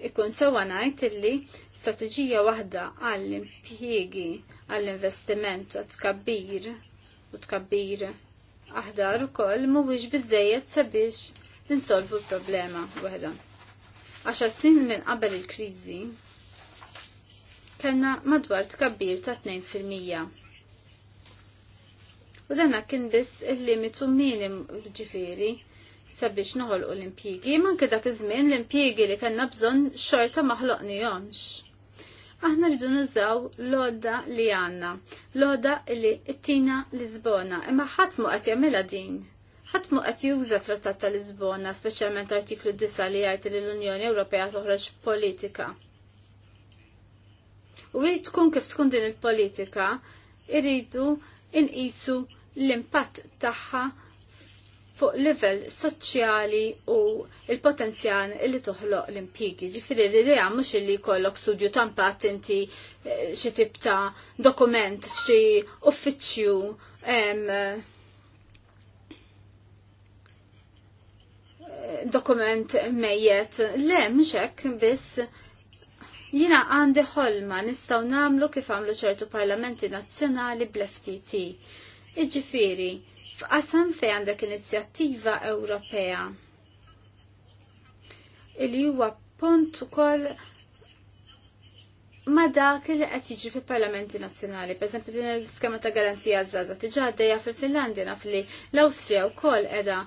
ikun sewa ngħid illi strateġija waħda għall-impjiegi għall-investiment u tkabbir u tkabbir aħdar ukoll mhuwiex bizzejet sabiex ninsolvu l-problema waħda. Għaxar snin minn qabel il-kriżi kellna madwar tkabbir ta' 2%. U danna kien biss il-limitu minim ġifiri sabiex noħolqu l-impjigi, manke dak iż-żmien l-impjigi li kellna bżonn xorta ma ħloqnihomx. Aħna rridu nużaw l li għandna, l li ttina Lisbona, imma ħadd mu qed jagħmilha din. Ħadd mu qed juża Trattat ta' Lisbona, speċjalment artiklu 9 li jgħid li l-Unjoni Ewropea toħroġ politika. U li tkun kif tkun din il-politika, irridu inqisu l-impatt tagħha fuq livell soċjali u il-potenzjal li toħloq l-impjigi. Ġifiri l-idea mhux li jkollok studju ta' patenti inti eh, xi tip ta' dokument f'xi uffiċċju eh, dokument mejjet. Le, mhux hekk biss jina għandi ħolma nistaw namlu kif għamlu ċertu parlamenti nazzjonali bl-FTT. Iġifiri, f'qasam fej għandek inizjattiva Ewropea illi huwa pont ukoll ma dak li qed jiġi fil-Parlamenti Nazzjonali, pereżempju din l-iskema ta' garanzija żgħażagħ diġà għaddejja fil-Finlandja naf li l-Awstrija wkoll qiegħda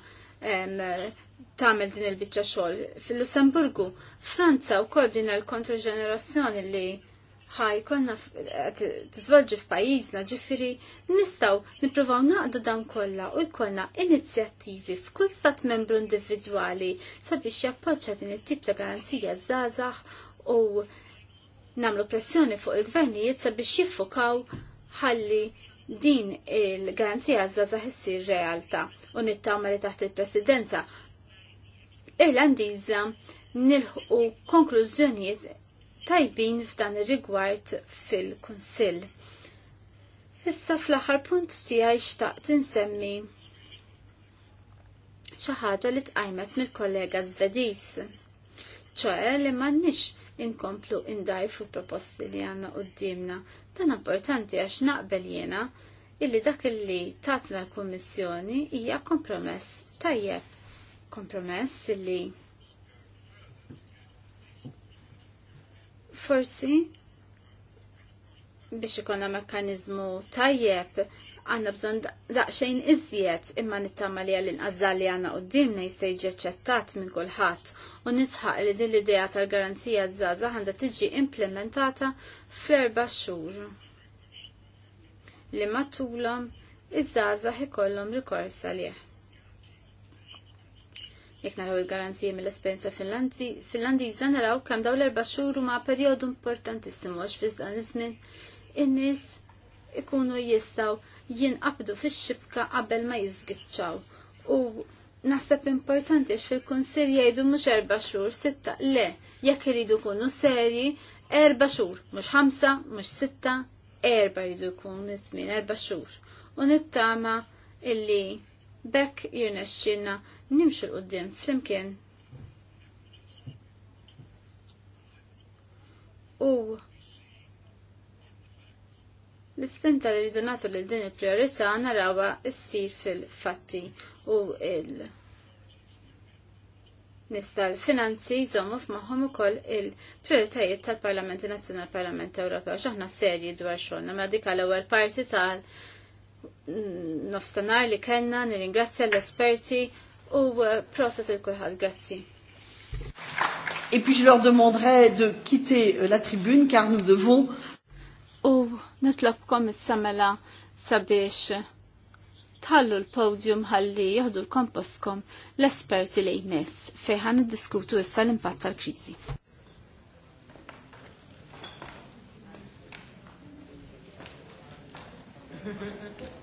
tagħmel din il-biċċa xogħol fil-Lussemburgu, Franza wkoll din il kontraġenerazzjoni li ħaj konna t-svolġi f-pajizna ġifiri nistaw niprofaw naqdu dan kolla u jkollna inizjattivi f'kull stat membru individuali sabiex jappoġġa din it-tip ta' garanzija żgħażagħ u namlu pressjoni fuq il-gvernijiet sabiex jiffokaw ħalli din il-garanzija zazax issir realtà u nittama li taħt il-presidenza Irlandiża nilħu konklużjonijiet tajbin f'dan ir-rigward fil-Kunsill. Issa fl-aħħar punt tiegħi xtaqt insemmi xi ħaġa li tqajmet mill-kollega Zvedis. ċoe li m'għandniex inkomplu indajfu proposti li għandna qudiemna. Dan importanti għax naqbel jiena illi dak li tatna l-Kummissjoni hija kompromess tajjeb. Kompromess illi Forsi biex ikonna mekkanizmu tajjeb għanna bżon daqxejn iżjed imma nittama li għallin li għanna u dimna jistajġi ċettat minn kolħat u nisħaq li din l-idea tal-garanzija zaza għanda tiġi implementata fl-erba xhur li matulom iż-żaza ikollhom rikors għalih. Jek naraw il-garanzija mill-esperienza finlandiża naraw kemm daw l-erba' xhur ma' perjodu importantissimu għax fiż dan iż-żmien in-nies ikunu jistgħu jinqabdu fix-xibka qabel ma jiżgiċċaw. U naħseb importanti għax fil-kunsil jgħidu mhux erba' xhur, sitta, le, jekk iridu jkunu seri erba' xhur, mhux ħamsa, mhux sitta, erba jidu kun iż-żmien erba xhur. U nittama illi bekk jirnexxinna nimxu l-qoddim flimkien. U l-ispinta li rridu nagħtu lil din il-priorità narawha ssir fil-fatti u il- Nista l-finanzi jżommu f'maħħom ukoll il-prioritajiet tal-Parlamenti Nazzjonal Parlament Ewropew x'aħna serji dwar xogħolna ma dik l-ewwel parti tal- nofstanar li kellna nirringrazzja l-esperti u uh, proset il kulħad, grazzi. Et puis je leur demanderai de quitter euh, la tribune car nous devons. U nitlobkom is-samela sabiex tħallu l-podium ħalli jieħdu l-kompostkom l-esperti li jmiss fejħan diskutu issa l-impatt tal-krizi. Thank you.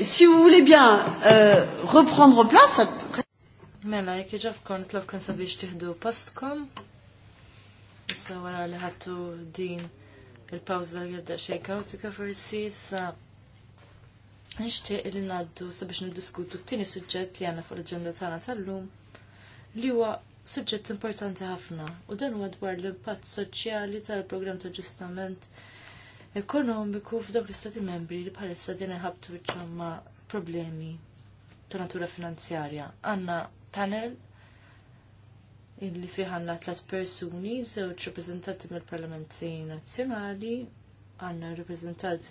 si vous voulez bien euh, reprendre place. Mela, jek iġafkom nitlobkom sabiex tiħdu postkom. Issa wara li ħattu din il-pawza li għadda xej kaotika forsi, issa nixtieq li ngħaddu sabiex nil-diskutu t-tieni suġġett li għandna fuq l-aġenda tagħna tal-lum li huwa suġġett importanti ħafna u dan huwa dwar l-impatt soċjali tal-programm ta' ġustament ta ekonomiku f'dawk l-istati membri li bħalissa din iħabtu ma problemi ta' natura finanzjarja. Għanna panel illi fiħanna tlat persuni, żewġ rappresentanti mill-Parlamenti Nazzjonali, għanna rappresentanti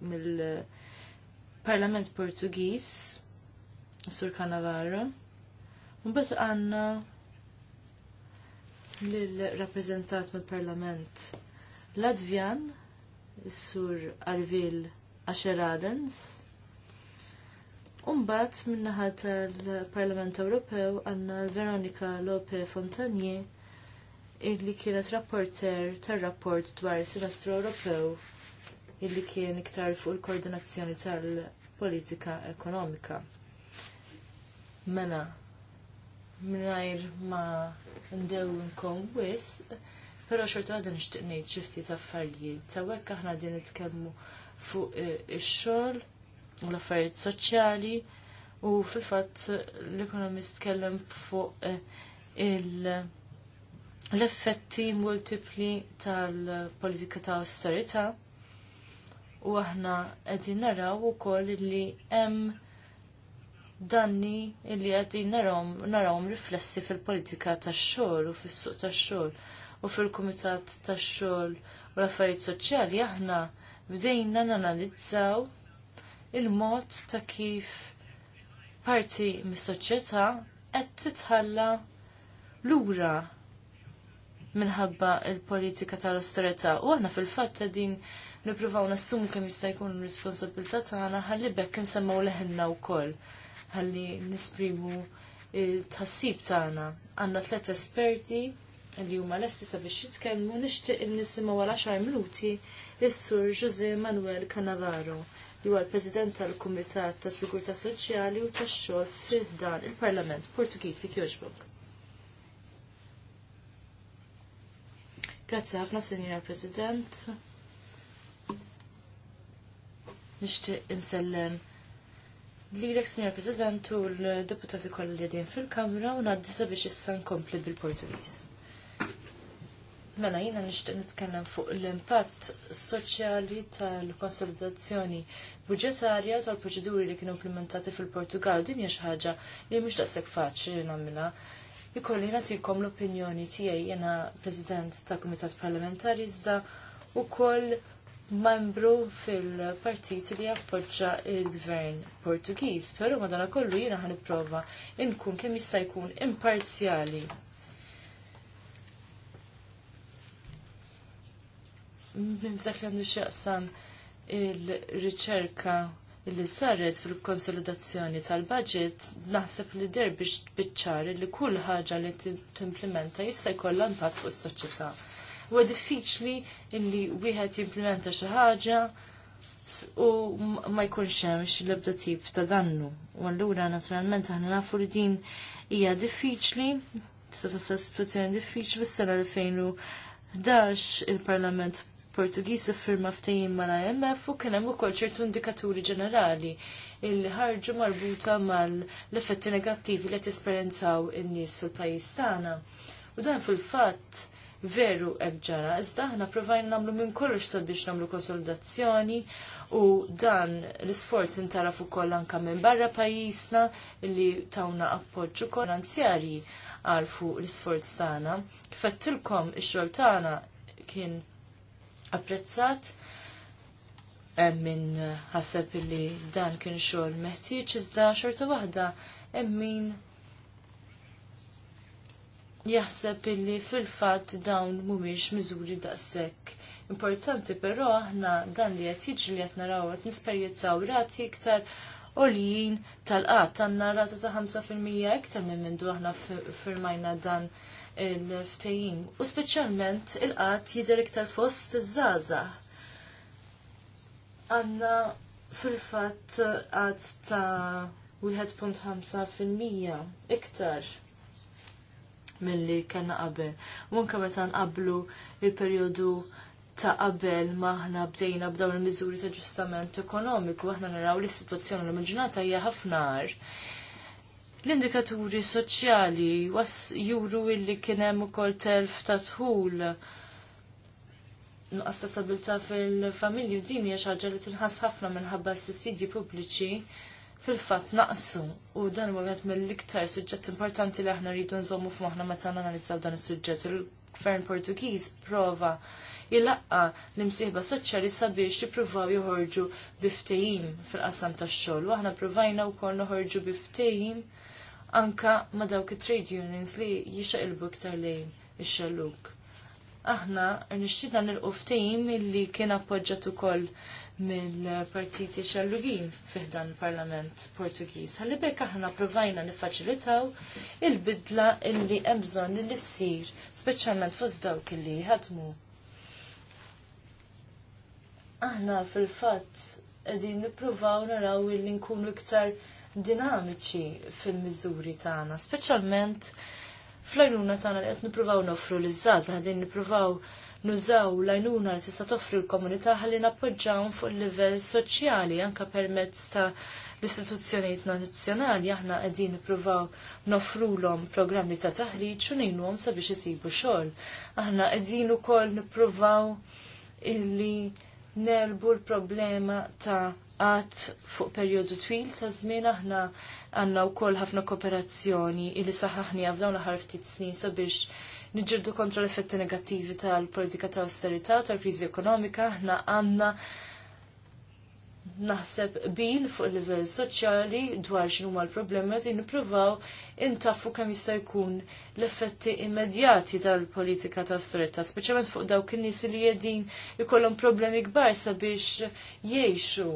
mill-Parlament Portugiż, Sur Kanavara, mbagħad għanna lill rappreżentat mill-Parlament Latvjan, sur Arvil Adens. Umbat minnaħa tal-Parlament Ewropew għanna Veronika Lope Fontanier illi kienet rapporter tar-rapport dwar sinastru Ewropew illi kien iktar fuq il-koordinazzjoni tal-politika ekonomika. Mena, minnajr ma ndew nkom wisq, Però xortu għadin nixtieq ngħid xi ftit affarijiet. Sawhekk aħna din nitkellmu fuq eh, ix-xogħol u l-affarijiet soċjali u fil-fatt l-ekonomist kellem fuq eh, l-effetti multipli tal-politika ta' austerita. u aħna qegħdin naraw ukoll li hemm danni li għaddin narawm riflessi fil-politika tax xogħol u fis-suq tax xogħol u fil-Kumitat tax-xogħol u l-affarijiet soċjali aħna bdejna nanalizzaw il-mod ta' kif parti mis-soċjetà qed titħalla lura minħabba il-politika tal-austerità u aħna fil-fatt din nippruvaw nassum kemm jista' jkun responsabilità tagħna ħalli bekk insemmaw leħinna wkoll ħalli nisprimu il-tħassib tagħna. Għandna tliet esperti li huma lesti sabiex jitkellmu nixtieq il nisimgħu għal 10 minuti is-Sur José Manuel Canavaro li huwa l-President tal-Kumitat tas Sigurtà Soċjali u tax-xogħol fid-dan il-Parlament Portugiżi Kjoġbok. Grazzi ħafna, Sinjor President. Nixtieq insellem Lilek, Sinjor President, u l-deputati kollha li fil-Kamra u ngħaddi sabiex issa nkompli bil-Portugiż. Mela jina nixtieq nitkellem fuq l-impatt soċjali tal-konsolidazzjoni budġetarja tal-proċeduri li kienu implementati fil-Portugal din hija xi ħaġa li mhux daqshekk faċli nagħmilha. Ikolli nagħtikom l-opinjoni tiegħi jiena President ta' Kumitat Parlamentari iżda ukoll membru fil-partit li appoġġa il-gvern Portugiż, però madanakollu jiena ħanipprova nkun kemm jista' jkun imparzjali minn li għandu x'jaqsam il-riċerka li sarret fil-konsolidazzjoni tal-budget, naħseb li der biex bitċar li kull ħaġa li timplementa jista' jkollha impatt fuq is-soċjetà. Huwa diffiċli li wieħed jimplementa xi ħaġa u ma jkunx hemmx l-ebda tip ta' dannu. U allura naturalment aħna nafu li din hija diffiċli, se situazzjoni diffiċli fis-sena 2011 il-Parlament Portugiż firma ftehim mal-IMF u kien hemm ukoll ċertu indikaturi ġenerali il ħarġu marbuta mal-effetti negattivi li qed jesperjenzaw in-nies fil-pajjiż tagħna. U dan fil-fatt veru ġara, iżda ħna provajna namlu minn kollox sabiex namlu konsolidazzjoni u dan l-isforz intaraf ukoll anka minn barra pajjiżna li tawna appoġġu finanzjarji għalfu l-isforz tagħna. Kif qedtilkom ix-xogħol tagħna kien apprezzat min ħaseb li dan kien xogħol meħtieġ iżda xorta waħda hemm min jaħseb li fil-fatt dawn mhumiex miżuri daqshekk. Importanti però aħna dan li qed jiġri li qed naraw qed nisperjezzaw rati iktar għoljin tal-qat għandna rata ta' 5% iktar minn mindu aħna firmajna dan il-ftejim. U speċjalment il-qat jidher iktar fost iż-żgħażagħ. Għandna fil-fatt għad ta' 1.5% iktar milli kellna qabel. Munka meta nqablu il-perjodu ta' qabel maħna bdejna b'dawn il-miżuri ta' ġustament ekonomiku, aħna naraw li s-sitwazzjoni l-immaġinata hija ħafna L-indikaturi soċjali was juru illi kienem u kol terf ta' tħul. Nuqqas ta' stabilta' fil-familju din hija xaġa li tinħass ħafna minħabba s-sussidji pubbliċi fil-fatt naqsu u dan huwa wieħed mill-iktar suġġett importanti li aħna rridu nżommu f'moħħna meta nanalizzaw dan is-suġġett. Il-Gvern Portugiż prova jilaqqa l-imsieħba soċjali sabiex jippruvaw joħorġu biftejim fil-qasam tax-xogħol. aħna provajna wkoll noħorġu biftejim anka ma dawk trade unions li jixaqilbu iktar lejn ix-xalluk. Aħna nixtieqna nilqu ftehim illi kien appoġġjat ukoll mill-partiti xallugin fiħdan il-Parlament Portugiż. Ħalli bek aħna provajna niffaċilitaw il-bidla illi hemm bżonn li ssir, speċjalment fost dawk illi ħadmu. Aħna fil-fatt qegħdin nippruvaw naraw illi nkunu iktar dinamiċi fil-miżuri tagħna, speċjalment fl-għajnuna tagħna li qed nippruvaw nofru l żgħażagħ ħadin nippruvaw nużaw l-għajnuna li tista' toffri l-komunità ħalli nappoġġawhom fuq il-livell soċjali anke permezz ta' l-istituzzjonijiet nazzjonali aħna qegħdin nippruvaw noffrulhom programmi ta' taħriġ u ngħinuhom sabiex isibu xogħol. Aħna qegħdin ukoll nippruvaw illi nerbu l-problema ta' għat fuq periodu twil ta' żmien aħna għanna wkoll ħafna kooperazzjoni illi saħaħni għafdawn l-ħar ftit snin sabiex niġġirdu kontra l-effetti negattivi tal-politika ta' austerità tal-kriżi ekonomika aħna għanna naħseb bil fuq il livell soċjali dwar x'inhuma l-problemi qed nippruvaw intaffu kemm jista' jkun l-effetti immedjati tal-politika ta' storetta, speċjalment fuq dawk in nis li jedin ikollhom problemi kbar sabiex jgħixu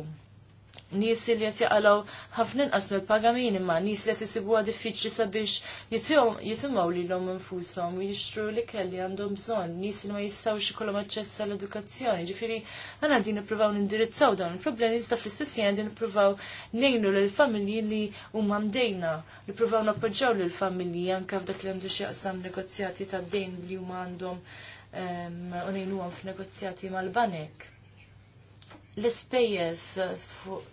nis li qed jaqalgħu ħafna inqas mill-paga minima, nies li qed isibuha diffiċli sabiex jitimgħu lilhom infushom u jixtru li kelli għandhom bżonn, nies li ma jistgħux ikollhom aċċess għall-edukazzjoni. ġifiri għana din nippruvaw nindirizzaw dawn il-problemi iżda fl-istess jien din nippruvaw ngħinu lill-familji li huma mdejna, nippruvaw nappoġġaw lill-familji anke f'dak li għandu x'jaqsam negozjati tad-dejn li huma għandhom ehm, u ngħinuhom f'negozjati mal-banek l-spejjeż fuq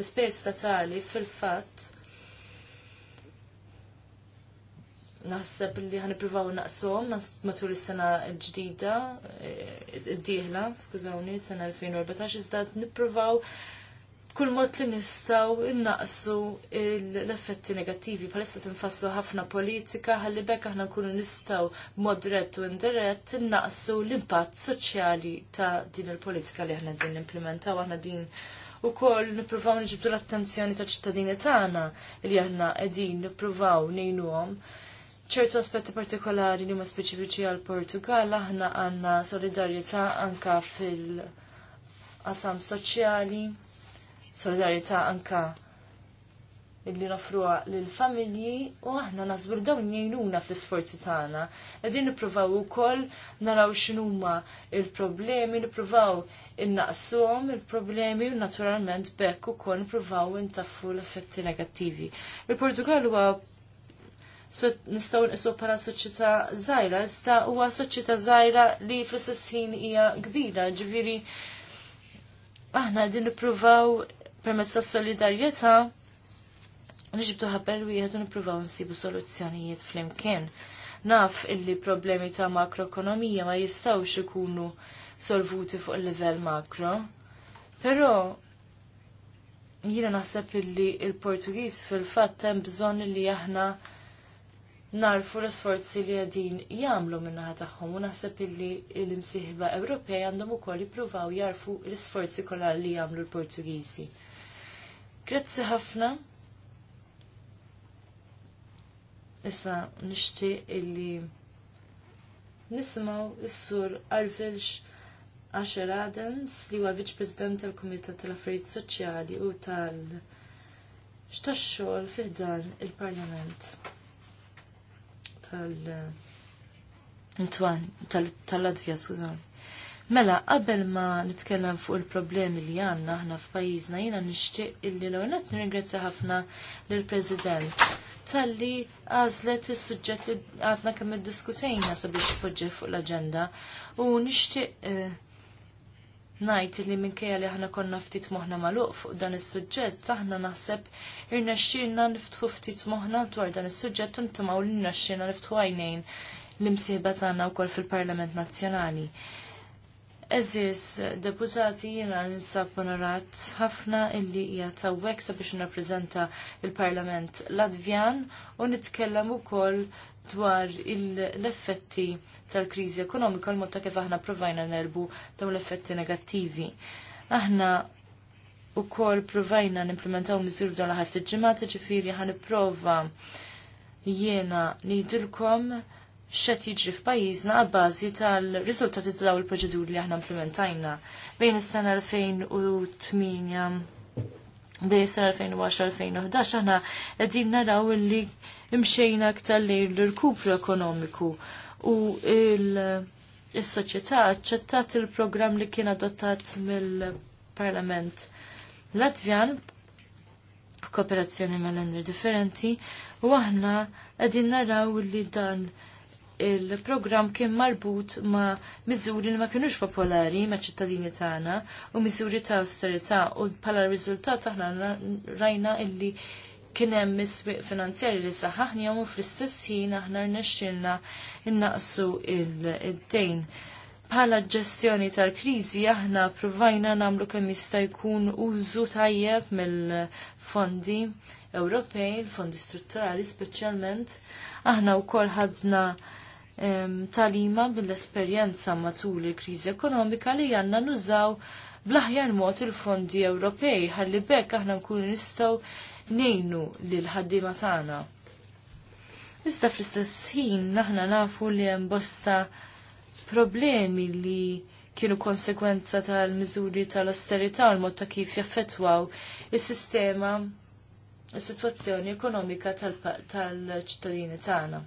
l-ispejjeż statali fil-fatt naħseb li ħanipruvaw naqsom matul is-sena l-ġdida, id-dieħla, eh, skużawni, sena 2014, iżda nippruvaw kull mod li nistaw innaqsu l-effetti negattivi palissa tinfasslu ħafna politika ħalli bekk aħna nkunu nistaw mod dirett u indirett innaqsu l-impatt soċjali ta' din il-politika li aħna din implementaw aħna din u koll nipruvaw nġibdu l-attenzjoni ta' ċittadini tagħna li aħna qegħdin nippruvaw ngħinuhom. ċertu aspetti partikolari li huma speċifiċi għal Portugal aħna għandna solidarjetà anka fil-qasam soċjali, solidarjetà anka illi nofruha lill-familji u aħna nażbur dawn jgħinuna fl-isforzi tagħna. Qegħdin nippruvaw ukoll naraw x'inhuma il-problemi, nippruvaw innaqshom il-problemi u naturalment bekk ukoll nippruvaw intaffu l-effetti negattivi. Il-Portugal huwa nistgħu nqisu bħala soċjetà żgħira, iżda huwa soċjetà żgħira li fl-istess ħin hija kbira, ġifieri aħna qegħdin nippruvaw permezz tas-solidarjetà nġibdu ħabel wieħed u nippruvaw nsibu soluzzjonijiet flimkien. Naf illi problemi ta' makroekonomija ma jistaw ikunu solvuti fuq il-livell makro. Però jiena naħseb illi il-Portugiż fil-fatt hemm bżonn li aħna narfu l-sforzi li għadin jamlu minnaħa taħħom u naħseb illi l-imsiħba Ewropej għandhom ukoll jippruvaw jarfu l-sforzi kollha li jamlu l-Portugiżi. Grazzi ħafna. Issa nixtieq illi nismaw is-sur Arvilx Asher Adens li huwa viċ President tal-Kumitat tal-Affarijiet Soċjali u tal- x'tax-xogħol fih il-Parlament tal- tal-Latvija skudan. Mela, qabel ma nitkellem fuq il-problemi li għanna aħna f'pajjiżna jiena nixtieq illi l-għonet nirringrazzja ħafna lill-President tal-li għazlet il-sujġet li għadna kemm id-diskutejna sabiex poġġi fuq l-agenda. U nixtieq eh, najt li minkejja li aħna konna ftit moħna maluq fuq dan is-suġġett, aħna naħseb irnexxilna niftħu ftit moħna dwar dan is-suġġett u l li nirnexxilna niftħu għajnejn l-imsieba tagħna wkoll fil-Parlament Nazzjonali. Eżis, deputati jena ninsab onorat ħafna illi jattawwek sabiex napprezenta il-Parlament Latvjan u nitkellem ukoll dwar l-effetti tal-kriżi ekonomika l motta kif aħna provajna nerbu dawn l-effetti negattivi. Aħna u koll provajna n-implementaw mizur f'dan l-ħarf t-ġimata ġifiri ħan prova jiena nidilkom xed jiġri f'pajjiżna għabbażi tal-riżultati ta' daw il-proċeduri li aħna implementajna bejn is-sena 2008 bejn is-sena 2010-2011 aħna qegħdin naraw li imxejna aktar lejn l-rkupru ekonomiku u il- soċjetà aċċettat il-programm li kien adottat mill-Parlament Latvjan kooperazzjoni mal-għandir differenti u aħna qegħdin naraw li dan il-programm kien marbut ma' miżuri li ma kienux popolari ma' ċittadini tagħna u miżuri ta' austerità u bħala riżultat aħna rajna illi kien hemm miswiq finanzjari li saħaħni u fl-istess ħin aħna rnexxilna innaqsu l dejn Bħala ġestjoni tal-kriżi aħna provajna nagħmlu kemm jista' jkun użu tajjeb mill-fondi Ewropej, il-fondi strutturali speċjalment, aħna wkoll ħadna talima bil-esperjenza matul il-kriżi ekonomika li għandna nużaw bl-aħjar mod il-fondi Ewropej ħalli bekk aħna nkunu nistgħu ngħinu lil ħaddiema tagħna. Iżda fl-istess ħin aħna nafu li hemm bosta problemi li kienu konsekwenza tal-miżuri tal-austerità u l-mod ta' kif jaffettwaw is-sistema is-sitwazzjoni ekonomika tal-ċittadini tagħna.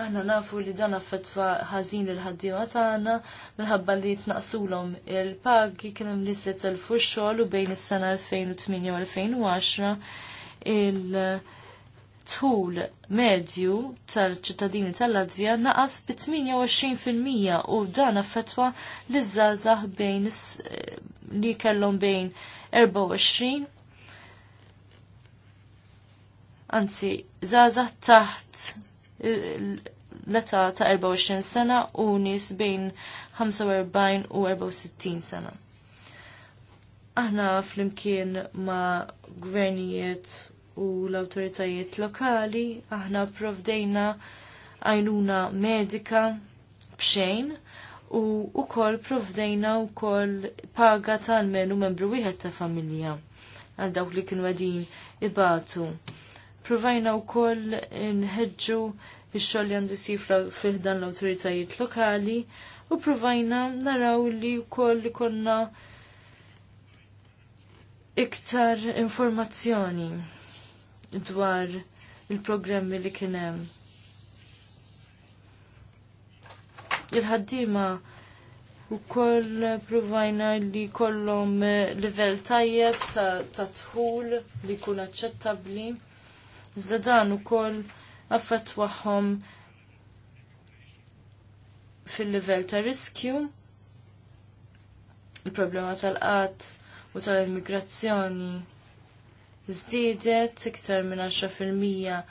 Aħna nafu li dan affettwa ħażin il-ħaddiema tagħna minħabba li tnaqsulhom il-pagi kien hemm li se telfu x-xogħol u bejn is-sena 2008 u 2010 il-tul medju tal-ċittadini tal-Latvija naqas bi 28% u dan affettwa li żgħażagħ bejn li kellhom bejn 24 anzi, zazah taħt l-età ta' 24 sena u nies bejn 45 u 64 sena. Aħna flimkien ma' gvernijiet u l-autoritajiet lokali aħna provdejna għajnuna medika bxejn u ukoll provdejna ukoll paga tal-menu membru wieħed ta' familja għal dawk li kienu għedin ibatu. Provajna wkoll nħeġġu ix-xogħol li għandu jsir fiħdan l-awtoritajiet lokali u provajna naraw li wkoll li konna iktar informazzjoni dwar il-programmi li kien hemm. Il-ħaddiema u koll provajna li kollom level tajjeb ta' tħul li kun aċċettabli. Zadan dan ukoll affettwahom fil-livell ta' riskju, il-problema tal qat u tal-immigrazzjoni żdiedet iktar minn 10%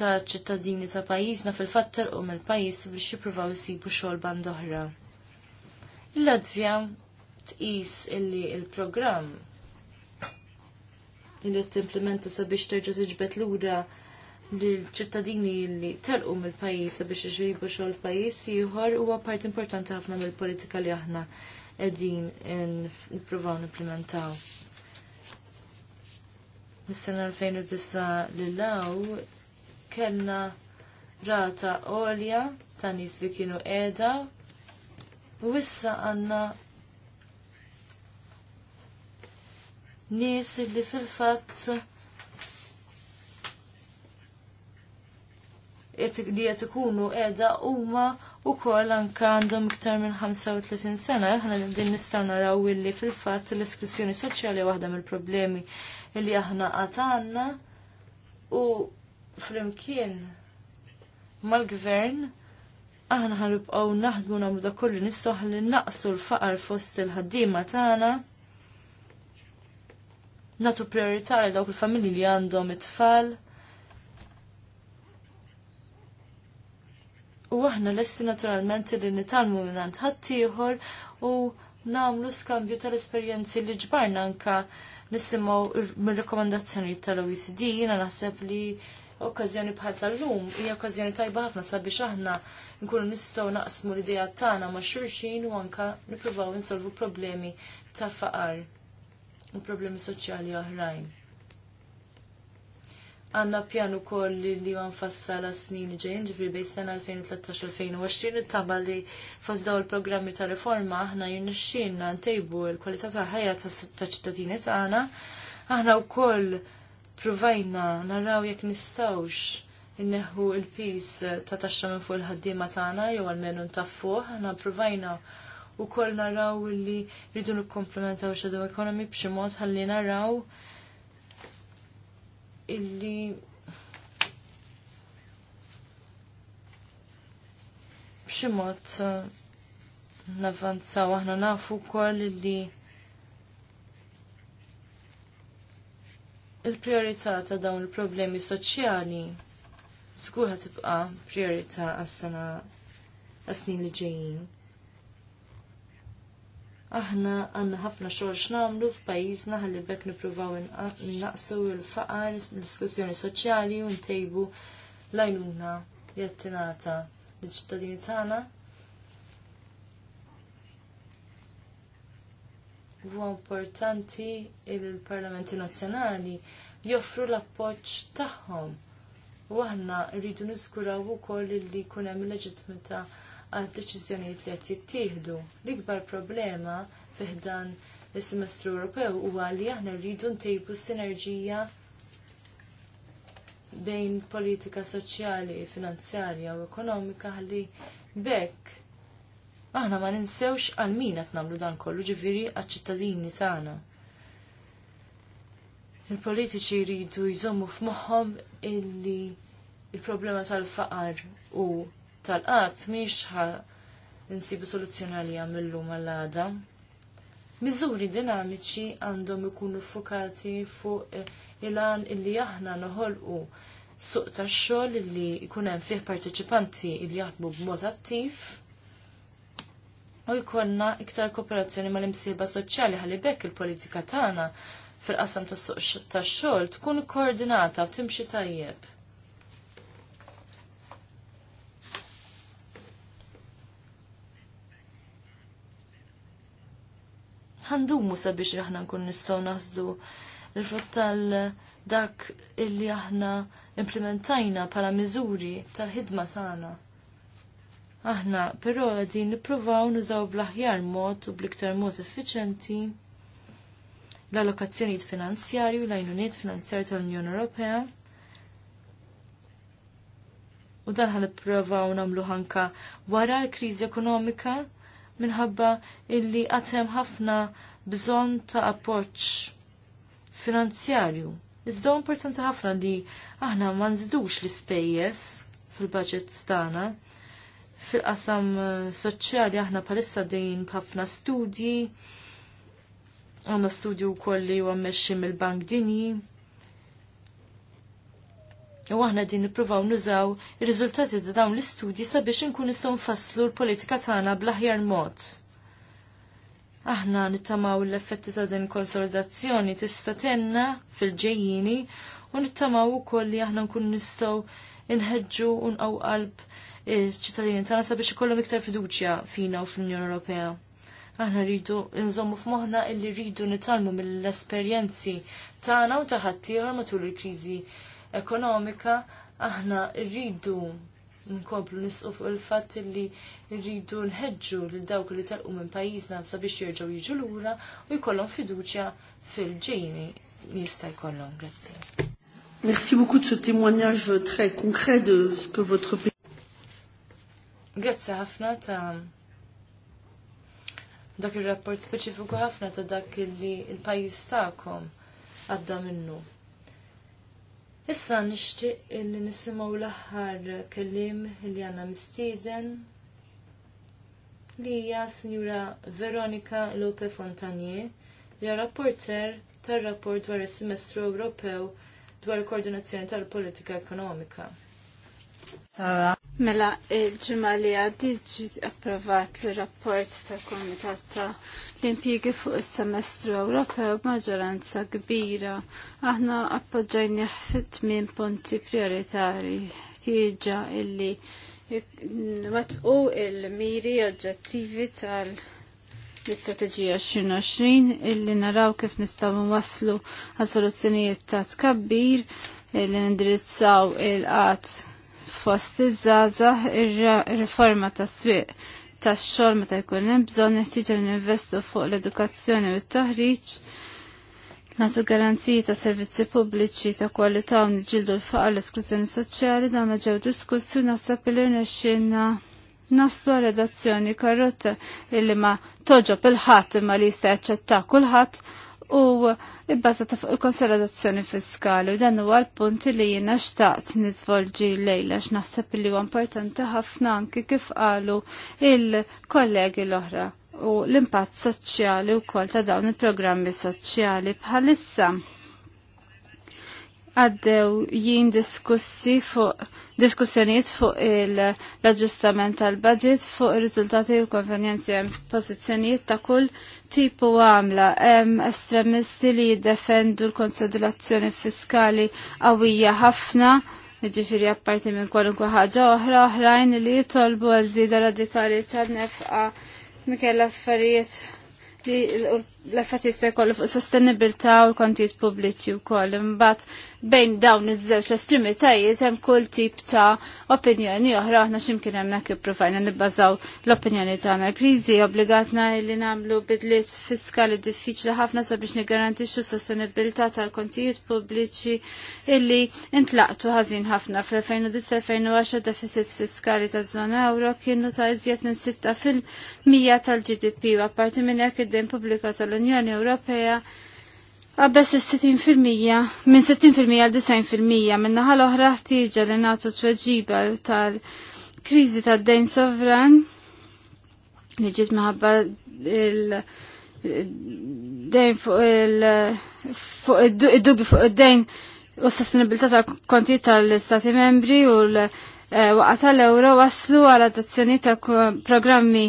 ta' ċittadini ta' pajjiżna fil-fatt u mill-pajjiż biex jippruvaw isibu xogħol band oħra. Il-Latvja tqis illi il-programm li t-implementa sabiex terġa tiġbet lura l-ċittadini li telqu mill-pajis sabiex iġibu xogħol pajis ieħor huwa part importanti ħafna mill-politika li aħna qegħdin nippruvaw nimplementaw. Mis-sena 2009 lilaw kellna rata għolja ta' nies li kienu qiegħda u issa għandna nies li fil-fatt li qed ikunu qiegħda huma wkoll anke għandhom iktar minn 35 sena, aħna din nistgħu naraw illi fil-fatt l-esklużjoni soċjali waħda mill-problemi li aħna qatt għandna u flimkien mal-gvern aħna ħanibqgħu naħdmu nagħmlu dak kollu li ħalli naqsu l-faqar fost il-ħaddiema tagħna natu priorità għal dawk il-familji li għandhom it-tfal. U aħna lesti naturalment li nitalmu minn għand ħaddieħor u nagħmlu skambju tal-esperjenzi li ġbarna anka nisimgħu mir rekomendazzjoni tal-OECD, jina naħseb li okkażjoni bħal tal-lum hija okkażjoni tajba ħafna sabiex aħna nkunu nistgħu naqsmu l-idea tagħna ma' xulxin u anka nippruvaw insolvu problemi ta' faqar u problemi soċjali oħrajn. Għanna pjanu koll li li la snin ġejn ġifri bej sena 2013-2020 it-taba li fazdaw il-programmi ta' reforma aħna jirnexxinna ntejbu l-kwalità ta' ħajja ta' ċittadini tagħna. Aħna wkoll provajna naraw jekk nistawx inneħu il-pis ta' taxxa minn fuq il-ħaddiema tagħna jew għalmenu fuq, aħna provajna u koll naraw li rridu nikkomplementaw shadow economy b'xi mod ħalli naraw illi b'xi mod eh, navvanzaw aħna nafu wkoll li il-priorità ta' dawn il-problemi soċjali skur tibqa' priorità għas-sena għas-snin li ġejjin aħna għandna ħafna xogħol x'namlu f'pajjiżna ħalli bekk nippruvaw naqsu l-faqar, l-diskussjoni soċjali u ntejbu l-għajnuna li l-ċittadini tagħna. Huwa importanti il-Parlamenti Nazzjonali joffru l-appoġġ tagħhom u aħna rridu niskuraw ukoll li jkun hemm il-leġittimità għad deċiżjonijiet li qed jittieħdu. L-ikbar problema fiħdan l-semestru Ewropew huwa li aħna rridu ntejbu sinerġija bejn politika soċjali, finanzjarja u ekonomika li bekk aħna ma ninsewx għal min qed nagħmlu dan kollu ġifieri għaċ-ċittadini tagħna. Il-politiċi jridu jżommu f'moħħom illi il-problema tal-faqar u tal-qatt miex ħa insibu soluzzjoni għalija mill-lum għall-għada. Miżuri dinamiċi għandhom ikunu fokati fuq eh, il-għan illi aħna noħolqu suq tax-xogħol illi jkun hemm fih partiċipanti illi jaħdmu b'mod attiv. U jkollna iktar kooperazzjoni mal-imsieba soċjali għalli bekk il-politika tagħna fil-qasam tas-suq tax-xogħol tkun koordinata u timxi tajjeb. ħandumu sabiex aħna nkun nistgħu naħsdu l frott tal-dak illi aħna implementajna bħala miżuri tal-ħidma tagħna. Aħna però qegħdin nippruvaw nużaw bl-aħjar mod u bl-iktar mod effiċenti l-allokazzjonijiet finanzjarji u l-għajnuniet finanzjarji tal-Unjoni Ewropea. U dan ħan nipprovaw namlu ħanka wara l-kriżi ekonomika minħabba illi għatem ħafna bżon ta' appoċ finanzjarju. Iżda importanti ħafna li aħna ma nżidux l-ispejjeż fil-budget stana. Fil-qasam eh, soċjali aħna palissa dejn b'ħafna studji, għanna studju kolli u għammexxi mill-bank dinji U aħna din nippruvaw nużaw ir-riżultati ta' dawn l-istudji sabiex inkun nistgħu nfasslu l-politika tagħna bl-aħjar mod. Aħna nittamaw l-effetti ta' din konsolidazzjoni tista' tenna fil-ġejjini u nittamaw ukoll li aħna nkun nistgħu nħeġġu u nqaw qalb ċittadini tagħna sabiex ikollhom iktar fiduċja fina u fl-Unjoni Ewropea aħna rridu nżommu f'moħħna illi rridu nitalmu mill-esperjenzi tagħna u taħattieħor matul il-kriżi ekonomika, aħna rridu nkomplu nisqu fuq il-fatt li rridu nħeġġu lil dawk li telqu minn pajjiżna sabiex jerġgħu jiġu lura u jkollhom fiduċja fil-ġejni jista' jkollhom. Grazzi. Merci beaucoup de ce témoignage très concret de ce que votre pays. Grazzi ħafna ta' dak ir rapport speċifiku ħafna ta' dak li l-pajjiż tagħkom għadda minnu. Issa nishtiq illi nisimgħu l-aħħar kelliem li għandna mistieden li hija Sinjura Veronika Lope Fontanier li hija rapporter tar-rapport dwar is-Semestru Ewropew dwar il-Koordinazzjoni tal-Politika Ekonomika. Uh, Mela, il-ġimma li għaddiġi approvat l-rapport ta' komitat ta' l impiegi fuq il-semestru Ewropew maġoranza kbira. Aħna appoġġajni ħfit minn punti prioritari tieġa illi watqu il-miri oġġettivi tal- l-istrateġija 2020 illi naraw kif nistaw waslu għal soluzzjonijiet ta' tkabbir illi nindirizzaw il-qatt fost iż-żgħażagħ ir-riforma tas-swieq tax-xogħol meta jkun hemm bżonn neħtieġu ninvestu fuq l-edukazzjoni u t-taħriġ nagħtu garanziji ta' servizzi pubbliċi ta' kwalità u niġġieldu l-faqar l-esklużjoni soċjali dawn ġew diskussju naħseb li rnexxielna naslu redazzjoni karrotta illi ma toġob il-ħadd imma li jista' jaċċetta kulħadd u ibbażata fuq il-konsolidazzjoni fiskali u dan huwa l-punt li jiena xtaqt nizvolġi lejla x'naħseb li huwa importanti ħafna anki kif qalu il-kollegi l-oħra u l-impatt soċjali wkoll ta' dawn il-programmi soċjali bħalissa għaddew jien diskussi fuq diskussjoniet fuq l-aġġustament tal-budget fuq ir-riżultati u konvenjenzi hemm pożizzjonijiet ta' kull tipu għamla hemm estremisti li jiddefendu l-konsolidazzjoni fiskali qawwija ħafna ġifiri apparti minn kwalunkwe ħaġa oħra oħrajn li jitolbu għal żieda radikali tan-nefqa mikella affarijiet li l l-effett jista' jkollu fuq sostenibilità u l-kontijiet pubbliċi wkoll. Imbagħad bejn dawn iż-żewġ estremitajiet hemm kull tip ta' opinjoni oħra aħna x'imkien hemm hekk ippruvajna nibbażaw l-opinjoni tagħna. Kriżi obbligatna li nagħmlu bidliet fiskali diffiċli ħafna sabiex niggarantixxu sostenibilità tal-kontijiet pubbliċi illi intlaqtu ħażin ħafna fl-2010-2010 deficit fiskali taż-żona euro kienu ta' iżjed minn 6 fil-mija tal-GDP u apparti minn hekk id-dejn pubblika tal tal-Unjoni Ewropea għabbes 60% minn 60% għal 90% minn naħal oħra ħtieġa li nagħtu tweġiba tal-kriżi tad-dejn sovran li ġiet maħabba il- dejn fuq il-dubi fuq id-dejn u s-sostenibilità tal-konti tal-Stati membri u l-waqqa eh, tal-euro waslu għal adattazzjoni ta' programmi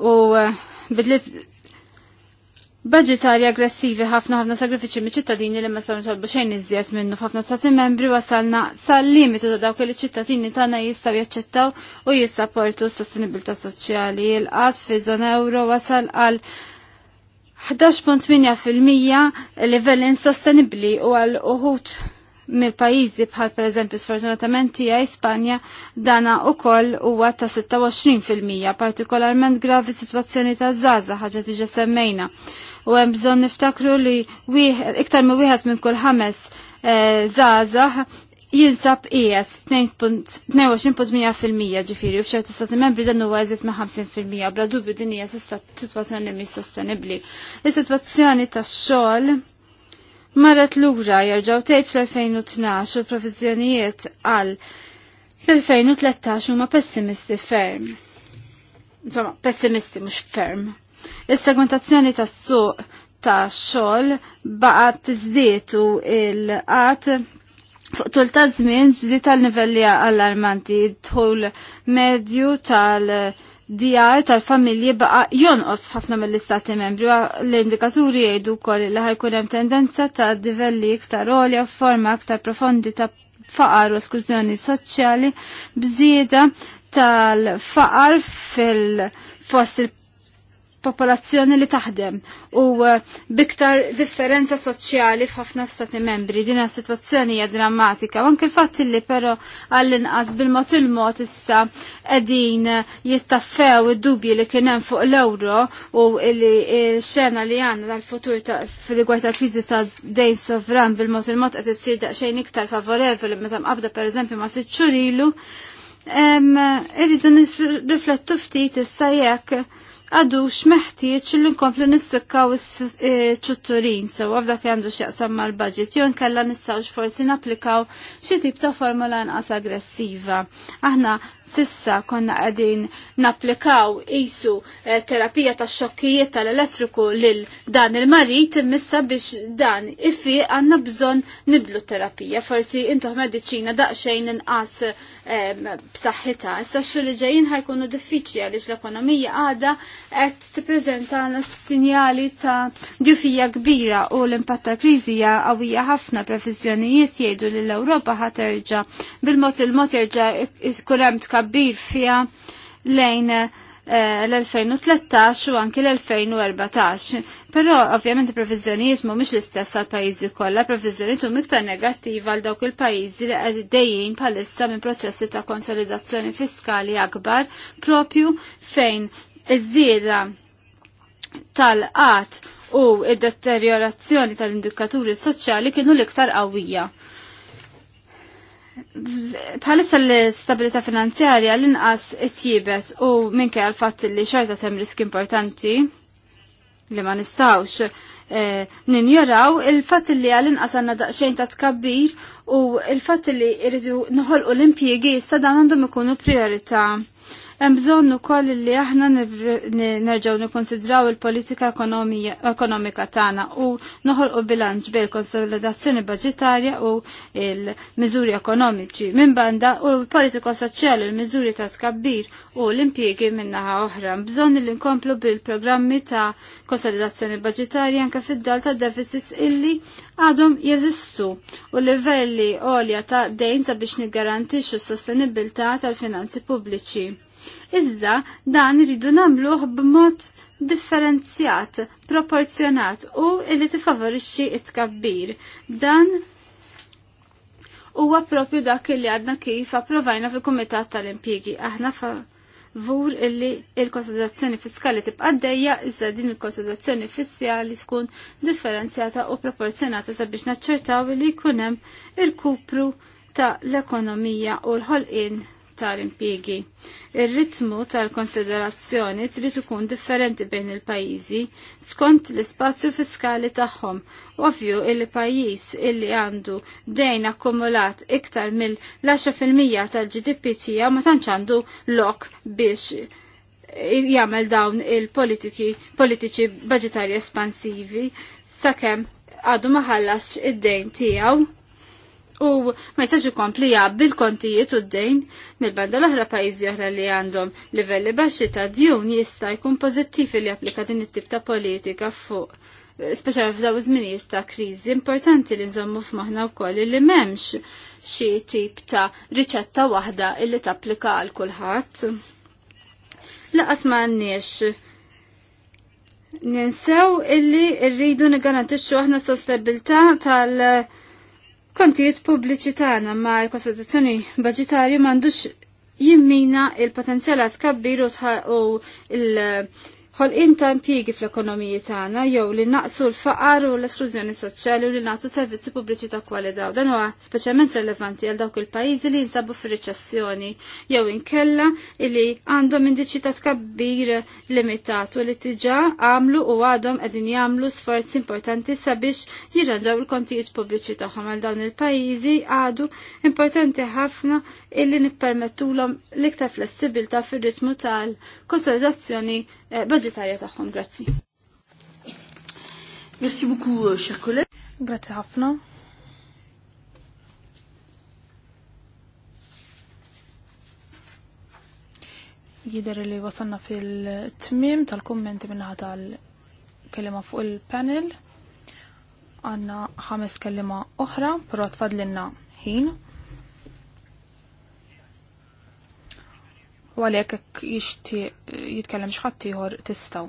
u eh, bidliet budgetari aggressivi ħafna ħafna sagrifiċi mi ċittadini li ma saru ċalbu xejn iżjed minnu ħafna stati membri wasalna sal-limitu ta' dawk li ċittadini tagħna jistgħu jaċċettaw u jissapportu s-sostenibilità soċjali. il qas fi żona euro wasal għal 11.8% livell insostenibbli u għal uħut mill pajjiżi bħal per eżempju sfortunatament tija Ispanja dana u koll huwa ta' 26% partikolarment gravi situazzjoni ta' zaza ħaġa tiġa semmejna u hemm bżonn niftakru li iktar minn wieħed minn kull ħames eh, żgħażagħ jinsab qiegħed fil-mija ġifieri u f'ċertu stati membri dan huwa eżiet ma' 50% bla dubju din hija sitwazzjoni li mhix sostenibbli. Is-sitwazzjoni tax-xogħol marret lura jerġgħu tgħid fl-2012 u l-proviżjonijiet għal fl-2013 huma pessimisti ferm. Insomma, pessimisti mhux ferm. Is-segmentazzjoni tas-suq ta' xogħol baqgħet tiżdied il l fuq tul ta' żmien żdied tal nivelli allarmanti tul medju tal- djar tal-familji baqa jonqos ħafna mill-istati membri l-indikaturi jgħidu wkoll li ħajkun hemm tendenza ta' divelli iktar għolja forma aktar profondi ta' faqar u esklużjoni soċjali bżieda tal-faqar fil-fost il popolazzjoni li taħdem u eh, biktar differenza soċjali f'ħafna stati membri. Dina situazzjoni hija drammatika. Anke l-fatt li però għall-inqas bil-mod il-mod issa qegħdin eh, jittaffew id-dubji li kien hemm fuq l ewro u li xena li għandna tal-futur rigward tal-kriżi ta' dejn sovran bil-mod il-mod qed issir daqsxejn iktar favorevoli meta mqabda pereżempju ma' sitt xurilu. Irridu nirriflettu ftit issa jekk għadux meħtieċ li nkomplu s e, ċutturin sewa f'dak li għandu x'jaqsam mal-budget jew nkella nistawx forsi napplikaw xi tip ta' formula nqas aggressiva. Aħna Sissa konna għadin naplikaw isu eh, terapija ta' xokkijiet tal-elettriku lil dan il-marit immissa biex dan ifi għanna bżon niblu terapija. Forsi intuħ mediċina daqxejn inqas b'saħħita. Issa xu li ġejjin ħajkunu diffiċli għaliex l-ekonomija għada qed tippreżentana sinjali ta' djufija kbira u l-impatt ta' hija qawwija ħafna professjonijiet jgħidu li l-Ewropa ħaterġa' bil-mod il-mod jerġa' kull tkabbir fija lejn eh, l-2013 u anki l-2014. Però ovvjament il-provizjonijiet mhumiex l-istess għal pajjiżi kollha, provizjonijiet u iktar negattiva għal dawk il-pajjiżi li qed dejjin bħalissa minn proċessi ta' konsolidazzjoni fiskali akbar propju fejn iż-żieda tal-qat u id-deteriorazzjoni tal-indikaturi soċjali kienu l-iktar qawwija. Bħalissa l-stabilita finanzjarja l-inqas it-tjibet u minke għal-fat li xorta tem risk importanti li ma nistawx eh, ninjoraw il-fat li għal-inqas għanna daqxejn ta' tkabbir u il-fat li irridu u l impiegi jista' dan għandhom ikunu priorita' Hemm bżonn ukoll li aħna nerġgħu nikkonsidraw il-politika ekonomika tagħna u noħolqu bilanċ bejn konsolidazzjoni budġetarja u l-miżuri ekonomiċi minn banda u l-politika soċjali l-miżuri ta' skabbir u l-impjiegi min-naħa oħra. Bżonn li nkomplu bil-programmi ta' konsolidazzjoni budġetarja anke fid-dal ta' deficits illi għadhom jeżistu u livelli għolja ta' dejn sabiex niggarantixxu s-sostenibilità tal-finanzi pubbliċi Iżda dan iridu nagħmluh b'mod differenzjat, proporzjonat u illi tifavorixxi it-tkabbir. Dan huwa propju dak li għadna kif approvajna fil-Kumitat tal-Impjiegi. Aħna favur illi il konsultazzjoni fiskali tibqa' dejja iżda din il konsultazzjoni fiskali tkun differenzjata u proporzjonata sabiex naċċertaw li jkun hemm il-kupru ta' l-ekonomija u l-ħolqien tal-impjiegi. Ir-ritmu tal-konsiderazzjoni trid ikun differenti bejn il-pajjiżi skont l-ispazju fiskali tagħhom. Ovvju il pajjiż illi għandu dejn akkumulat iktar mill-10% tal-GDP tiegħu ma tantx għandu lok biex jagħmel dawn il-politiki politiċi budgetari espansivi sakemm għadu maħallax id-dejn tiegħu U ma jistax ikompli jgħabbi kontijiet u d-dejn mill-banda l-oħra pajjiżi oħra li għandhom livelli baxxi ta' djun jista' jkun pożittiv li applika din it-tip ta' politika fuq speċjal f'daw żminijiet ta' kriżi importanti li nżommu f'moħħna wkoll li m'hemmx xi tip ta' riċetta waħda illi tapplika għal kulħadd. Laqas m'għandniex ninsew illi rridu nigarantixxu aħna sostabilità tal- kontijiet pubbliċi tagħna ma l-konsultazzjoni budġetarju m'għandux jimmina il-potenzjala tkabbir u l Ħol ta' impjiegi fl-ekonomiji tagħna jew li naqsu l-faqar u l-esklużjoni soċjali u li nagħtu servizzi pubbliċi ta' kwalità. Dan huwa speċjalment relevanti għal dawk il-pajjiżi li jinsabu fir-riċessjoni jew inkella li għandhom indiċi ta' skabbir limitat u li tiġà għamlu u għadhom qegħdin jagħmlu sforzi importanti sabiex jirranġaw il-kontijiet pubbliċi tagħhom għal dawn il-pajjiżi għadu importanti ħafna illi nippermettulhom l-iktar flessibilta fir-ritmu tal-konsolidazzjoni eh, budgetarja tagħhom. Grazzi. Merci beaucoup, euh, cher collègue. Grazzi ħafna. jider li wasanna fil-tmim tal-kommenti minnaħa tal-kelima fuq il-panel. Għanna ħames kelima oħra, pero tfadlinna ħin. u għalek hekk jitkellem x'ħadd ieħor tistgħu.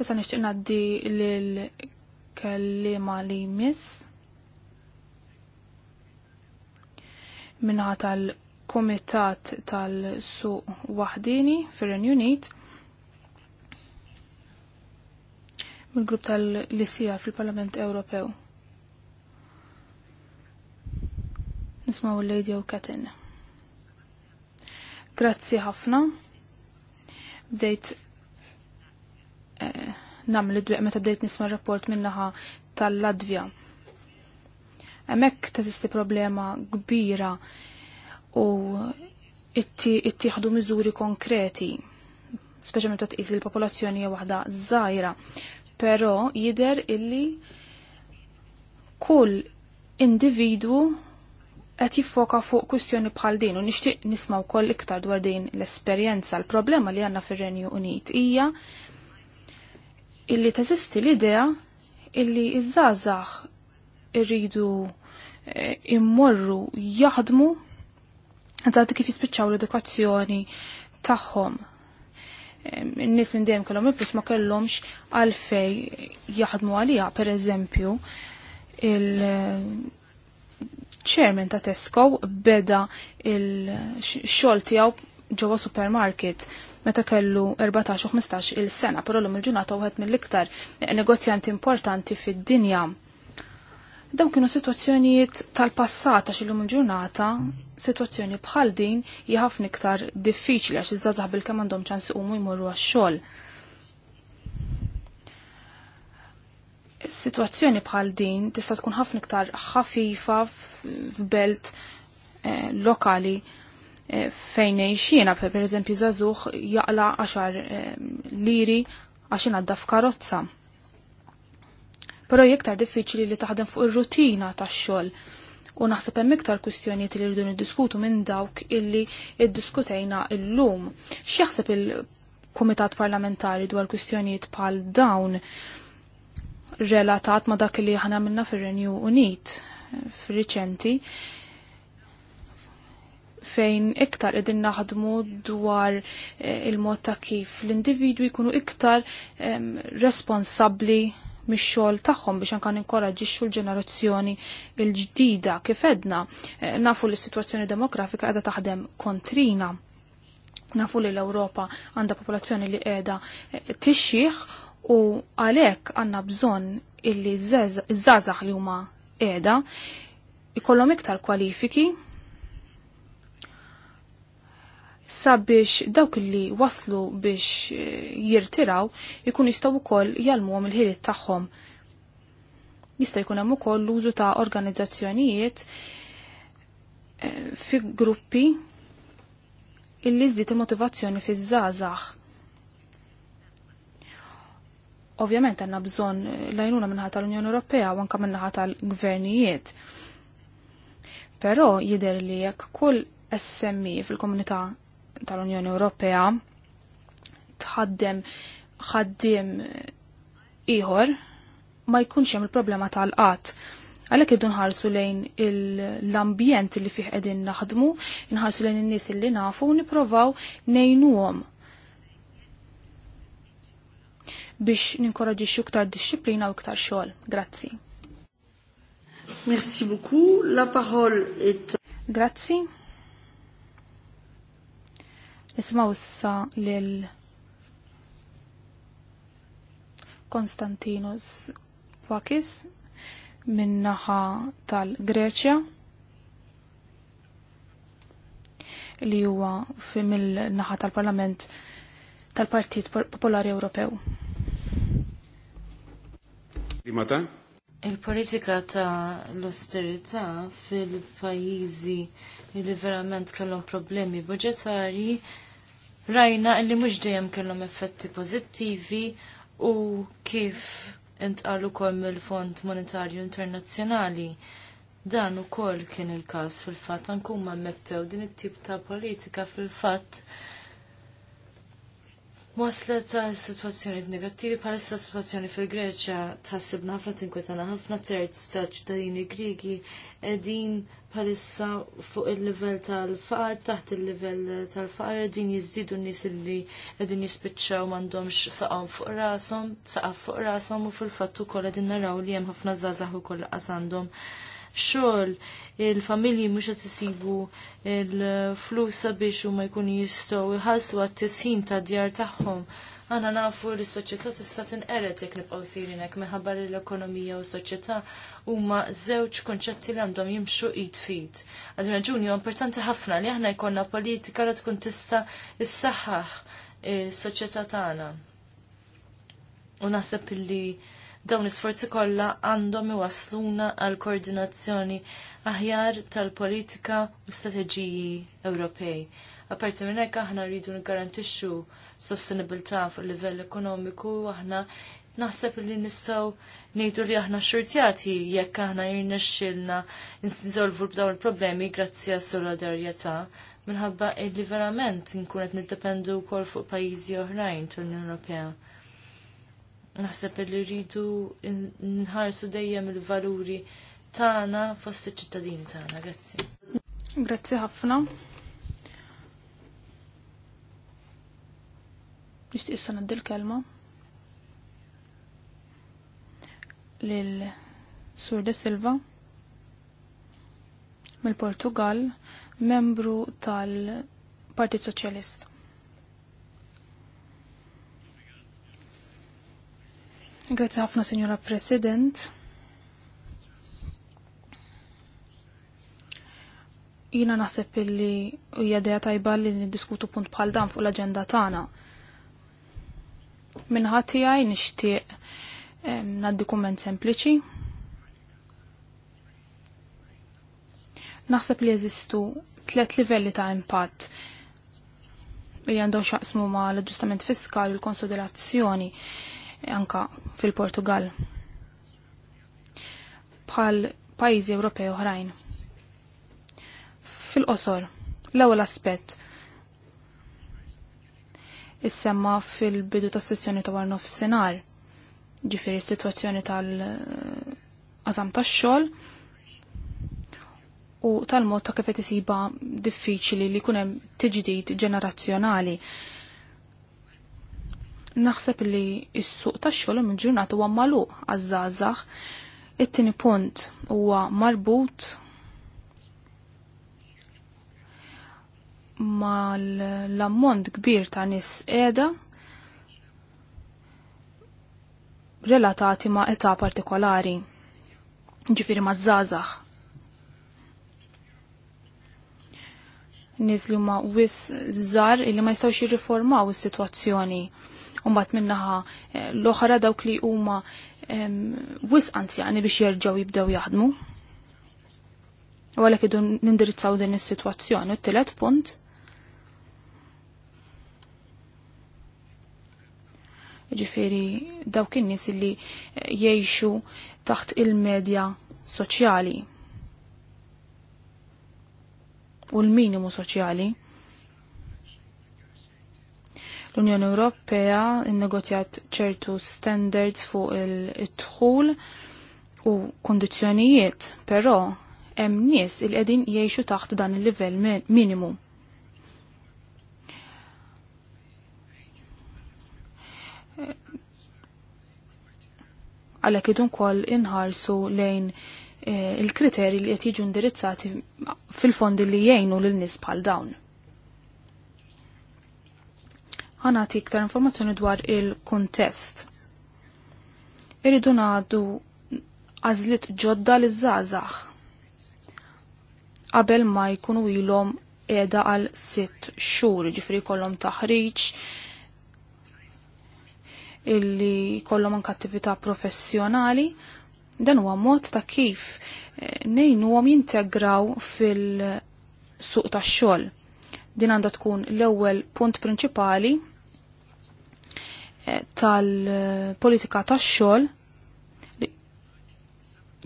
Issa nixtieq ngħaddi l kellima li miss minna tal-Kumitat tal-Suq Wahdini fir ren Unit mill-grupp tal-Lisija fil-Parlament Ewropew. Nismaw l lady O'Katin. Grazzi ħafna. Bdejt eh, namlu id meta bdejt nisma rapport minnaħa tal-Ladvja. Hemmhekk teżisti problema kbira u ittieħdu miżuri konkreti, speċjalment ta' tqisi l popolazzjoni waħda żgħira, però jidher illi kull individwu qed jiffoka fuq kwistjoni bħal din u nixtieq nisma' wkoll iktar dwar din l-esperjenza. L-problema li għandna fir-Renju Unit hija illi teżisti l-idea illi iż-żgħażagħ irridu eh, immorru jaħdmu għazad kif jispiċċaw l-edukazzjoni tagħhom. Eh, Nis minn dejjem kellhom infus ma kellhomx għalfej jaħdmu għalija, pereżempju il chairman ta' Tesco beda il-xol tijaw ġewwa supermarket meta kellu 14 u 15 il-sena, però l-lum il-ġunata uħed mill-iktar negozjanti importanti fid-dinja. Dawn kienu situazzjonijiet tal-passat għax l-lum il-ġunata situazzjoni bħal din jħafna iktar diffiċli għax iżda bil-kemandom għandhom ċans umu jmorru għax-xogħol situazzjoni bħal din tista' tkun ħafna iktar ħafifa f'belt eh, lokali eh, fejn xiena per eżempju żagħżugħ jaqla għaxar eh, liri għax ingħadda f'karozza. Però iktar diffiċli li taħdem fuq ir-rutina tax-xogħol u naħseb hemm iktar kwistjonijiet li rridu niddiskutu minn dawk illi ddiskutejna illum. X'jaħseb il-Kumitat Parlamentari dwar kwistjonijiet bħal dawn? relatat ma dak li ħana minna fil-Renew Unit fil reċenti fejn iktar qegħdin naħdmu dwar eh, il-mod ta' kif l-individwi jkunu iktar responsabli mix-xogħol tagħhom biex anke ninkoraġixxu l-ġenerazzjoni l-ġdida kif edna eh, nafu li s-sitwazzjoni demografika qiegħda taħdem kontrina. Nafu li l-Ewropa għandha popolazzjoni li qiegħda eh, tixxih u għalek għanna bżon illi zazax li huma edha ikollhom iktar kwalifiki sabiex dawk li waslu biex eh, jirtiraw ikun jistgħu wkoll għom il-ħiliet tagħhom. Jista' jkun hemm ukoll l-użu ta' organizzazzjonijiet eh, fi gruppi illi żdiet il-motivazzjoni fiż-żgħażagħ Ovvjament għanna bżon lajnuna minnaħat tal-Unjoni Ewropea u anka minnaħat tal-gvernijiet. Pero jider li jekk kull SMI e fil-komunità tal-Unjoni Ewropea tħaddem ħaddim ieħor ma jkunx hemm il-problema tal-qatt. Għalhekk irdu nħarsu lejn l-ambjent li fih qegħdin naħdmu, nħarsu lejn in-nies li nafu u nipprovaw ngħinuhom biex ninkoraġixxu iktar disċiplina u iktar xogħol. Grazzi. Merci beaucoup. La parole est Grazzi. Nisma' issa lil Konstantinos Pakis minnaħa tal-Greċja li huwa mill-naħa tal-Parlament tal-Partit Popolari Ewropew. Imata? Il-politika ta' l-austerità fil-pajizi li verament kellhom problemi budġetarji rajna li mhux dejjem kellhom effetti pożittivi u kif intqalu wkoll mill-Fond Monetarju Internazzjonali. Dan ukoll kien il-każ fil-fatt ankumma mettew din it-tip ta' politika fil-fatt waslet ta' situazzjoni negattivi bħalissa situazzjoni fil-Greċja tħassibna ħafna tinkwetana ħafna terz ta' ċittadini Grigi edin bħalissa fuq il-livell tal-faqar taħt il-livell tal-faqar edin jizdidu n-nis li edin jispiċċaw mandomx saqam fuq rasom, saqaf fuq rasom u fil-fattu kol edin naraw li jem ħafna zazahu kol għasandom. għandhom xogħol il-familji mhux qed isibu il-flus sabiex huma jkun jistgħu jħassu għat-tisħin ta' djar tagħhom. Għana nafu li s-soċjetà tista' tinqeret jekk nibqgħu sirinek minħabba l-ekonomija u s-soċjetà huma żewġ konċetti li għandhom jimxu id fit. Ġuni raġuni importanti ħafna li aħna jkollna politika li tkun tista' issaħħaħ is-soċjetà tagħna. U naħseb illi dawn l-isforzi kollha għandhom iwassluna għal koordinazzjoni aħjar tal-politika u strateġiji Ewropej. Apparti minn hekk aħna rridu niggarantixxu sostenibilità fuq livell ekonomiku u aħna naħseb li nistgħu ngħidu li aħna xurtjati jekk aħna jirnexxilna nsolvu b'dawn il-problemi grazzi għas-solidarjetà minħabba li verament nkun qed niddependu wkoll fuq pajjiżi oħrajn tal-Unjoni Ewropea. Naħseb li rridu nħarsu dejjem il-valuri tagħna fost iċ-ċittadin tagħna. Grazzi. Grazzi ħafna. Nixtieq issa naddi l-kelma lil Sur de Silva mill-Portugal, membru tal-Partit Soċjalista. Grazie ħafna, Signora President. Jina naħseb illi hija dejja tajba li niddiskutu punt bħal dan fuq l-aġenda tagħna. Minħat tiegħi nixtieq ngħaddi kumment sempliċi. Naħseb li jeżistu tliet livelli ta' impatt li għandhom xaqsmu ma l-ġustament fiskali, l konsiderazzjoni anka fil-Portugal bħal pajjiżi Ewropej oħrajn. Fil-qosor, l-ewwel aspett issemma fil-bidu tas sessjoni ta' warnof senar ġifiri situazzjoni tal-qasam tax-xogħol u tal-mod ta' kif qed isiba diffiċli li jkun hemm tiġdid ġenerazzjonali Naħseb li s-suq tax-xogħol minn ġurnata huwa magħluq għaż-żgħażagħ. It-tieni punt huwa marbut mal-ammont kbir ta' nies qiegħda relatati ma' età partikolari, ġifieri ma' żgħażagħ. Nies li huma wis żgħar li ma' jistgħux jirriformaw is sitwazzjoni Umbat minnaħa eh, l-oħra dawk li huma wis anzjani biex jerġgħu jibdew jaħdmu. U għalhekk idu nindirizzaw din is-sitwazzjoni. U t-tielet punt ġifiri dawk in-nies li eh, jgħixu taħt il-medja soċjali u l-minimu soċjali. L-Unjoni Ewropea innegozjat ċertu standards fuq il-dħul u kondizjonijiet, però hemm nies il qegħdin jgħixu taħt dan il-livell minimu. Għalhekk idun kol inħarsu lejn eh, il-kriteri li qed jiġu indirizzati fil-fondi li jgħinu lil nies bħal dawn ħanati iktar informazzjoni dwar il-kontest. Irridu ngħadu għazlit ġodda l żazax qabel ma jkunu ilhom qiegħda għal sitt xhur, ġifri kollom taħriġ, illi kollom anke attività professjonali, dan huwa mod ta' kif eh, ngħinuhom jintegraw fil-suq tax-xogħol. Din għandha tkun l-ewwel punt prinċipali tal-politika tax-xogħol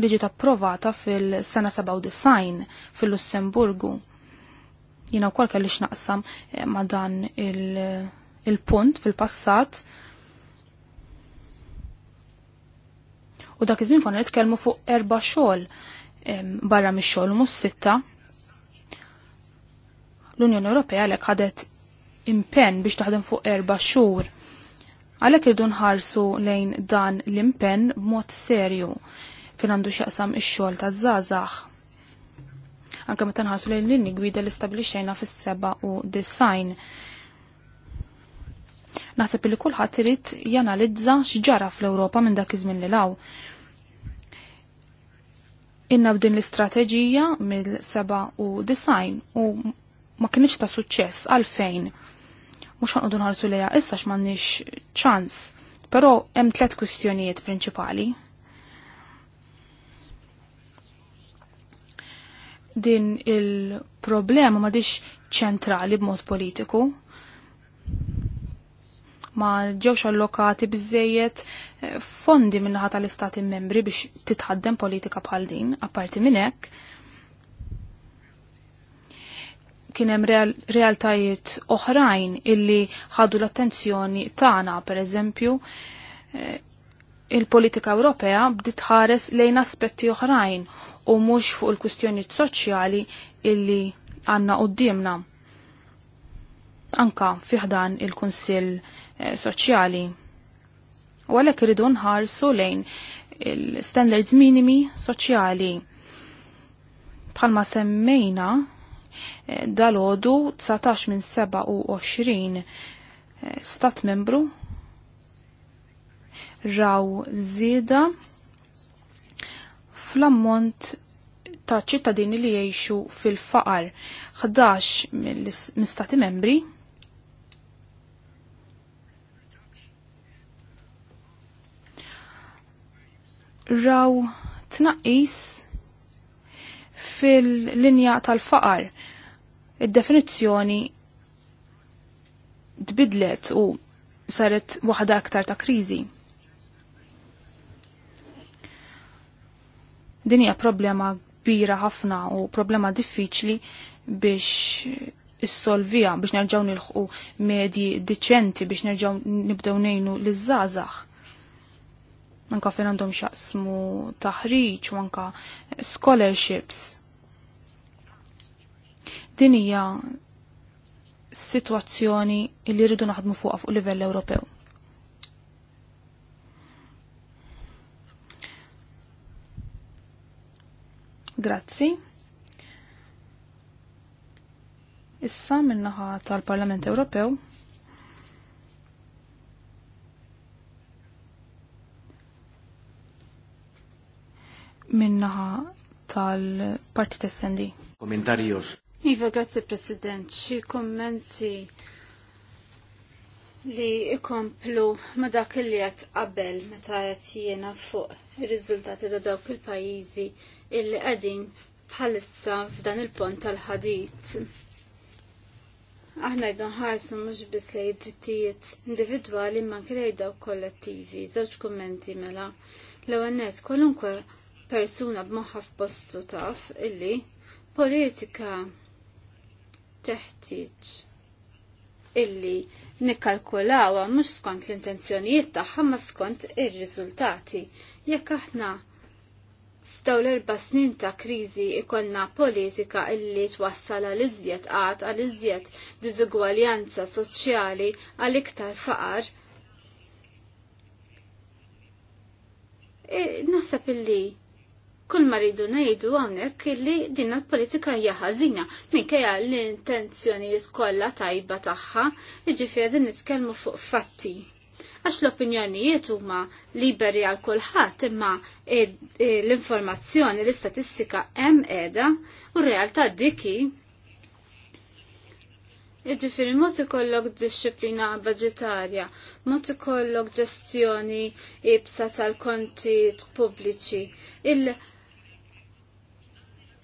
li ġiet approvata fil-sena 97 fil-Lussemburgu. Jiena wkoll kelli x'naqsam eh, ma' dan il-punt il punt fil passat U dak iż-żmien konna nitkellmu fuq erba' xogħol barra mix-xogħol mhux sitta. L-Unjoni Ewropea għalhekk ħadet impenn biex taħdem fuq erba' xhur Għalhekk irdu nħarsu lejn dan l-impenn b'mod serju fil għandu x'jaqsam ix-xogħol taż-żgħażagħ. Anke meta nħarsu lejn l-inni gwida li stabbilixxejna fis-seba u design. Naħseb li kulħadd irid janalizza x'ġara fl-Ewropa minn dak iż-żmien li law inna b'din l-istrateġija mill seba u design u ma kienx ta' suċċess għalfejn mhux ħanqodu nħarsu leja issa x'm'għandniex ċans. Però hemm tliet kwistjonijiet prinċipali. Din il-problema m'għadix ċentrali b'mod politiku, ma ġewx allokati bizzejiet eh, fondi minnaħat tal-istati membri biex titħaddem politika bħal din, apparti minn hekk, kien hemm realtajiet oħrajn illi ħadu l-attenzjoni tagħna, pereżempju, eh, il-politika Ewropea bdiet ħares lejn aspetti oħrajn u mhux fuq il-kwistjonijiet soċjali illi għandna qudiemna. Anka fiħdan il-Kunsill eh, Soċjali. U għalhekk iridu nħarsu lejn il-standards minimi soċjali. Bħalma semmejna Eh, dal-ħodu 19 minn 27 eh, stat membru raw zida fl-ammont ta' ċittadini li jiexu fil-faqar 11 minn Stati membri raw tnaqis fil-linja tal-faqar id-definizzjoni tbidlet u saret waħda aktar ta' kriżi. Din hija problema kbira ħafna u problema diffiċli biex issolvija biex nerġgħu nilħqu medji diċenti biex nerġgħu nibdew ngħinu liż-żgħażagħ. Anka fejn għandhom xaqsmu taħriġ u anka scholarships Din hija situazzjoni li rridu naħdmu fuqha fuq livell Ewropew. Grazzi. Issa minnaħa tal-Parlament Ewropew minnaħa tal-Partit Essendi. Kommentarjos. Iva, grazie President, Ċi kommenti li ikomplu ma dak li qed qabel meta qed jiena fuq ir-riżultati ta' dawk il-pajjiżi illi qegħdin bħalissa f'dan il-pont tal-ħadit. Aħna jdu nħarsu mhux biss id drittijiet individwali ma anke lej kollettivi. Żewġ kummenti mela. L-ewwel nett kwalunkwe persuna b'moħħa f'postu taf illi politika teħtieġ illi nikkalkulawha mhux skont l-intenzjonijiet tagħha ma skont ir-riżultati. Jekk aħna f'daw l-erba' snin ta' kriżi ikollna politika illi twassal għal iżjed qatt għal iżjed diżugwaljanza soċjali għal iktar faqar, e, naħseb illi kull ma rridu ngħidu hawnhekk li din il-politika hija ħażina minkejja l-intenzjonijiet kollha tajba tagħha, jiġifieri din nitkellmu fuq fatti. Għax l-opinjonijiet huma liberi għal kulħadd imma l-informazzjoni, l-istatistika hemm qiegħda u r-realtà diki Jiġifieri mod ikollok disċiplina budgetarja, mod ikollok ġestjoni ibsa tal-konti pubbliċi. il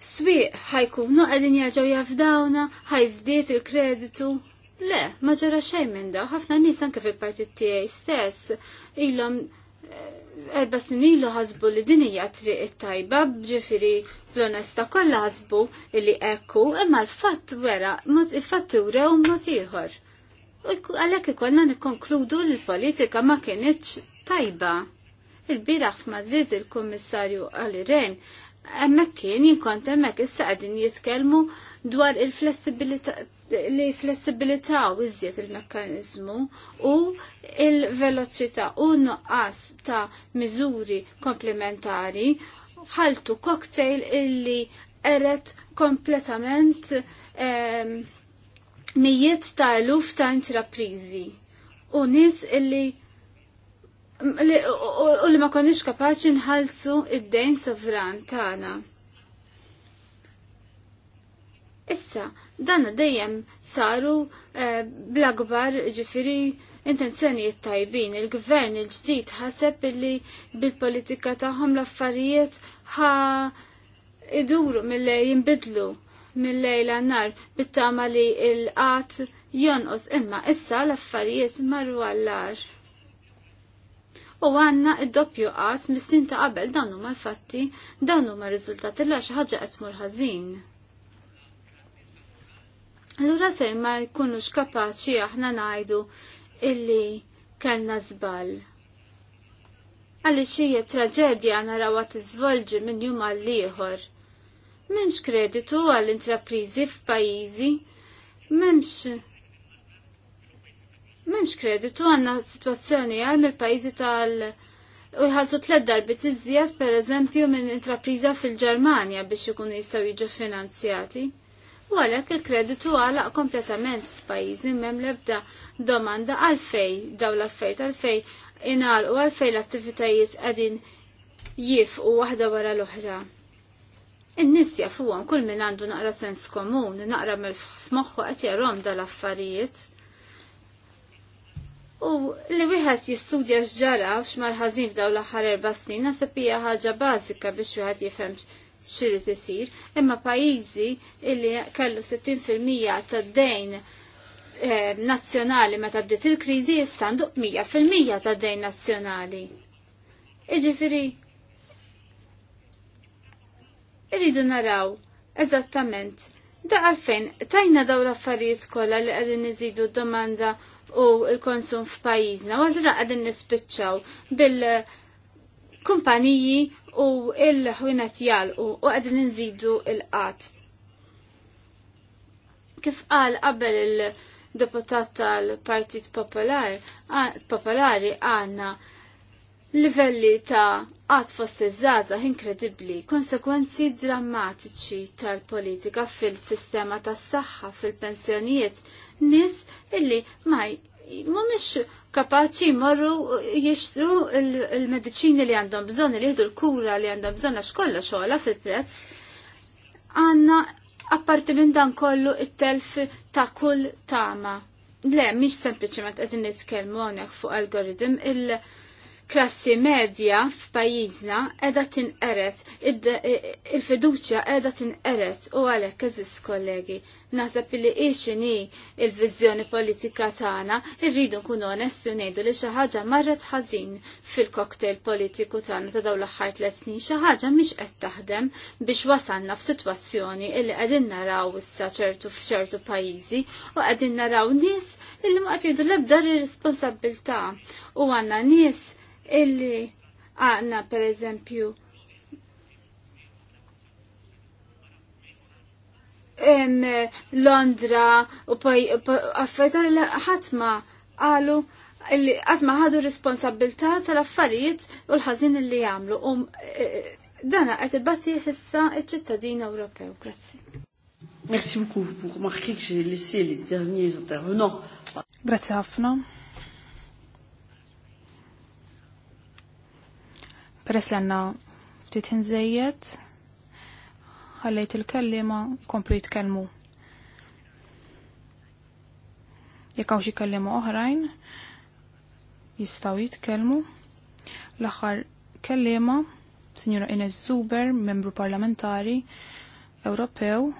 swieq ħajkunu qegħdin jerġgħu jafdawna, ħajżdiet il-kreditu. Le, ma ġara xejn minn da, ħafna nies anke fil-partit tiegħi stess ilhom eh, erba snin ilu ħasbu li din hija triq it-tajba, ġifieri l onesta kollha ħasbu li ekku, imma l-fatt wera, il-fatt urew mod ieħor. Għalhekk ikollna nikkonkludu li l-politika ma kienitx tajba. Il-biraħ f'Madrid il-Kummissarju għal-Iren Emmek kien jinkont emmek issa għadin jitkelmu dwar il flessibilita li u iżjed il-mekkanizmu u il-veloċità u nuqqas ta' miżuri komplementari ħaltu koktejl illi eret kompletament ehm, mijiet ta' eluf ta' intraprizi u nis illi u li ma konniex kapaċi nħalsu id-dejn sovran tagħna. Issa, dan dejjem saru eh, bl-akbar ġifiri intenzjonijiet tajbin. Il-gvern il-ġdid ħaseb billi bil-politika tagħhom l-affarijiet ħa iduru mill jinbidlu mill-lejl nar tama li il-qat jonqos imma issa l-affarijiet marru għallar u għanna id-doppju għat mis-snin ta' qabel dawn huma l-fatti, dawn huma r-riżultati l xi ħaġa qed mur ħażin. Allura fejn ma jkunux kapaċi aħna ngħidu illi kellna żball. Għaliex hija traġedja narawha tiżvolġi minn jum għal ieħor. M'hemmx kreditu għall-intrapriżi f'pajjiżi, m'hemmx memx kreditu għanna situazzjoni għal mill-pajizi tal- u jħalsu tlet darbit iżjed per eżempju minn intrapriża fil-Ġermanja biex ikunu jistaw jiġu finanzjati. U għalhekk il-kreditu għalaq kompletament f'pajjiżi m'hemm lebda domanda għalfej daw l-affejt għalfej u għalfej l-attivitajiet qegħdin u waħda wara l-oħra. In-nies jafuhom kull minn għandu naqra sens komun, naqra mill-moħħu qed jarhom dal-affarijiet. U li wieħed jistudja x'ġara x'mal ħażin f'dawn l-aħħar erba' snin naħseb hija ħaġa bażika biex wieħed jifhem x'irid isir, imma pajjiżi illi kellu 60% tad-dejn eh, nazzjonali meta bdiet il-kriżi issa għandu 100% tad-dejn nazzjonali. Iġifieri irridu naraw eżattament da għalfejn tajna daw l-affarijiet kollha li qegħdin iżidu d-domanda u il-konsum f'pajjiżna. U allura qegħdin nispiċċaw bil-kumpaniji u il ħwinat jalqu u qegħdin inżidu il qat Kif qal qabel il-deputat tal-Partit Popolari għandna Livelli ta' għat fost iż-żaza inkredibbli, konsekwenzi drammatiċi tal-politika fil-sistema tas saħħa fil-pensjonijiet, nis illi ma mumiex kapaċi jmorru jishtru il-medicini li għandhom bżon, li jihdu l-kura li għandhom bżon għax kollha xoħla fil-prezz. Għanna apparti minn dan kollu it-telf ta' kull tama. Le, mhix sempliċement qegħdin nitkellmu hawnhekk fuq algoritm il- klassi medja f'pajjiżna qiegħda tinqeret, il-fiduċja qiegħda tinqeret u għalhekk eżis kollegi. Naħseb li ixini il-viżjoni politika tagħna, irridu nkunu onesti u ngħidu li xi ħaġa marret ħażin fil-cocktail politiku tagħna ta' dawn l-aħħar tliet snin xi ħaġa mhix qed taħdem biex wasalna f'sitwazzjoni illi qegħdin naraw issa ċertu f'ċertu pajjiżi u qegħdin naraw nies illi ma qed jgħidu l-ebda r u għandna nies illi għanna per eżempju Londra u poi affetar li ħatma għalu illi għatma ħadu responsabilta tal-affarijiet u l-ħazin illi jagħmlu. u e, e, dana qed ibati ħissa iċ-ċittadin Ewropew. Grazzi. Merci beaucoup. Vous remarquez que j'ai laissé les derniers intervenants. Grazie ħafna. Peress li għanna ftit inżejjed, ħallejt il-kellima komplu jitkellmu. Jekk hawn xi kellima oħrajn, jistgħu jitkellmu. L-aħħar kellima, Sinjura Ines Zuber, membru parlamentari Ewropew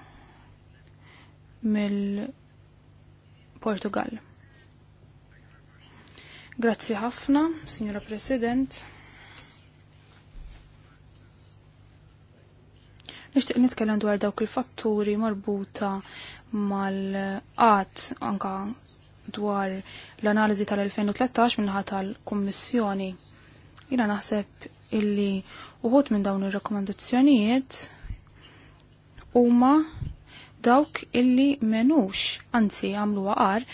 mill-Portugal. Grazzi ħafna, Signora President. Nixtieq nitkellem dwar dawk il-fatturi marbuta mal-qatt anka dwar l-analiżi tal-2013 minnaħa tal-Kummissjoni. Jina naħseb illi uħud minn dawn ir-rakkomandazzjonijiet huma dawk illi menux, anzi għamlu għar,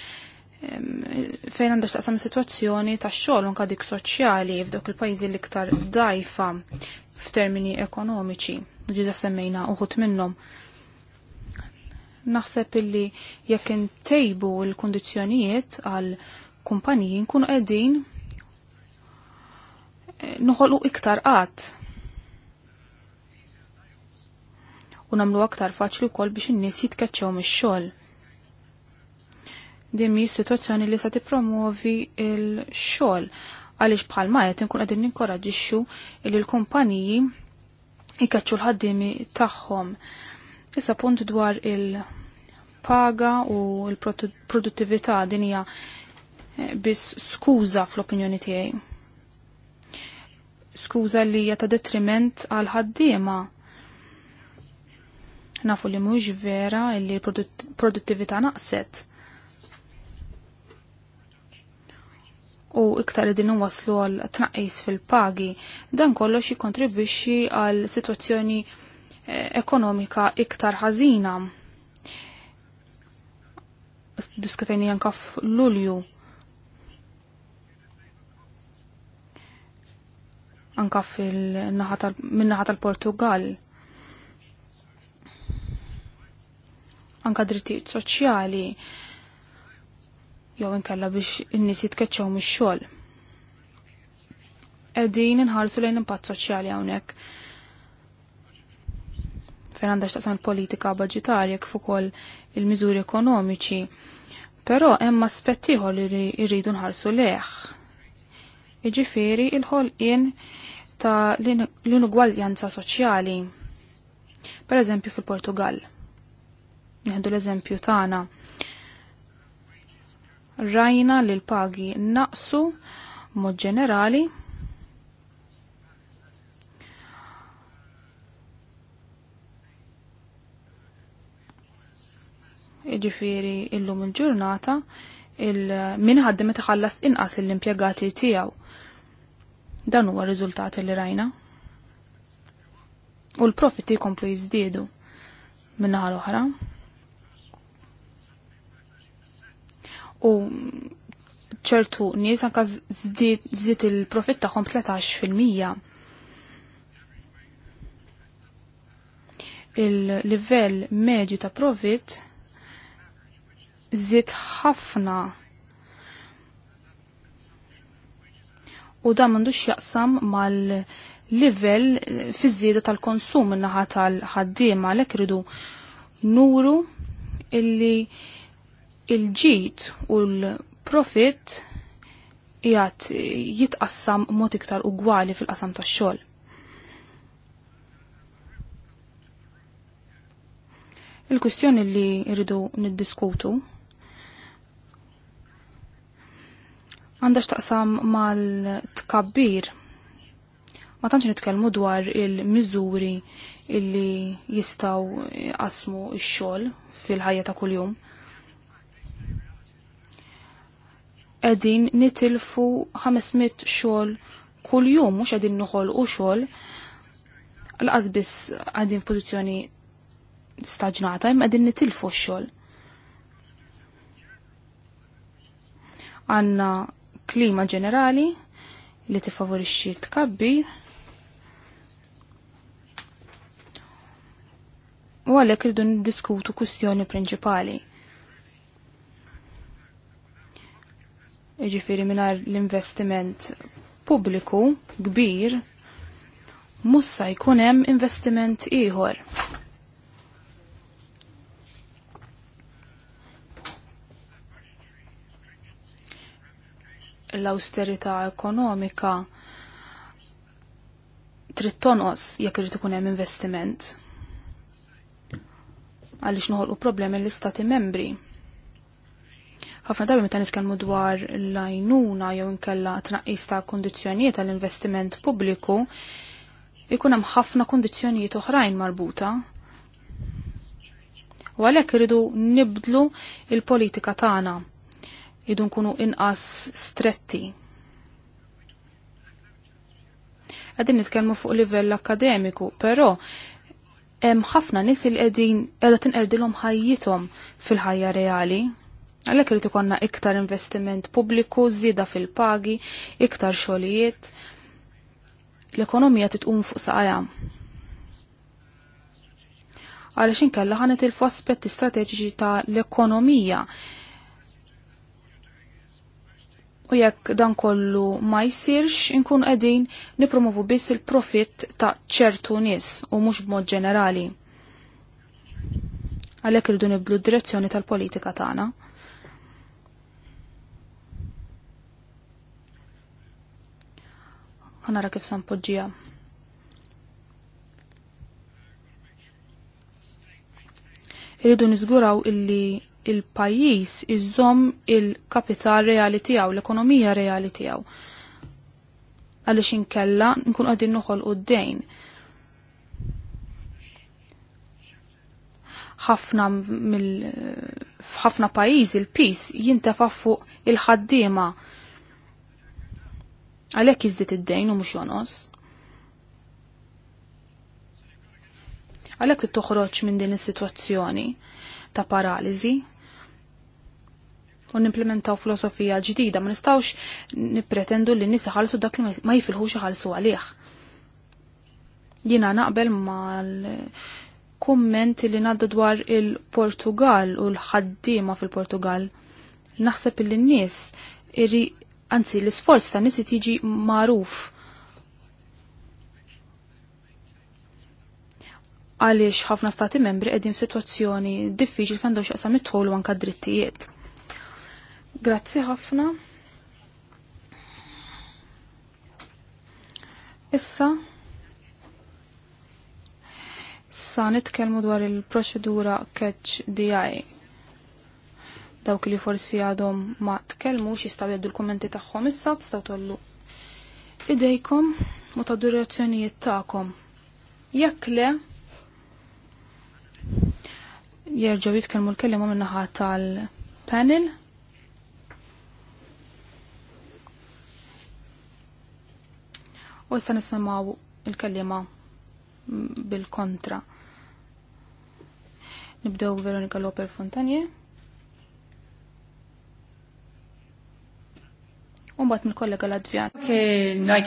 fejn għandax taqsam situazzjoni ta' xogħol unka dik soċjali f'dawk il-pajjiżi l-iktar dajfa f'termini ekonomiċi ġiġa semmejna uħut minnom. Naħseb illi jekk intejbu l-kondizjonijiet għal kumpaniji nkunu qegħdin eh, noħolqu iktar qatt. U nagħmlu aktar faċli wkoll biex in-nies jitkeċċew mix-xogħol. Din hi situazzjoni li se tippromuovi l-xogħol għaliex bħalma qed inkun qegħdin ninkoraġixxu li l-kumpaniji ikaċċu l-ħaddimi tagħhom. Issa punt dwar il-paga u l-produttività dinja din hija eh, biss skuża fl-opinjoni tiegħi. Skuża li hija ta' detriment għal ħaddiema. Nafu li mhux vera li l-produttività naqset u iktar din waslu għal tnaqqis fil-pagi. Dan kollox jikontribwixxi għal situazzjoni eh, ekonomika iktar ħażina. Diskutajni anka f'Lulju. Anka fil-naħa tal-Portugal. Anka drittijiet soċjali jew inkella biex in-nies jitkeċċaw mix-xogħol. Qegħdin inħarsu lejn impatt soċjali hawnhekk. Fejn għandha x'taqsam politika baġitarja kif ukoll il-miżuri ekonomiċi. Però hemm aspett ieħor li rridu nħarsu leħ. Iġifieri il in ta' l-inugwaljanza soċjali. Per eżempju fil-Portugal. Nieħdu l-eżempju tagħna rajna li l-pagi naqsu mod ġenerali Iġifiri illum il-ġurnata il meta ħallas inqas l-impjegati tijaw. Dan huwa riżultati li rajna. U l-profitti komplu jizdiedu minnaħal oħra. u ċertu nies anka żdiet il-profitt tagħhom 13 fil-mija. Il-livell medju ta' profit żied ħafna u dan m'għandux jaqsam mal-livell fiż-żieda tal-konsum in naħa tal-ħaddiema għalhekk iridu nuru illi il-ġid u l-profit jgħat jitqassam mod iktar ugwali fil-qasam tax xogħol. Il-kwistjoni li rridu niddiskutu għandax taqsam mal-tkabbir. Ma tantx nitkellmu dwar il-miżuri illi jistaw qasmu ix xogħol fil-ħajja ta' kuljum. edin nitilfu 500 xol kull jum, mux edin nħol u xol, l-qasbis għadin pozizjoni staġnata, imma edin nitilfu xol. Għanna klima ġenerali li tifavorixxi tkabbir, u għalek rridu diskutu kustjoni prinċipali. iġifiri minar l-investiment publiku kbir, mussa jkunem investiment iħor. L-austerita ekonomika trid tonqos jekk irid ikun hemm investiment. Għaliex noħolqu problemi l-istati membri ħafna drabi meta nitkellmu dwar l-għajnuna jew inkella tnaqqis ta' kondizzjonijiet tal-investiment pubbliku, ikun hemm ħafna kondizzjonijiet oħrajn marbuta. U għalhekk iridu nibdlu il-politika tagħna. Idu nkunu inqas stretti għadin nitkellmu fuq livell akademiku, però hemm ħafna nies li qegħdin qiegħda tinqerdilhom ħajjithom fil-ħajja reali. Għalhekk irid ikonna iktar investiment pubbliku, żieda fil-pagi, iktar xogħlijiet. L-ekonomija titqum fuq saqajja. Għaliex inkella ħanet il aspetti strateġiċi ta' l-ekonomija. U jekk dan kollu ma jsirx, inkun qegħdin nipromovu biss il-profitt ta' ċertu nies u mhux b'mod ġenerali għalek irridu nibdlu d-direzzjoni tal-politika tagħna. u nara kif sampoġġija. Irridu nizguraw illi il-pajjiż iżżomm il-kapital reali tiegħu, l-ekonomija reali tiegħu. Għaliex inkella nkun qegħdin u d-dejn. ħafna mill ħafna pajjiżi il-pis jintefa' fuq il-ħaddiema Għalhekk jiżdied id-dejn u mhux jonos. Għalhekk toħroġ minn din is-sitwazzjoni ta' paraliżi u nimplementaw filosofija ġdida, ma nistawx nippretendu li nisa ħalsu dak li ma jifilħux xaħalsu għalih. Jina naqbel mal kumment li naddu dwar il-Portugal u l-ħaddima fil-Portugal. Naħseb il-nis anzi l-isforz ta' nisi tiġi magħruf. għaliex ħafna stati membri qegħdin f'sitwazzjoni diffiċli f'għandu x'aqsam it-tħol anke drittijiet. Grazzi ħafna. Issa sa nitkellmu dwar il-proċedura catch DI. Dawk li forsi għadhom ma tkellmux jistgħu jgħaddu l-kummenti tagħhom issa tistgħu tollu idejkom u ta' durazzjonijiet tagħkom. Jekk le jerġgħu jitkellmu l-kelliema min-naħa tal-panel u issa nisimgħu l-kelliema bil-kontra. Nibdew Veronika Loper Fontanier. Umbat mil kollega l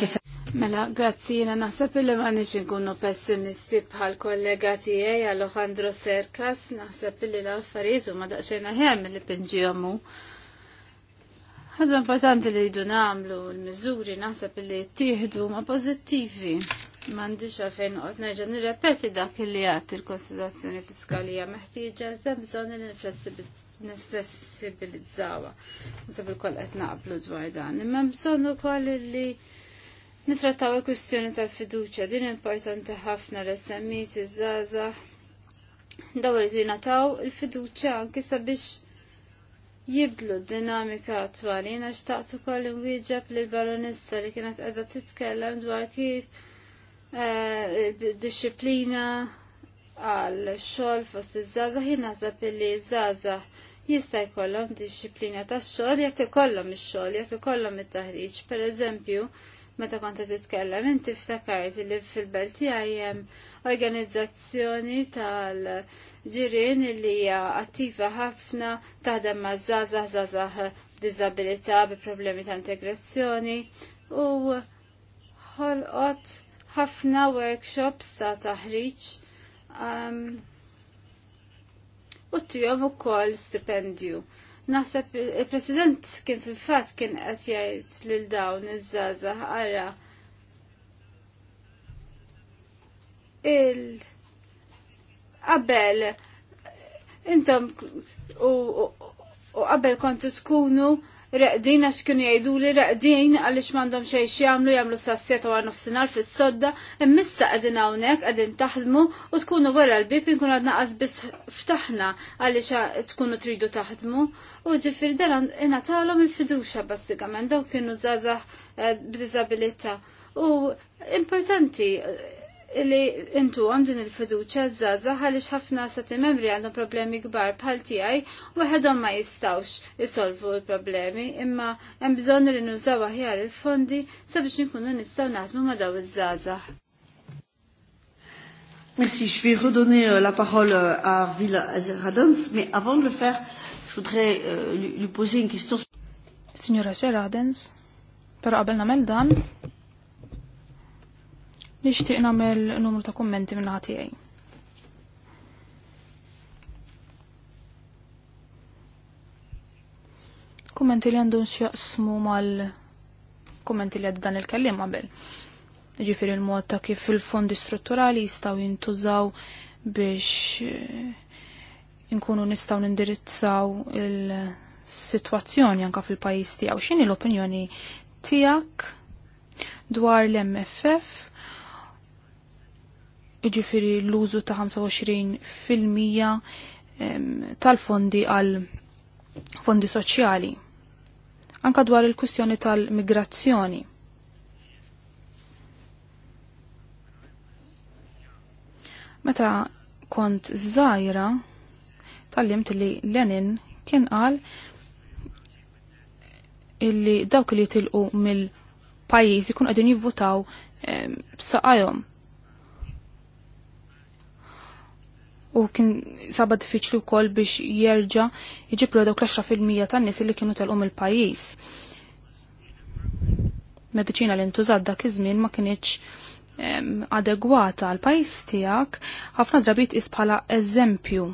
sa. Mela, grazzi, jina naħseb li ma nix nkunu pessimisti bħal kollega tijaj Alejandro Serkas, naħseb li l-affarijiet u ma daqxena ħem li pinġijomu. Għadu importanti li jidu namlu l-mizuri naħseb li jittieħdu ma pozittivi. Mandiċ għafen għot neġa nirrepeti dak li għat il-konsiderazzjoni fiskalija meħtieġa, zemżon l-inflessibilità nifsessibilizzawa. Nisab il-koll qed naqblu dwar dan. Imma bżonn ukoll li nitrattaw il-kwistjoni tal-fiduċja din importanti ħafna l smi iż izzaza Dawar li il-fiduċja anki sabiex jibdlu d-dinamika attwali. Jena xtaqtu koll imwieġeb li l-baronessa li kienet qiegħda titkellem dwar kif eh, disċiplina għal xogħol fost iż-żaza ħin naħseb illi żaza jista' jkollhom disċiplina tax-xogħol jekk ikollhom ix-xogħol, jekk ikollhom it-taħriġ. Pereżempju, meta kont qed titkellem inti ftakart li fil-belt tiegħi hemm organizzazzjoni tal-ġirien li hija attiva ħafna taħdem ma' żgħażagħ żgħażagħ b'diżabilità bi problemi ta' integrazzjoni u ħolqot ħafna workshops ta' taħriġ um, u tijom u kol stipendju. Naħseb il-President kien fil-fat kien qed jgħid lil dawn iż-żgħażagħ il qabel intom u qabel kontu tkunu reqdin għax kienu jgħidu li reqdin għalix mandom xej jagħmlu jagħmlu sassieta għar nofsinhar fis-sodda immissa qegħdin hawnhekk qegħdin taħdmu u tkunu wara l-bib inkun għadna għazbis biss ftaħna għaliex tkunu tridu taħdmu u ġifieri dan ingħatalhom il-fiduċja bassikament daw kienu żgħażagħ eh, b'diżabilità. U importanti li intu għam din il-fiduċa zaza għalix ħafna sati membri għandhom problemi gbar bħal tijaj u għedhom ma jistawx jisolvu il-problemi imma hemm bżonn li nużaw aħjar il-fondi sabiex nkunu nistaw naħdmu ma daw iż-żaza. Merci, je vais redonner euh, la parole euh, à Villa Radens, mais avant de le faire, je voudrais euh, lui poser une question. Signora Radens, pero qabel namel dan, Nixtieq nagħmel numru ta' kummenti minn tiegħi. Kummenti li għandhom x'jaqsmu mal-kummenti li għaddan il-kellim għabel. Ġifieri il-mod ta' kif il-fondi strutturali jistgħu jintużaw biex inkunu nistgħu nindirizzaw il-sitwazzjoni anka fil-pajjiż tiegħu. X'inhi l-opinjoni tiegħek dwar l-MFF iġifiri l-użu ta' 25% tal-fondi għal fondi soċjali. Anka dwar il-kustjoni tal-migrazzjoni. Meta kont zaħira, tal-limt li Lenin kien qal illi dawk li tilqu mill-pajjiż ikun qegħdin jivvotaw b'saqajhom. u kien saba diffiċli wkoll biex jerġa' jġibru dawk l-10% tan-nies li kienu telqhom il-pajjiż. Mediċina li ntużat dak iż-żmien ma kienx adegwata għal pajjiż tiegħek, ħafna drabit is bħala eżempju.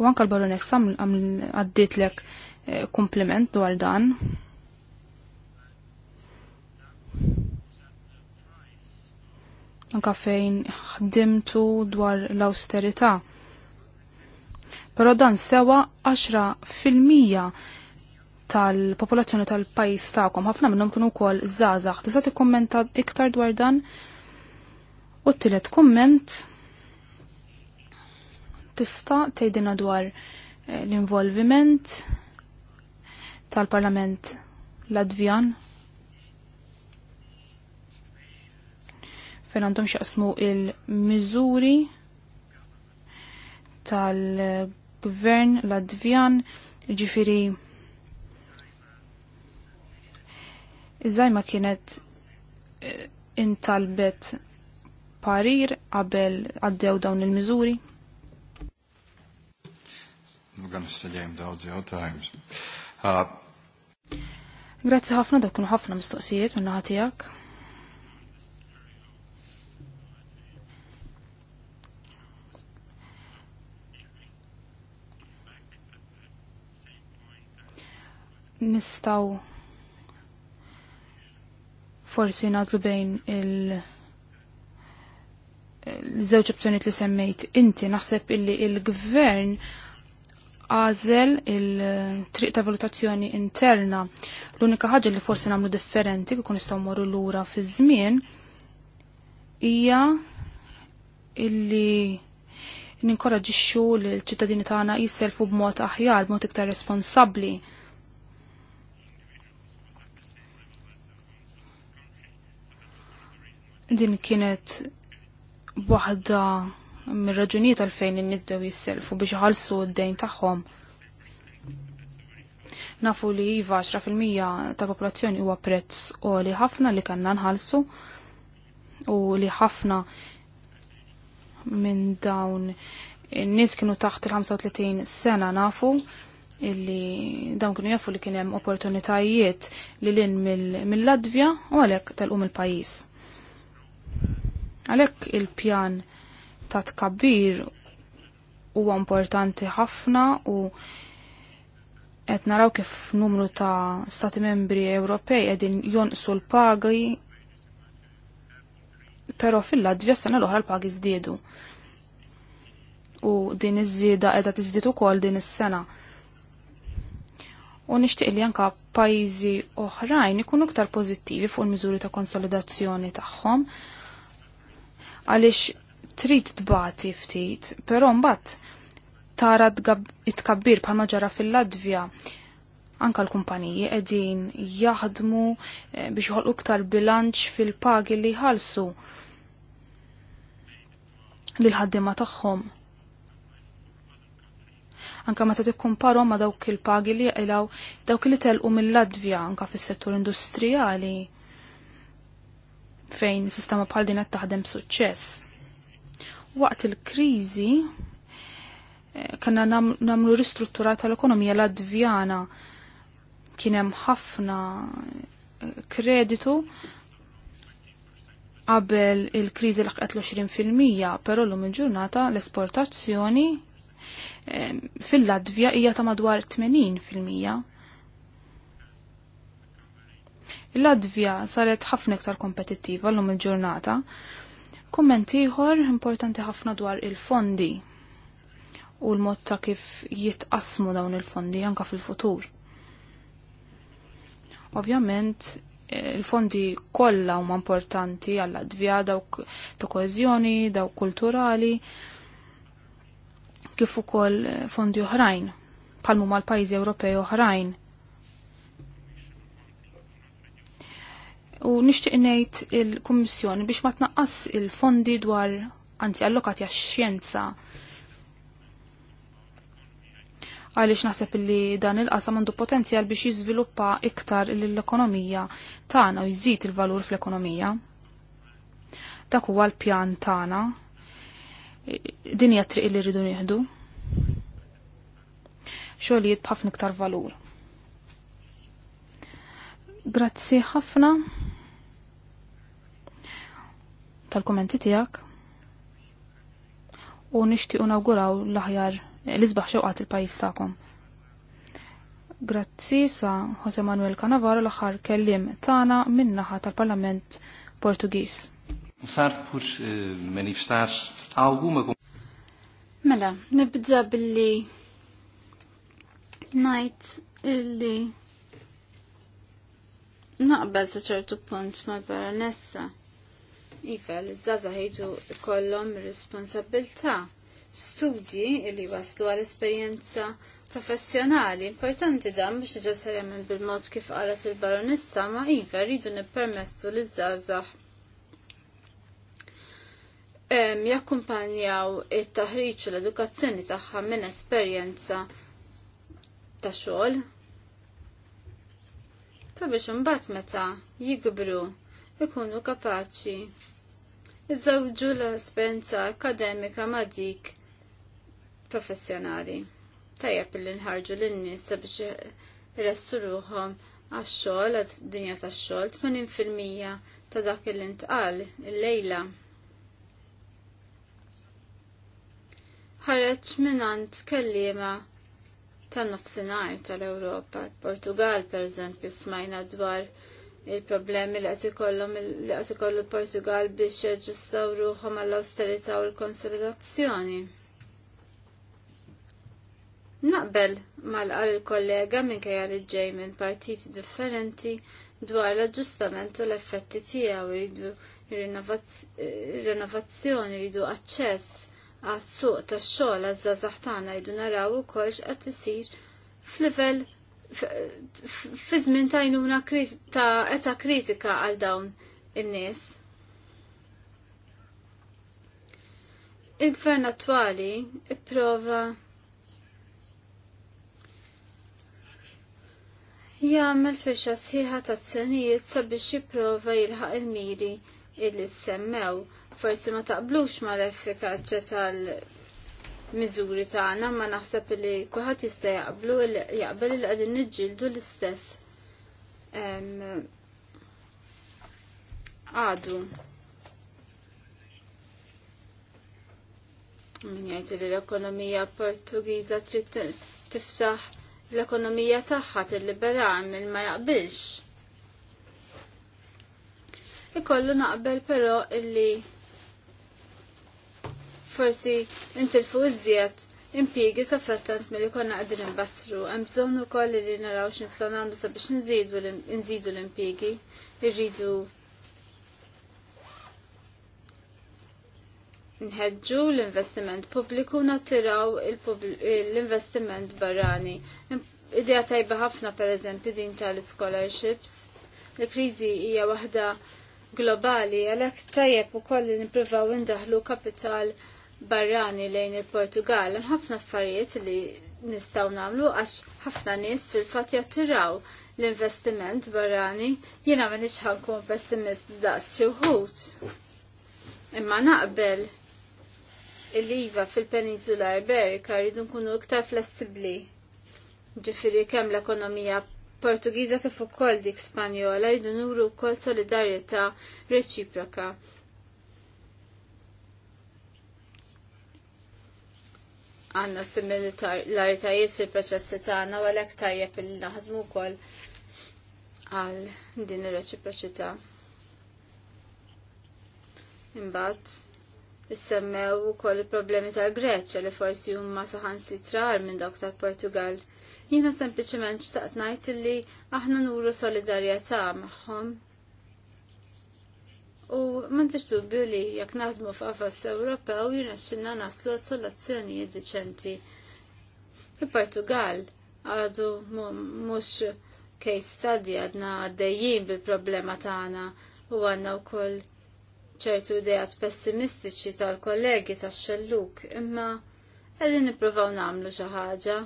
U anka l-baronessa għaddietlek eh, kompliment dwar dan anka fejn ħdimtu dwar l-austerità. Però dan sewa 10% tal-popolazzjoni tal-pajis tagħkom, ħafna minnhom kienu wkoll żgħażagħ. Tista' tikkummenta iktar dwar dan? U t-tielet kumment tista' tgħidilna dwar eh, l-involviment tal-Parlament Latvjan fejn għandhom xaqsmu il-miżuri tal-gvern Ladvjan, ġifiri Iżajma kienet eh, intalbet parir qabel għaddew dawn il-miżuri. Għan s Grazzi ħafna, dawk kienu ħafna mistoqsijiet minn naħatijak. nistaw forsi nazlu bejn il- l-żewġ opzjoniet li semmejt inti naħseb illi il-gvern għażel il-triq ta' valutazzjoni interna. L-unika ħaġa li forsi nagħmlu differenti kikun nistgħu morru lura fi żmien hija illi ninkoraġixxu l ċittadini tagħna jisselfu b'mod aħjar, b'mod iktar responsabbli. Din kienet waħda mir-raġunijiet għalfejn in-nies jisselfu biex iħallsu d-dejn tagħhom. Nafu li iva 10% ta' popolazzjoni huwa prezz li ħafna li kanna nħallsu u li ħafna minn dawn in-nies kienu taħt il-35 sena nafu illi dawn kienu jafu li kien hemm opportunitajiet li lin mill-Latvja u għalhekk tal-qum il-pajjiż. Għalhekk il-pjan ta' tkabbir huwa importanti ħafna u qed naraw kif numru ta' stati membri Ewropej għedin jonqsu l-pagi però fil-Latvja sena l-oħra l-pagi żdiedu. U din iż-żieda qiegħda tiżdied ukoll din is-sena. U nixtieq li anke pajjiżi oħrajn ikunu iktar pożittivi fuq il-miżuri ta' konsolidazzjoni tagħhom għaliex trid tbati ftit, però mbagħad tara tkabbir bħalma ġara fil-Latvja anka l-kumpaniji edin jaħdmu eh, biex joħolqu iktar bilanċ fil-pagi li ħalsu lil-ħaddima tagħhom. Anka meta tikkumparhom ma dawk il-pagi li jaqilgħu dawk li telqu mill ladvja anka fis-settur industrijali fejn sistema bħal din qed taħdem suċċess. Waqt il-kriżi eh, kanna namlu ristrutturar tal-ekonomija latvjana kien hemm ħafna eh, kreditu qabel il-kriżi li qed l-20%, però llum il-ġurnata l-esportazzjoni eh, fil-Latvja hija ta' madwar 80%. Il-Latvja saret ħafna iktar kompetittiva l-lum il-ġurnata. Kumment ieħor importanti ħafna dwar il-fondi u l-mod ta' kif jitqasmu dawn il-fondi anka fil-futur. Ovvjament, il-fondi kollha huma importanti għall latvja dawk ta' koeżjoni, dawk kulturali, kif ukoll fondi oħrajn, bħalmu mal-pajjiżi Ewropej oħrajn u nixtieq ngħid il-Kummissjoni biex ma tnaqqas il-fondi dwar anzi allokati għax-xjenza għaliex naħseb li dan il-qasam għandu potenzjal biex jiżviluppa iktar l-ekonomija tagħna u jżid il-valur fl-ekonomija. Dak huwa l-pjan tagħna. Din hija triq li rridu nieħdu. Xogħlijiet b'ħafna iktar valur. Grazzi ħafna tal-kommenti tijak u nishti nawguraw l-aħjar l-izbaħ xewqat il-pajis ta'kom. Grazzi sa Jose Manuel Canavaro l-aħħar kellim tana minnaħa tal-Parlament Portugiż. Sar pur eh, manifestax alguma Mela, nibdza billi najt illi naqbel sa ċertu punt mal-baronessa. Iva, l-żaza ħejġu kollom responsabilta. Studji li waslu għal esperjenza professjonali. Importanti dan biex neġessarjament bil-mod kif qalet il-baronissa ma iva rridu nippermessu li żgħażagħ jakkumpanjaw it-taħriġ u l-edukazzjoni tagħha minn esperjenza ta' xogħol. Ta' biex imbagħad meta jikbru ikunu kapaċi iżawġu l-esperjenza akademika ma' dik professjonali. Tajjeb li nħarġu lin-nies sabiex restu ruhom għax-xogħol għad-dinja tax-xogħol 80% ta' dak li il illejla. Ħareġ minant kellima ta' nofsinhar tal-Ewropa, Portugal pereżempju smajna dwar il-problemi li qed ikollhom li għati kollu l-Portugal biex jaġġustaw ruħhom għall-austerità u l-konsolidazzjoni. Naqbel mal-qal il-kollega minkejja li ġej minn partiti differenti dwar l-aġġustament u l-effetti tiegħu jridu rinnovazzjoni jridu aċċess għas-suq tax-xogħol għaż-żazax tagħna jridu naraw ukoll x'qed isir f'livell fi żmien tajnuna ta' eta kritika għal dawn in-nies. Il-gvern attwali ipprova jagħmel firxa sħiħa ta' azzjonijiet sabiex jipprova jilħaq il-miri illi semmew forsi ma taqblux mal-effikaċċja tal- miżuri tagħna ma naħseb li kulħadd jista' jaqblu jaqbel li qegħdin niġġieldu l-istess. Għadu. Min jgħid li l-ekonomija Portugiża trid tifsaħ l-ekonomija tagħha tillibera minn ma jaqbilx. Ikollu naqbel però illi forsi intilfu iżjed impjiegi soffrattant milli konna qegħdin imbassru. Hemm bżonn ukoll li naraw x'nistgħu nagħmlu sabiex nżidu l-impjiegi. Irridu nħedġu l-investiment pubbliku nattiraw l-investiment barrani. Idea tajba ħafna per eżempju din tal-scholarships. l kriżi hija waħda globali għalhekk tajjeb ukoll li nippruvaw indaħlu kapital barrani lejn il-Portugal, hemm ħafna affarijiet li nistgħu nagħmlu għax ħafna nies fil-fatt jattiraw l-investiment barrani jiena ma nix ħankun pessimist daqs xi wħud. Imma naqbel il-iva fil-Peninsula Iberika rridu nkunu iktar flessibbli. Ġifieri kemm l-ekonomija Portugiża kif ukoll dik Spanjola jridu nuru wkoll solidarjetà reċiproka għanna similaritajiet fil-proċessi tagħna u għalhekk tajjeb il naħdmu wkoll għal din ir-reċiproċità. Imbagħad issemmew ukoll il-problemi tal-Greċja li forsi huma sitrar minn dawk tal-Portugal. Jiena sempliċement xtaqt ngħid li aħna nuru solidarjetà magħhom U m'għandix dubju li jekk naħdmu f'qafas Ewropew jirnexxinna naslu soluzzjonijiet diċenti. Il-Portugal għadu mhux case study għadna għaddejjin bil-problema tagħna u għandna wkoll ċertu idejat pessimistiċi tal-kollegi tax-xelluk, imma għedin nippruvaw namlu xi ħaġa,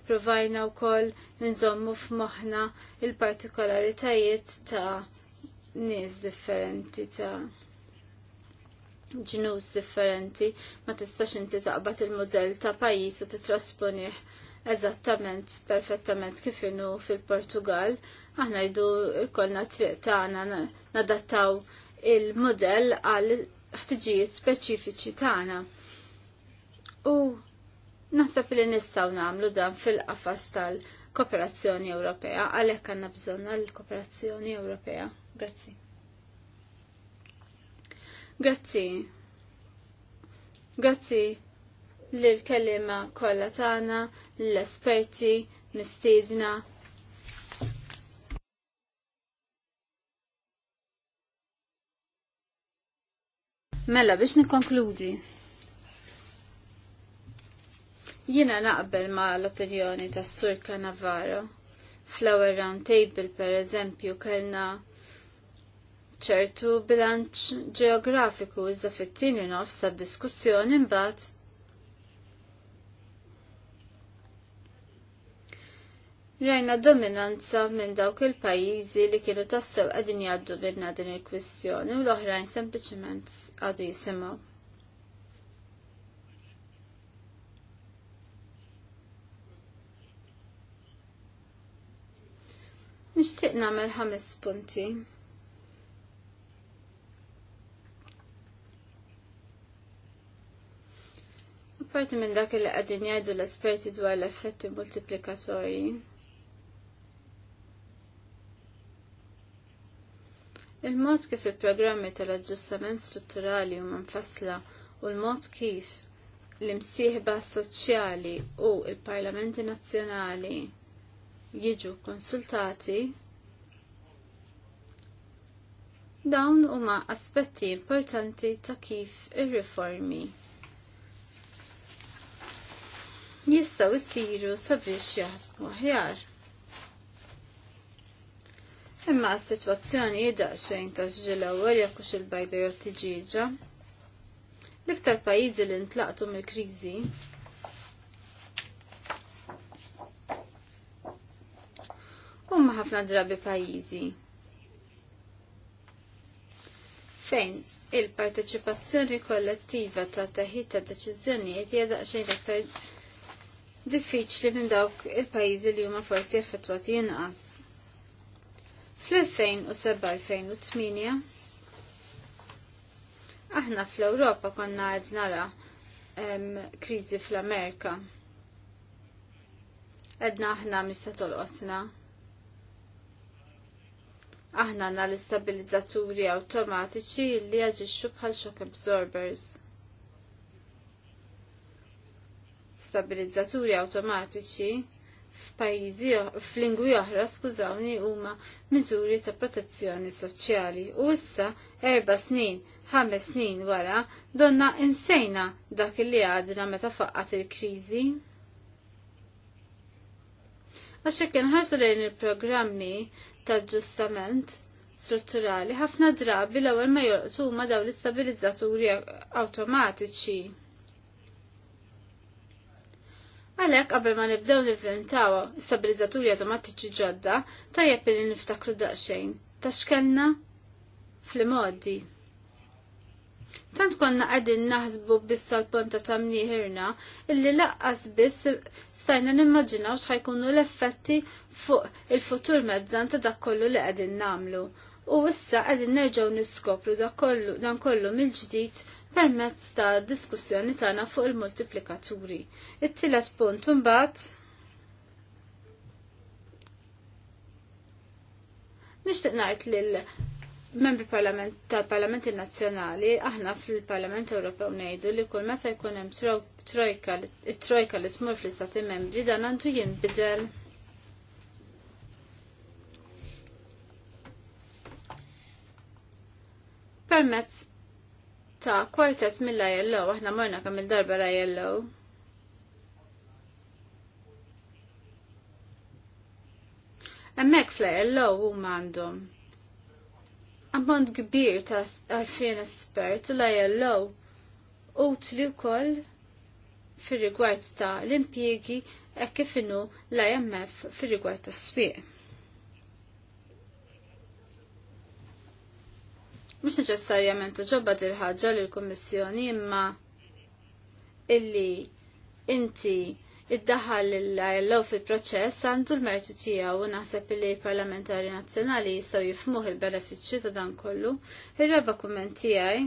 ippruvajna wkoll nżommu f'moħħna il-partikolaritajiet ta' nies differenti ta' ġnus differenti ma tistax inti taqbad il-modell ta' pajjiż u titrasponih eżattament perfettament kif inhu fil-Portugal aħna jdu lkollna triq tagħna nadattaw il-modell għal ħtiġijiet speċifiċi tagħna. U naħseb li nistgħu nagħmlu dan fil-qafas tal-Kooperazzjoni Ewropea, għalhekk għandna bżonn għall-Kooperazzjoni Ewropea. Grazzi. Grazzi. Grazzi l-kellima kollha tana, l-esperti, mistiedna, Mela, biex nikonkludi. Jiena naqbel ma l-opinjoni tas Sur Navarro. fl round table per eżempju kellna ċertu bilanċ ġeografiku iżda fit-tieni nofs tad-diskussjoni mbagħad Rajna dominanza minn dawk il-pajjiżi li kienu tassew qegħdin jgħaddu bidna din il-kwistjoni u l-oħrajn sempliċement għadu jisimgħu. Nixtieq nagħmel ħames punti. Parti minn dak li qegħdin jgħidu l-esperti dwar l-effetti multiplikatorji. Il-mod kif il-programmi tal-aġġustament strutturali huma mfassla u l-mod kif l-imsieħba soċjali u il-parlamenti nazzjonali jiġu konsultati dawn huma aspetti importanti ta' kif ir-riformi jistaw isiru sabiex jaħdmu aħjar. Imma s-situazzjoni xejn ta' xġil ewwel jekk il-bajda jew L-iktar pajjiżi li ntlaqtu mill-kriżi huma ħafna drabi pajjiżi fejn il-parteċipazzjoni kollettiva ta' taħid ta' deċiżjonijiet hija daqsxejn aktar diffiċli minn dawk il-pajjiżi li huma forsi effettwati jinqas. Fl-2007-2008 aħna fl-Ewropa konna għed nara kriżi fl-Amerika. Edna aħna mista tolqotna. Aħna għandna l-istabilizzaturi awtomatiċi li jaġixxu bħal shock absorbers. stabilizzaturi awtomatiċi f'pajjiżi f'lingwi oħra skużawni huma miżuri ta' protezzjoni soċjali u issa erba snin, ħames snin wara donna insejna dak li għadna meta faqqat il-kriżi. Għaxek nħarsu lejn il-programmi ta' ġustament strutturali ħafna drabi l-ewwel ma jorqtu huma dawn l-istabilizzaturi awtomatiċi. Għalhekk qabel ma nibdew nivventaw stabilizzaturi automatiċi ġodda, tajjeb li niftakru daqsxejn. Ta' x'kellna fl-modi. Tant konna għedin naħsbu biss l-ponta ta' mniħirna illi laqqas biss stajna nimmaġinaw xħajkunu l-effetti fuq il-futur mezzan ta' dak kollu li għedin namlu. U issa għedin nerġaw niskopru dan kollu mill-ġdid permezz ta' diskussjoni tagħna fuq il-multiplikaturi. It-tielet punt imbagħad nixtieq ngħid lil membri tal-Parlamenti Nazzjonali, aħna fil-Parlament Ewropew ngħidu li kull meta jkun hemm trojka li tmur fl-istati membri dan għandu jinbidel permezz ta' kwartet mill jellow, aħna morna kam il-darba la jellow. Emmek fla jellow u mandum. Ammont kbir ta' għarfien espert u jellow u utli u koll fil-rigward ta' l-impiegi e kif la l fil-rigward ta' s-swieq. mhux neċessarjament ġobba il-ħaġa l kummissjoni imma illi inti id-daħal l-law fil proċess għandu l-mertu tijaw u naħseb li parlamentari nazzjonali jistaw jifmuħ il-benefiċċju ta' dan kollu. Il-raba kumment għaj.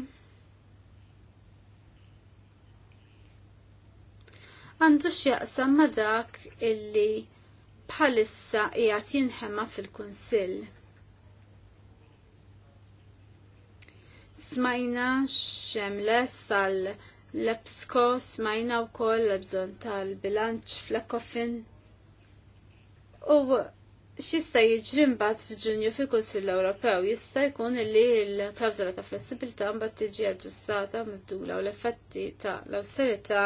Għandu x'jaqsam ma dak illi bħalissa jgħat jinħema fil-Kunsill. Smajna les tal-Lepsko, smajna u koll l-bżon tal-bilanċ fl-Ekofin. U xista jiġri mbagħad f'Ġunju fil-Kunsill Ewropew jista' jkun li l klawzola ta' flessibilità mbagħad tiġi aġġustata mibdula u l-effetti ta' l-awsterità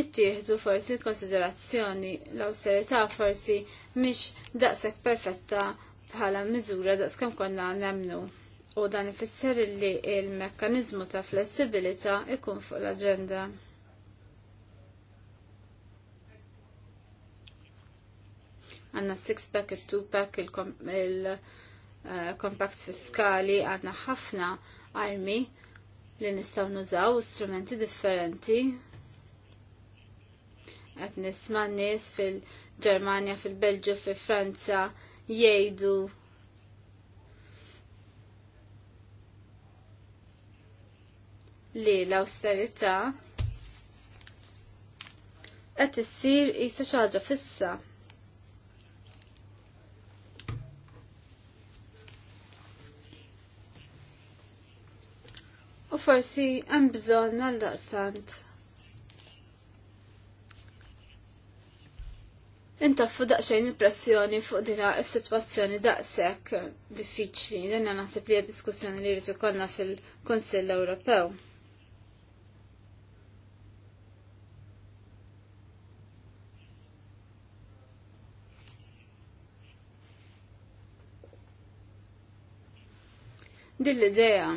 jittieħdu forsi konsiderazzjoni l-awsterità forsi mhix daqshekk perfetta bħala miżura daqskam konna nemnu u dan ifisser li il-mekkanizmu ta' flessibilità ikun fuq l-agenda. Għanna six-pack, il-two-pack, il-compact eh, fiskali, għanna ħafna armi li nistaw nużaw strumenti differenti. Għet nisma' nies fil-Ġermanja, fil-Belġu, fil-Franza, fil belġu fil franza jgħidu li l-austerità qed issir qisha xi ħaġa fissa. U forsi hemm bżonn għal daqstant intaffu daqxajn impressjoni fuq dina s situazzjoni daqsek diffiċli, dinna naħseb li diskussjoni li rritu konna fil-Konsill Ewropew. Din l-idea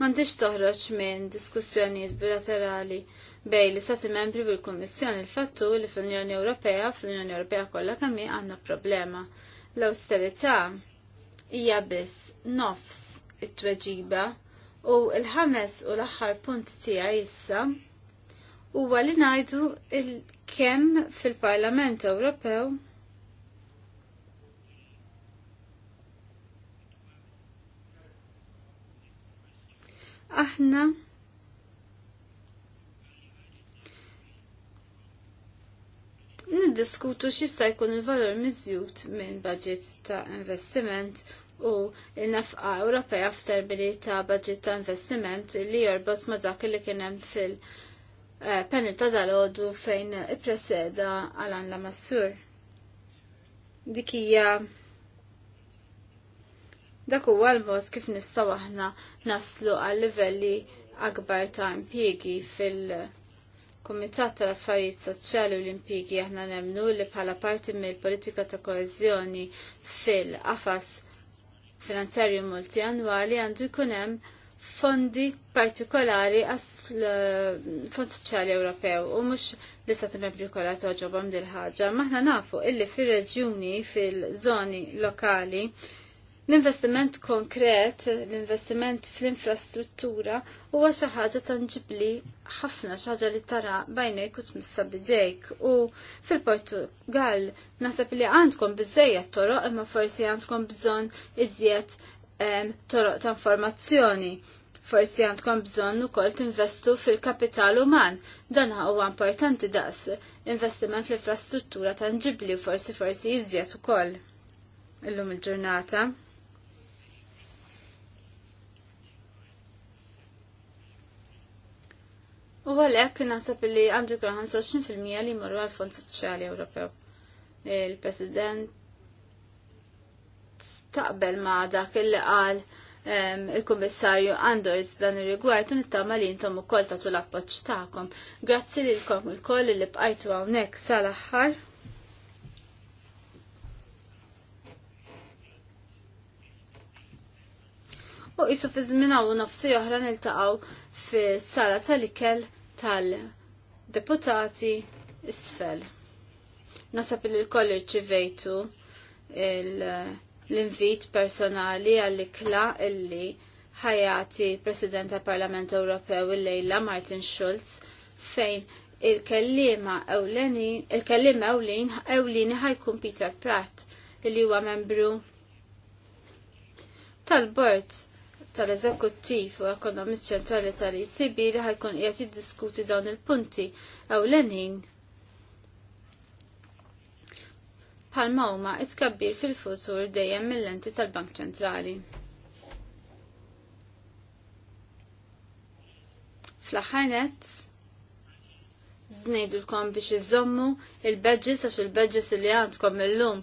mandiġ toħroġ minn diskussjonijiet bilaterali bej li stati membri bil kummissjoni il-fattu li fl-Unjoni Ewropea, fl-Unjoni Ewropea kollha kemm għandna problema. L-austerità hija biss nofs it-tweġiba u l-ħames u l-aħħar punt tiegħi issa huwa li ngħidu il-kemm fil-Parlament Ewropew aħna niddiskutu x'ista jkun il-valur miżjud minn budget ta' investiment u l-nafqa Ewropea f'termini ta' budget ta' investiment li jorbot ma' dak li kien hemm fil- eh, panel ta' dal-ħodu fejn i-preseda għalan la massur. Dikija dak huwa l-mod kif nistgħu aħna naslu għal livelli akbar ta' impjiegi fil- Kumitat tal-Affarijiet Soċjali u l aħna nemnu li bħala parti mill-politika ta' koeżjoni fil-qafas finanzjarju multianwali għandu jkun hemm fondi partikolari għas fond soċjali Ewropew u mhux lista ta' membri kollha toġobhom dil ħaġa. Maħna nafu illi fir-reġjuni fil-żoni lokali L-investiment konkret, l-investiment fl-infrastruttura huwa xi ħaġa tanġibli ħafna xi ħaġa li tara bajnejk u tmissa bidejk u fil-Portugal naħseb li għandkom biżejjed toroq imma forsi għandkom bżonn iżjed toroq ta' informazzjoni. Forsi għandkom bżonn ukoll tinvestu fil-kapital uman. Dan huwa importanti daqs investiment fl-infrastruttura tanġibli forsi forsi iżjed ukoll illum il-ġurnata. il ġurnata U għalhekk naħseb li għandu jkun 25% li jmorru għal Fond Soċjali Ewropew. Il-President staqbel ma' dak il qal il-Kummissarju Andors f'dan ir-rigward u nittama li intom ukoll taċu l-appoġġ tagħkom. Grazzi lilkom koll li bqajtu hawnhekk sal-aħħar. U qisu fi żmien hawn nofsi oħra niltaqgħu fis-sala sal-ikel tal-deputati isfel. Nasab li l-koll ċivejtu l-invit personali għall-ikla illi ħajati President tal-Parlament Ewropew il-lejla Martin Schulz fejn il-kellima il-kellima ewlin, ewlin ħajkun Peter Pratt, li huwa membru tal-Bord tal-eżekuttiv u ekonomist ċentrali tal-ECB li ħajkun qiegħed jiddiskuti dawn il-punti ewlenin. l-enin. Palma huma itkabbir fil-futur dejjem mill-lenti tal-Bank Ċentrali. Fl-aħħar nett, żnejdulkom biex iżommu il-badges għax il-badges li għandkom illum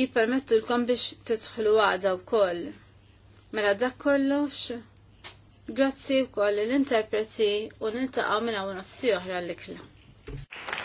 jippermettu l biex titħlu għada wkoll. koll Mela dak kollox, grazzi wkoll l-interpreti u niltaqgħu minn hawn nofsi oħra l-ikla.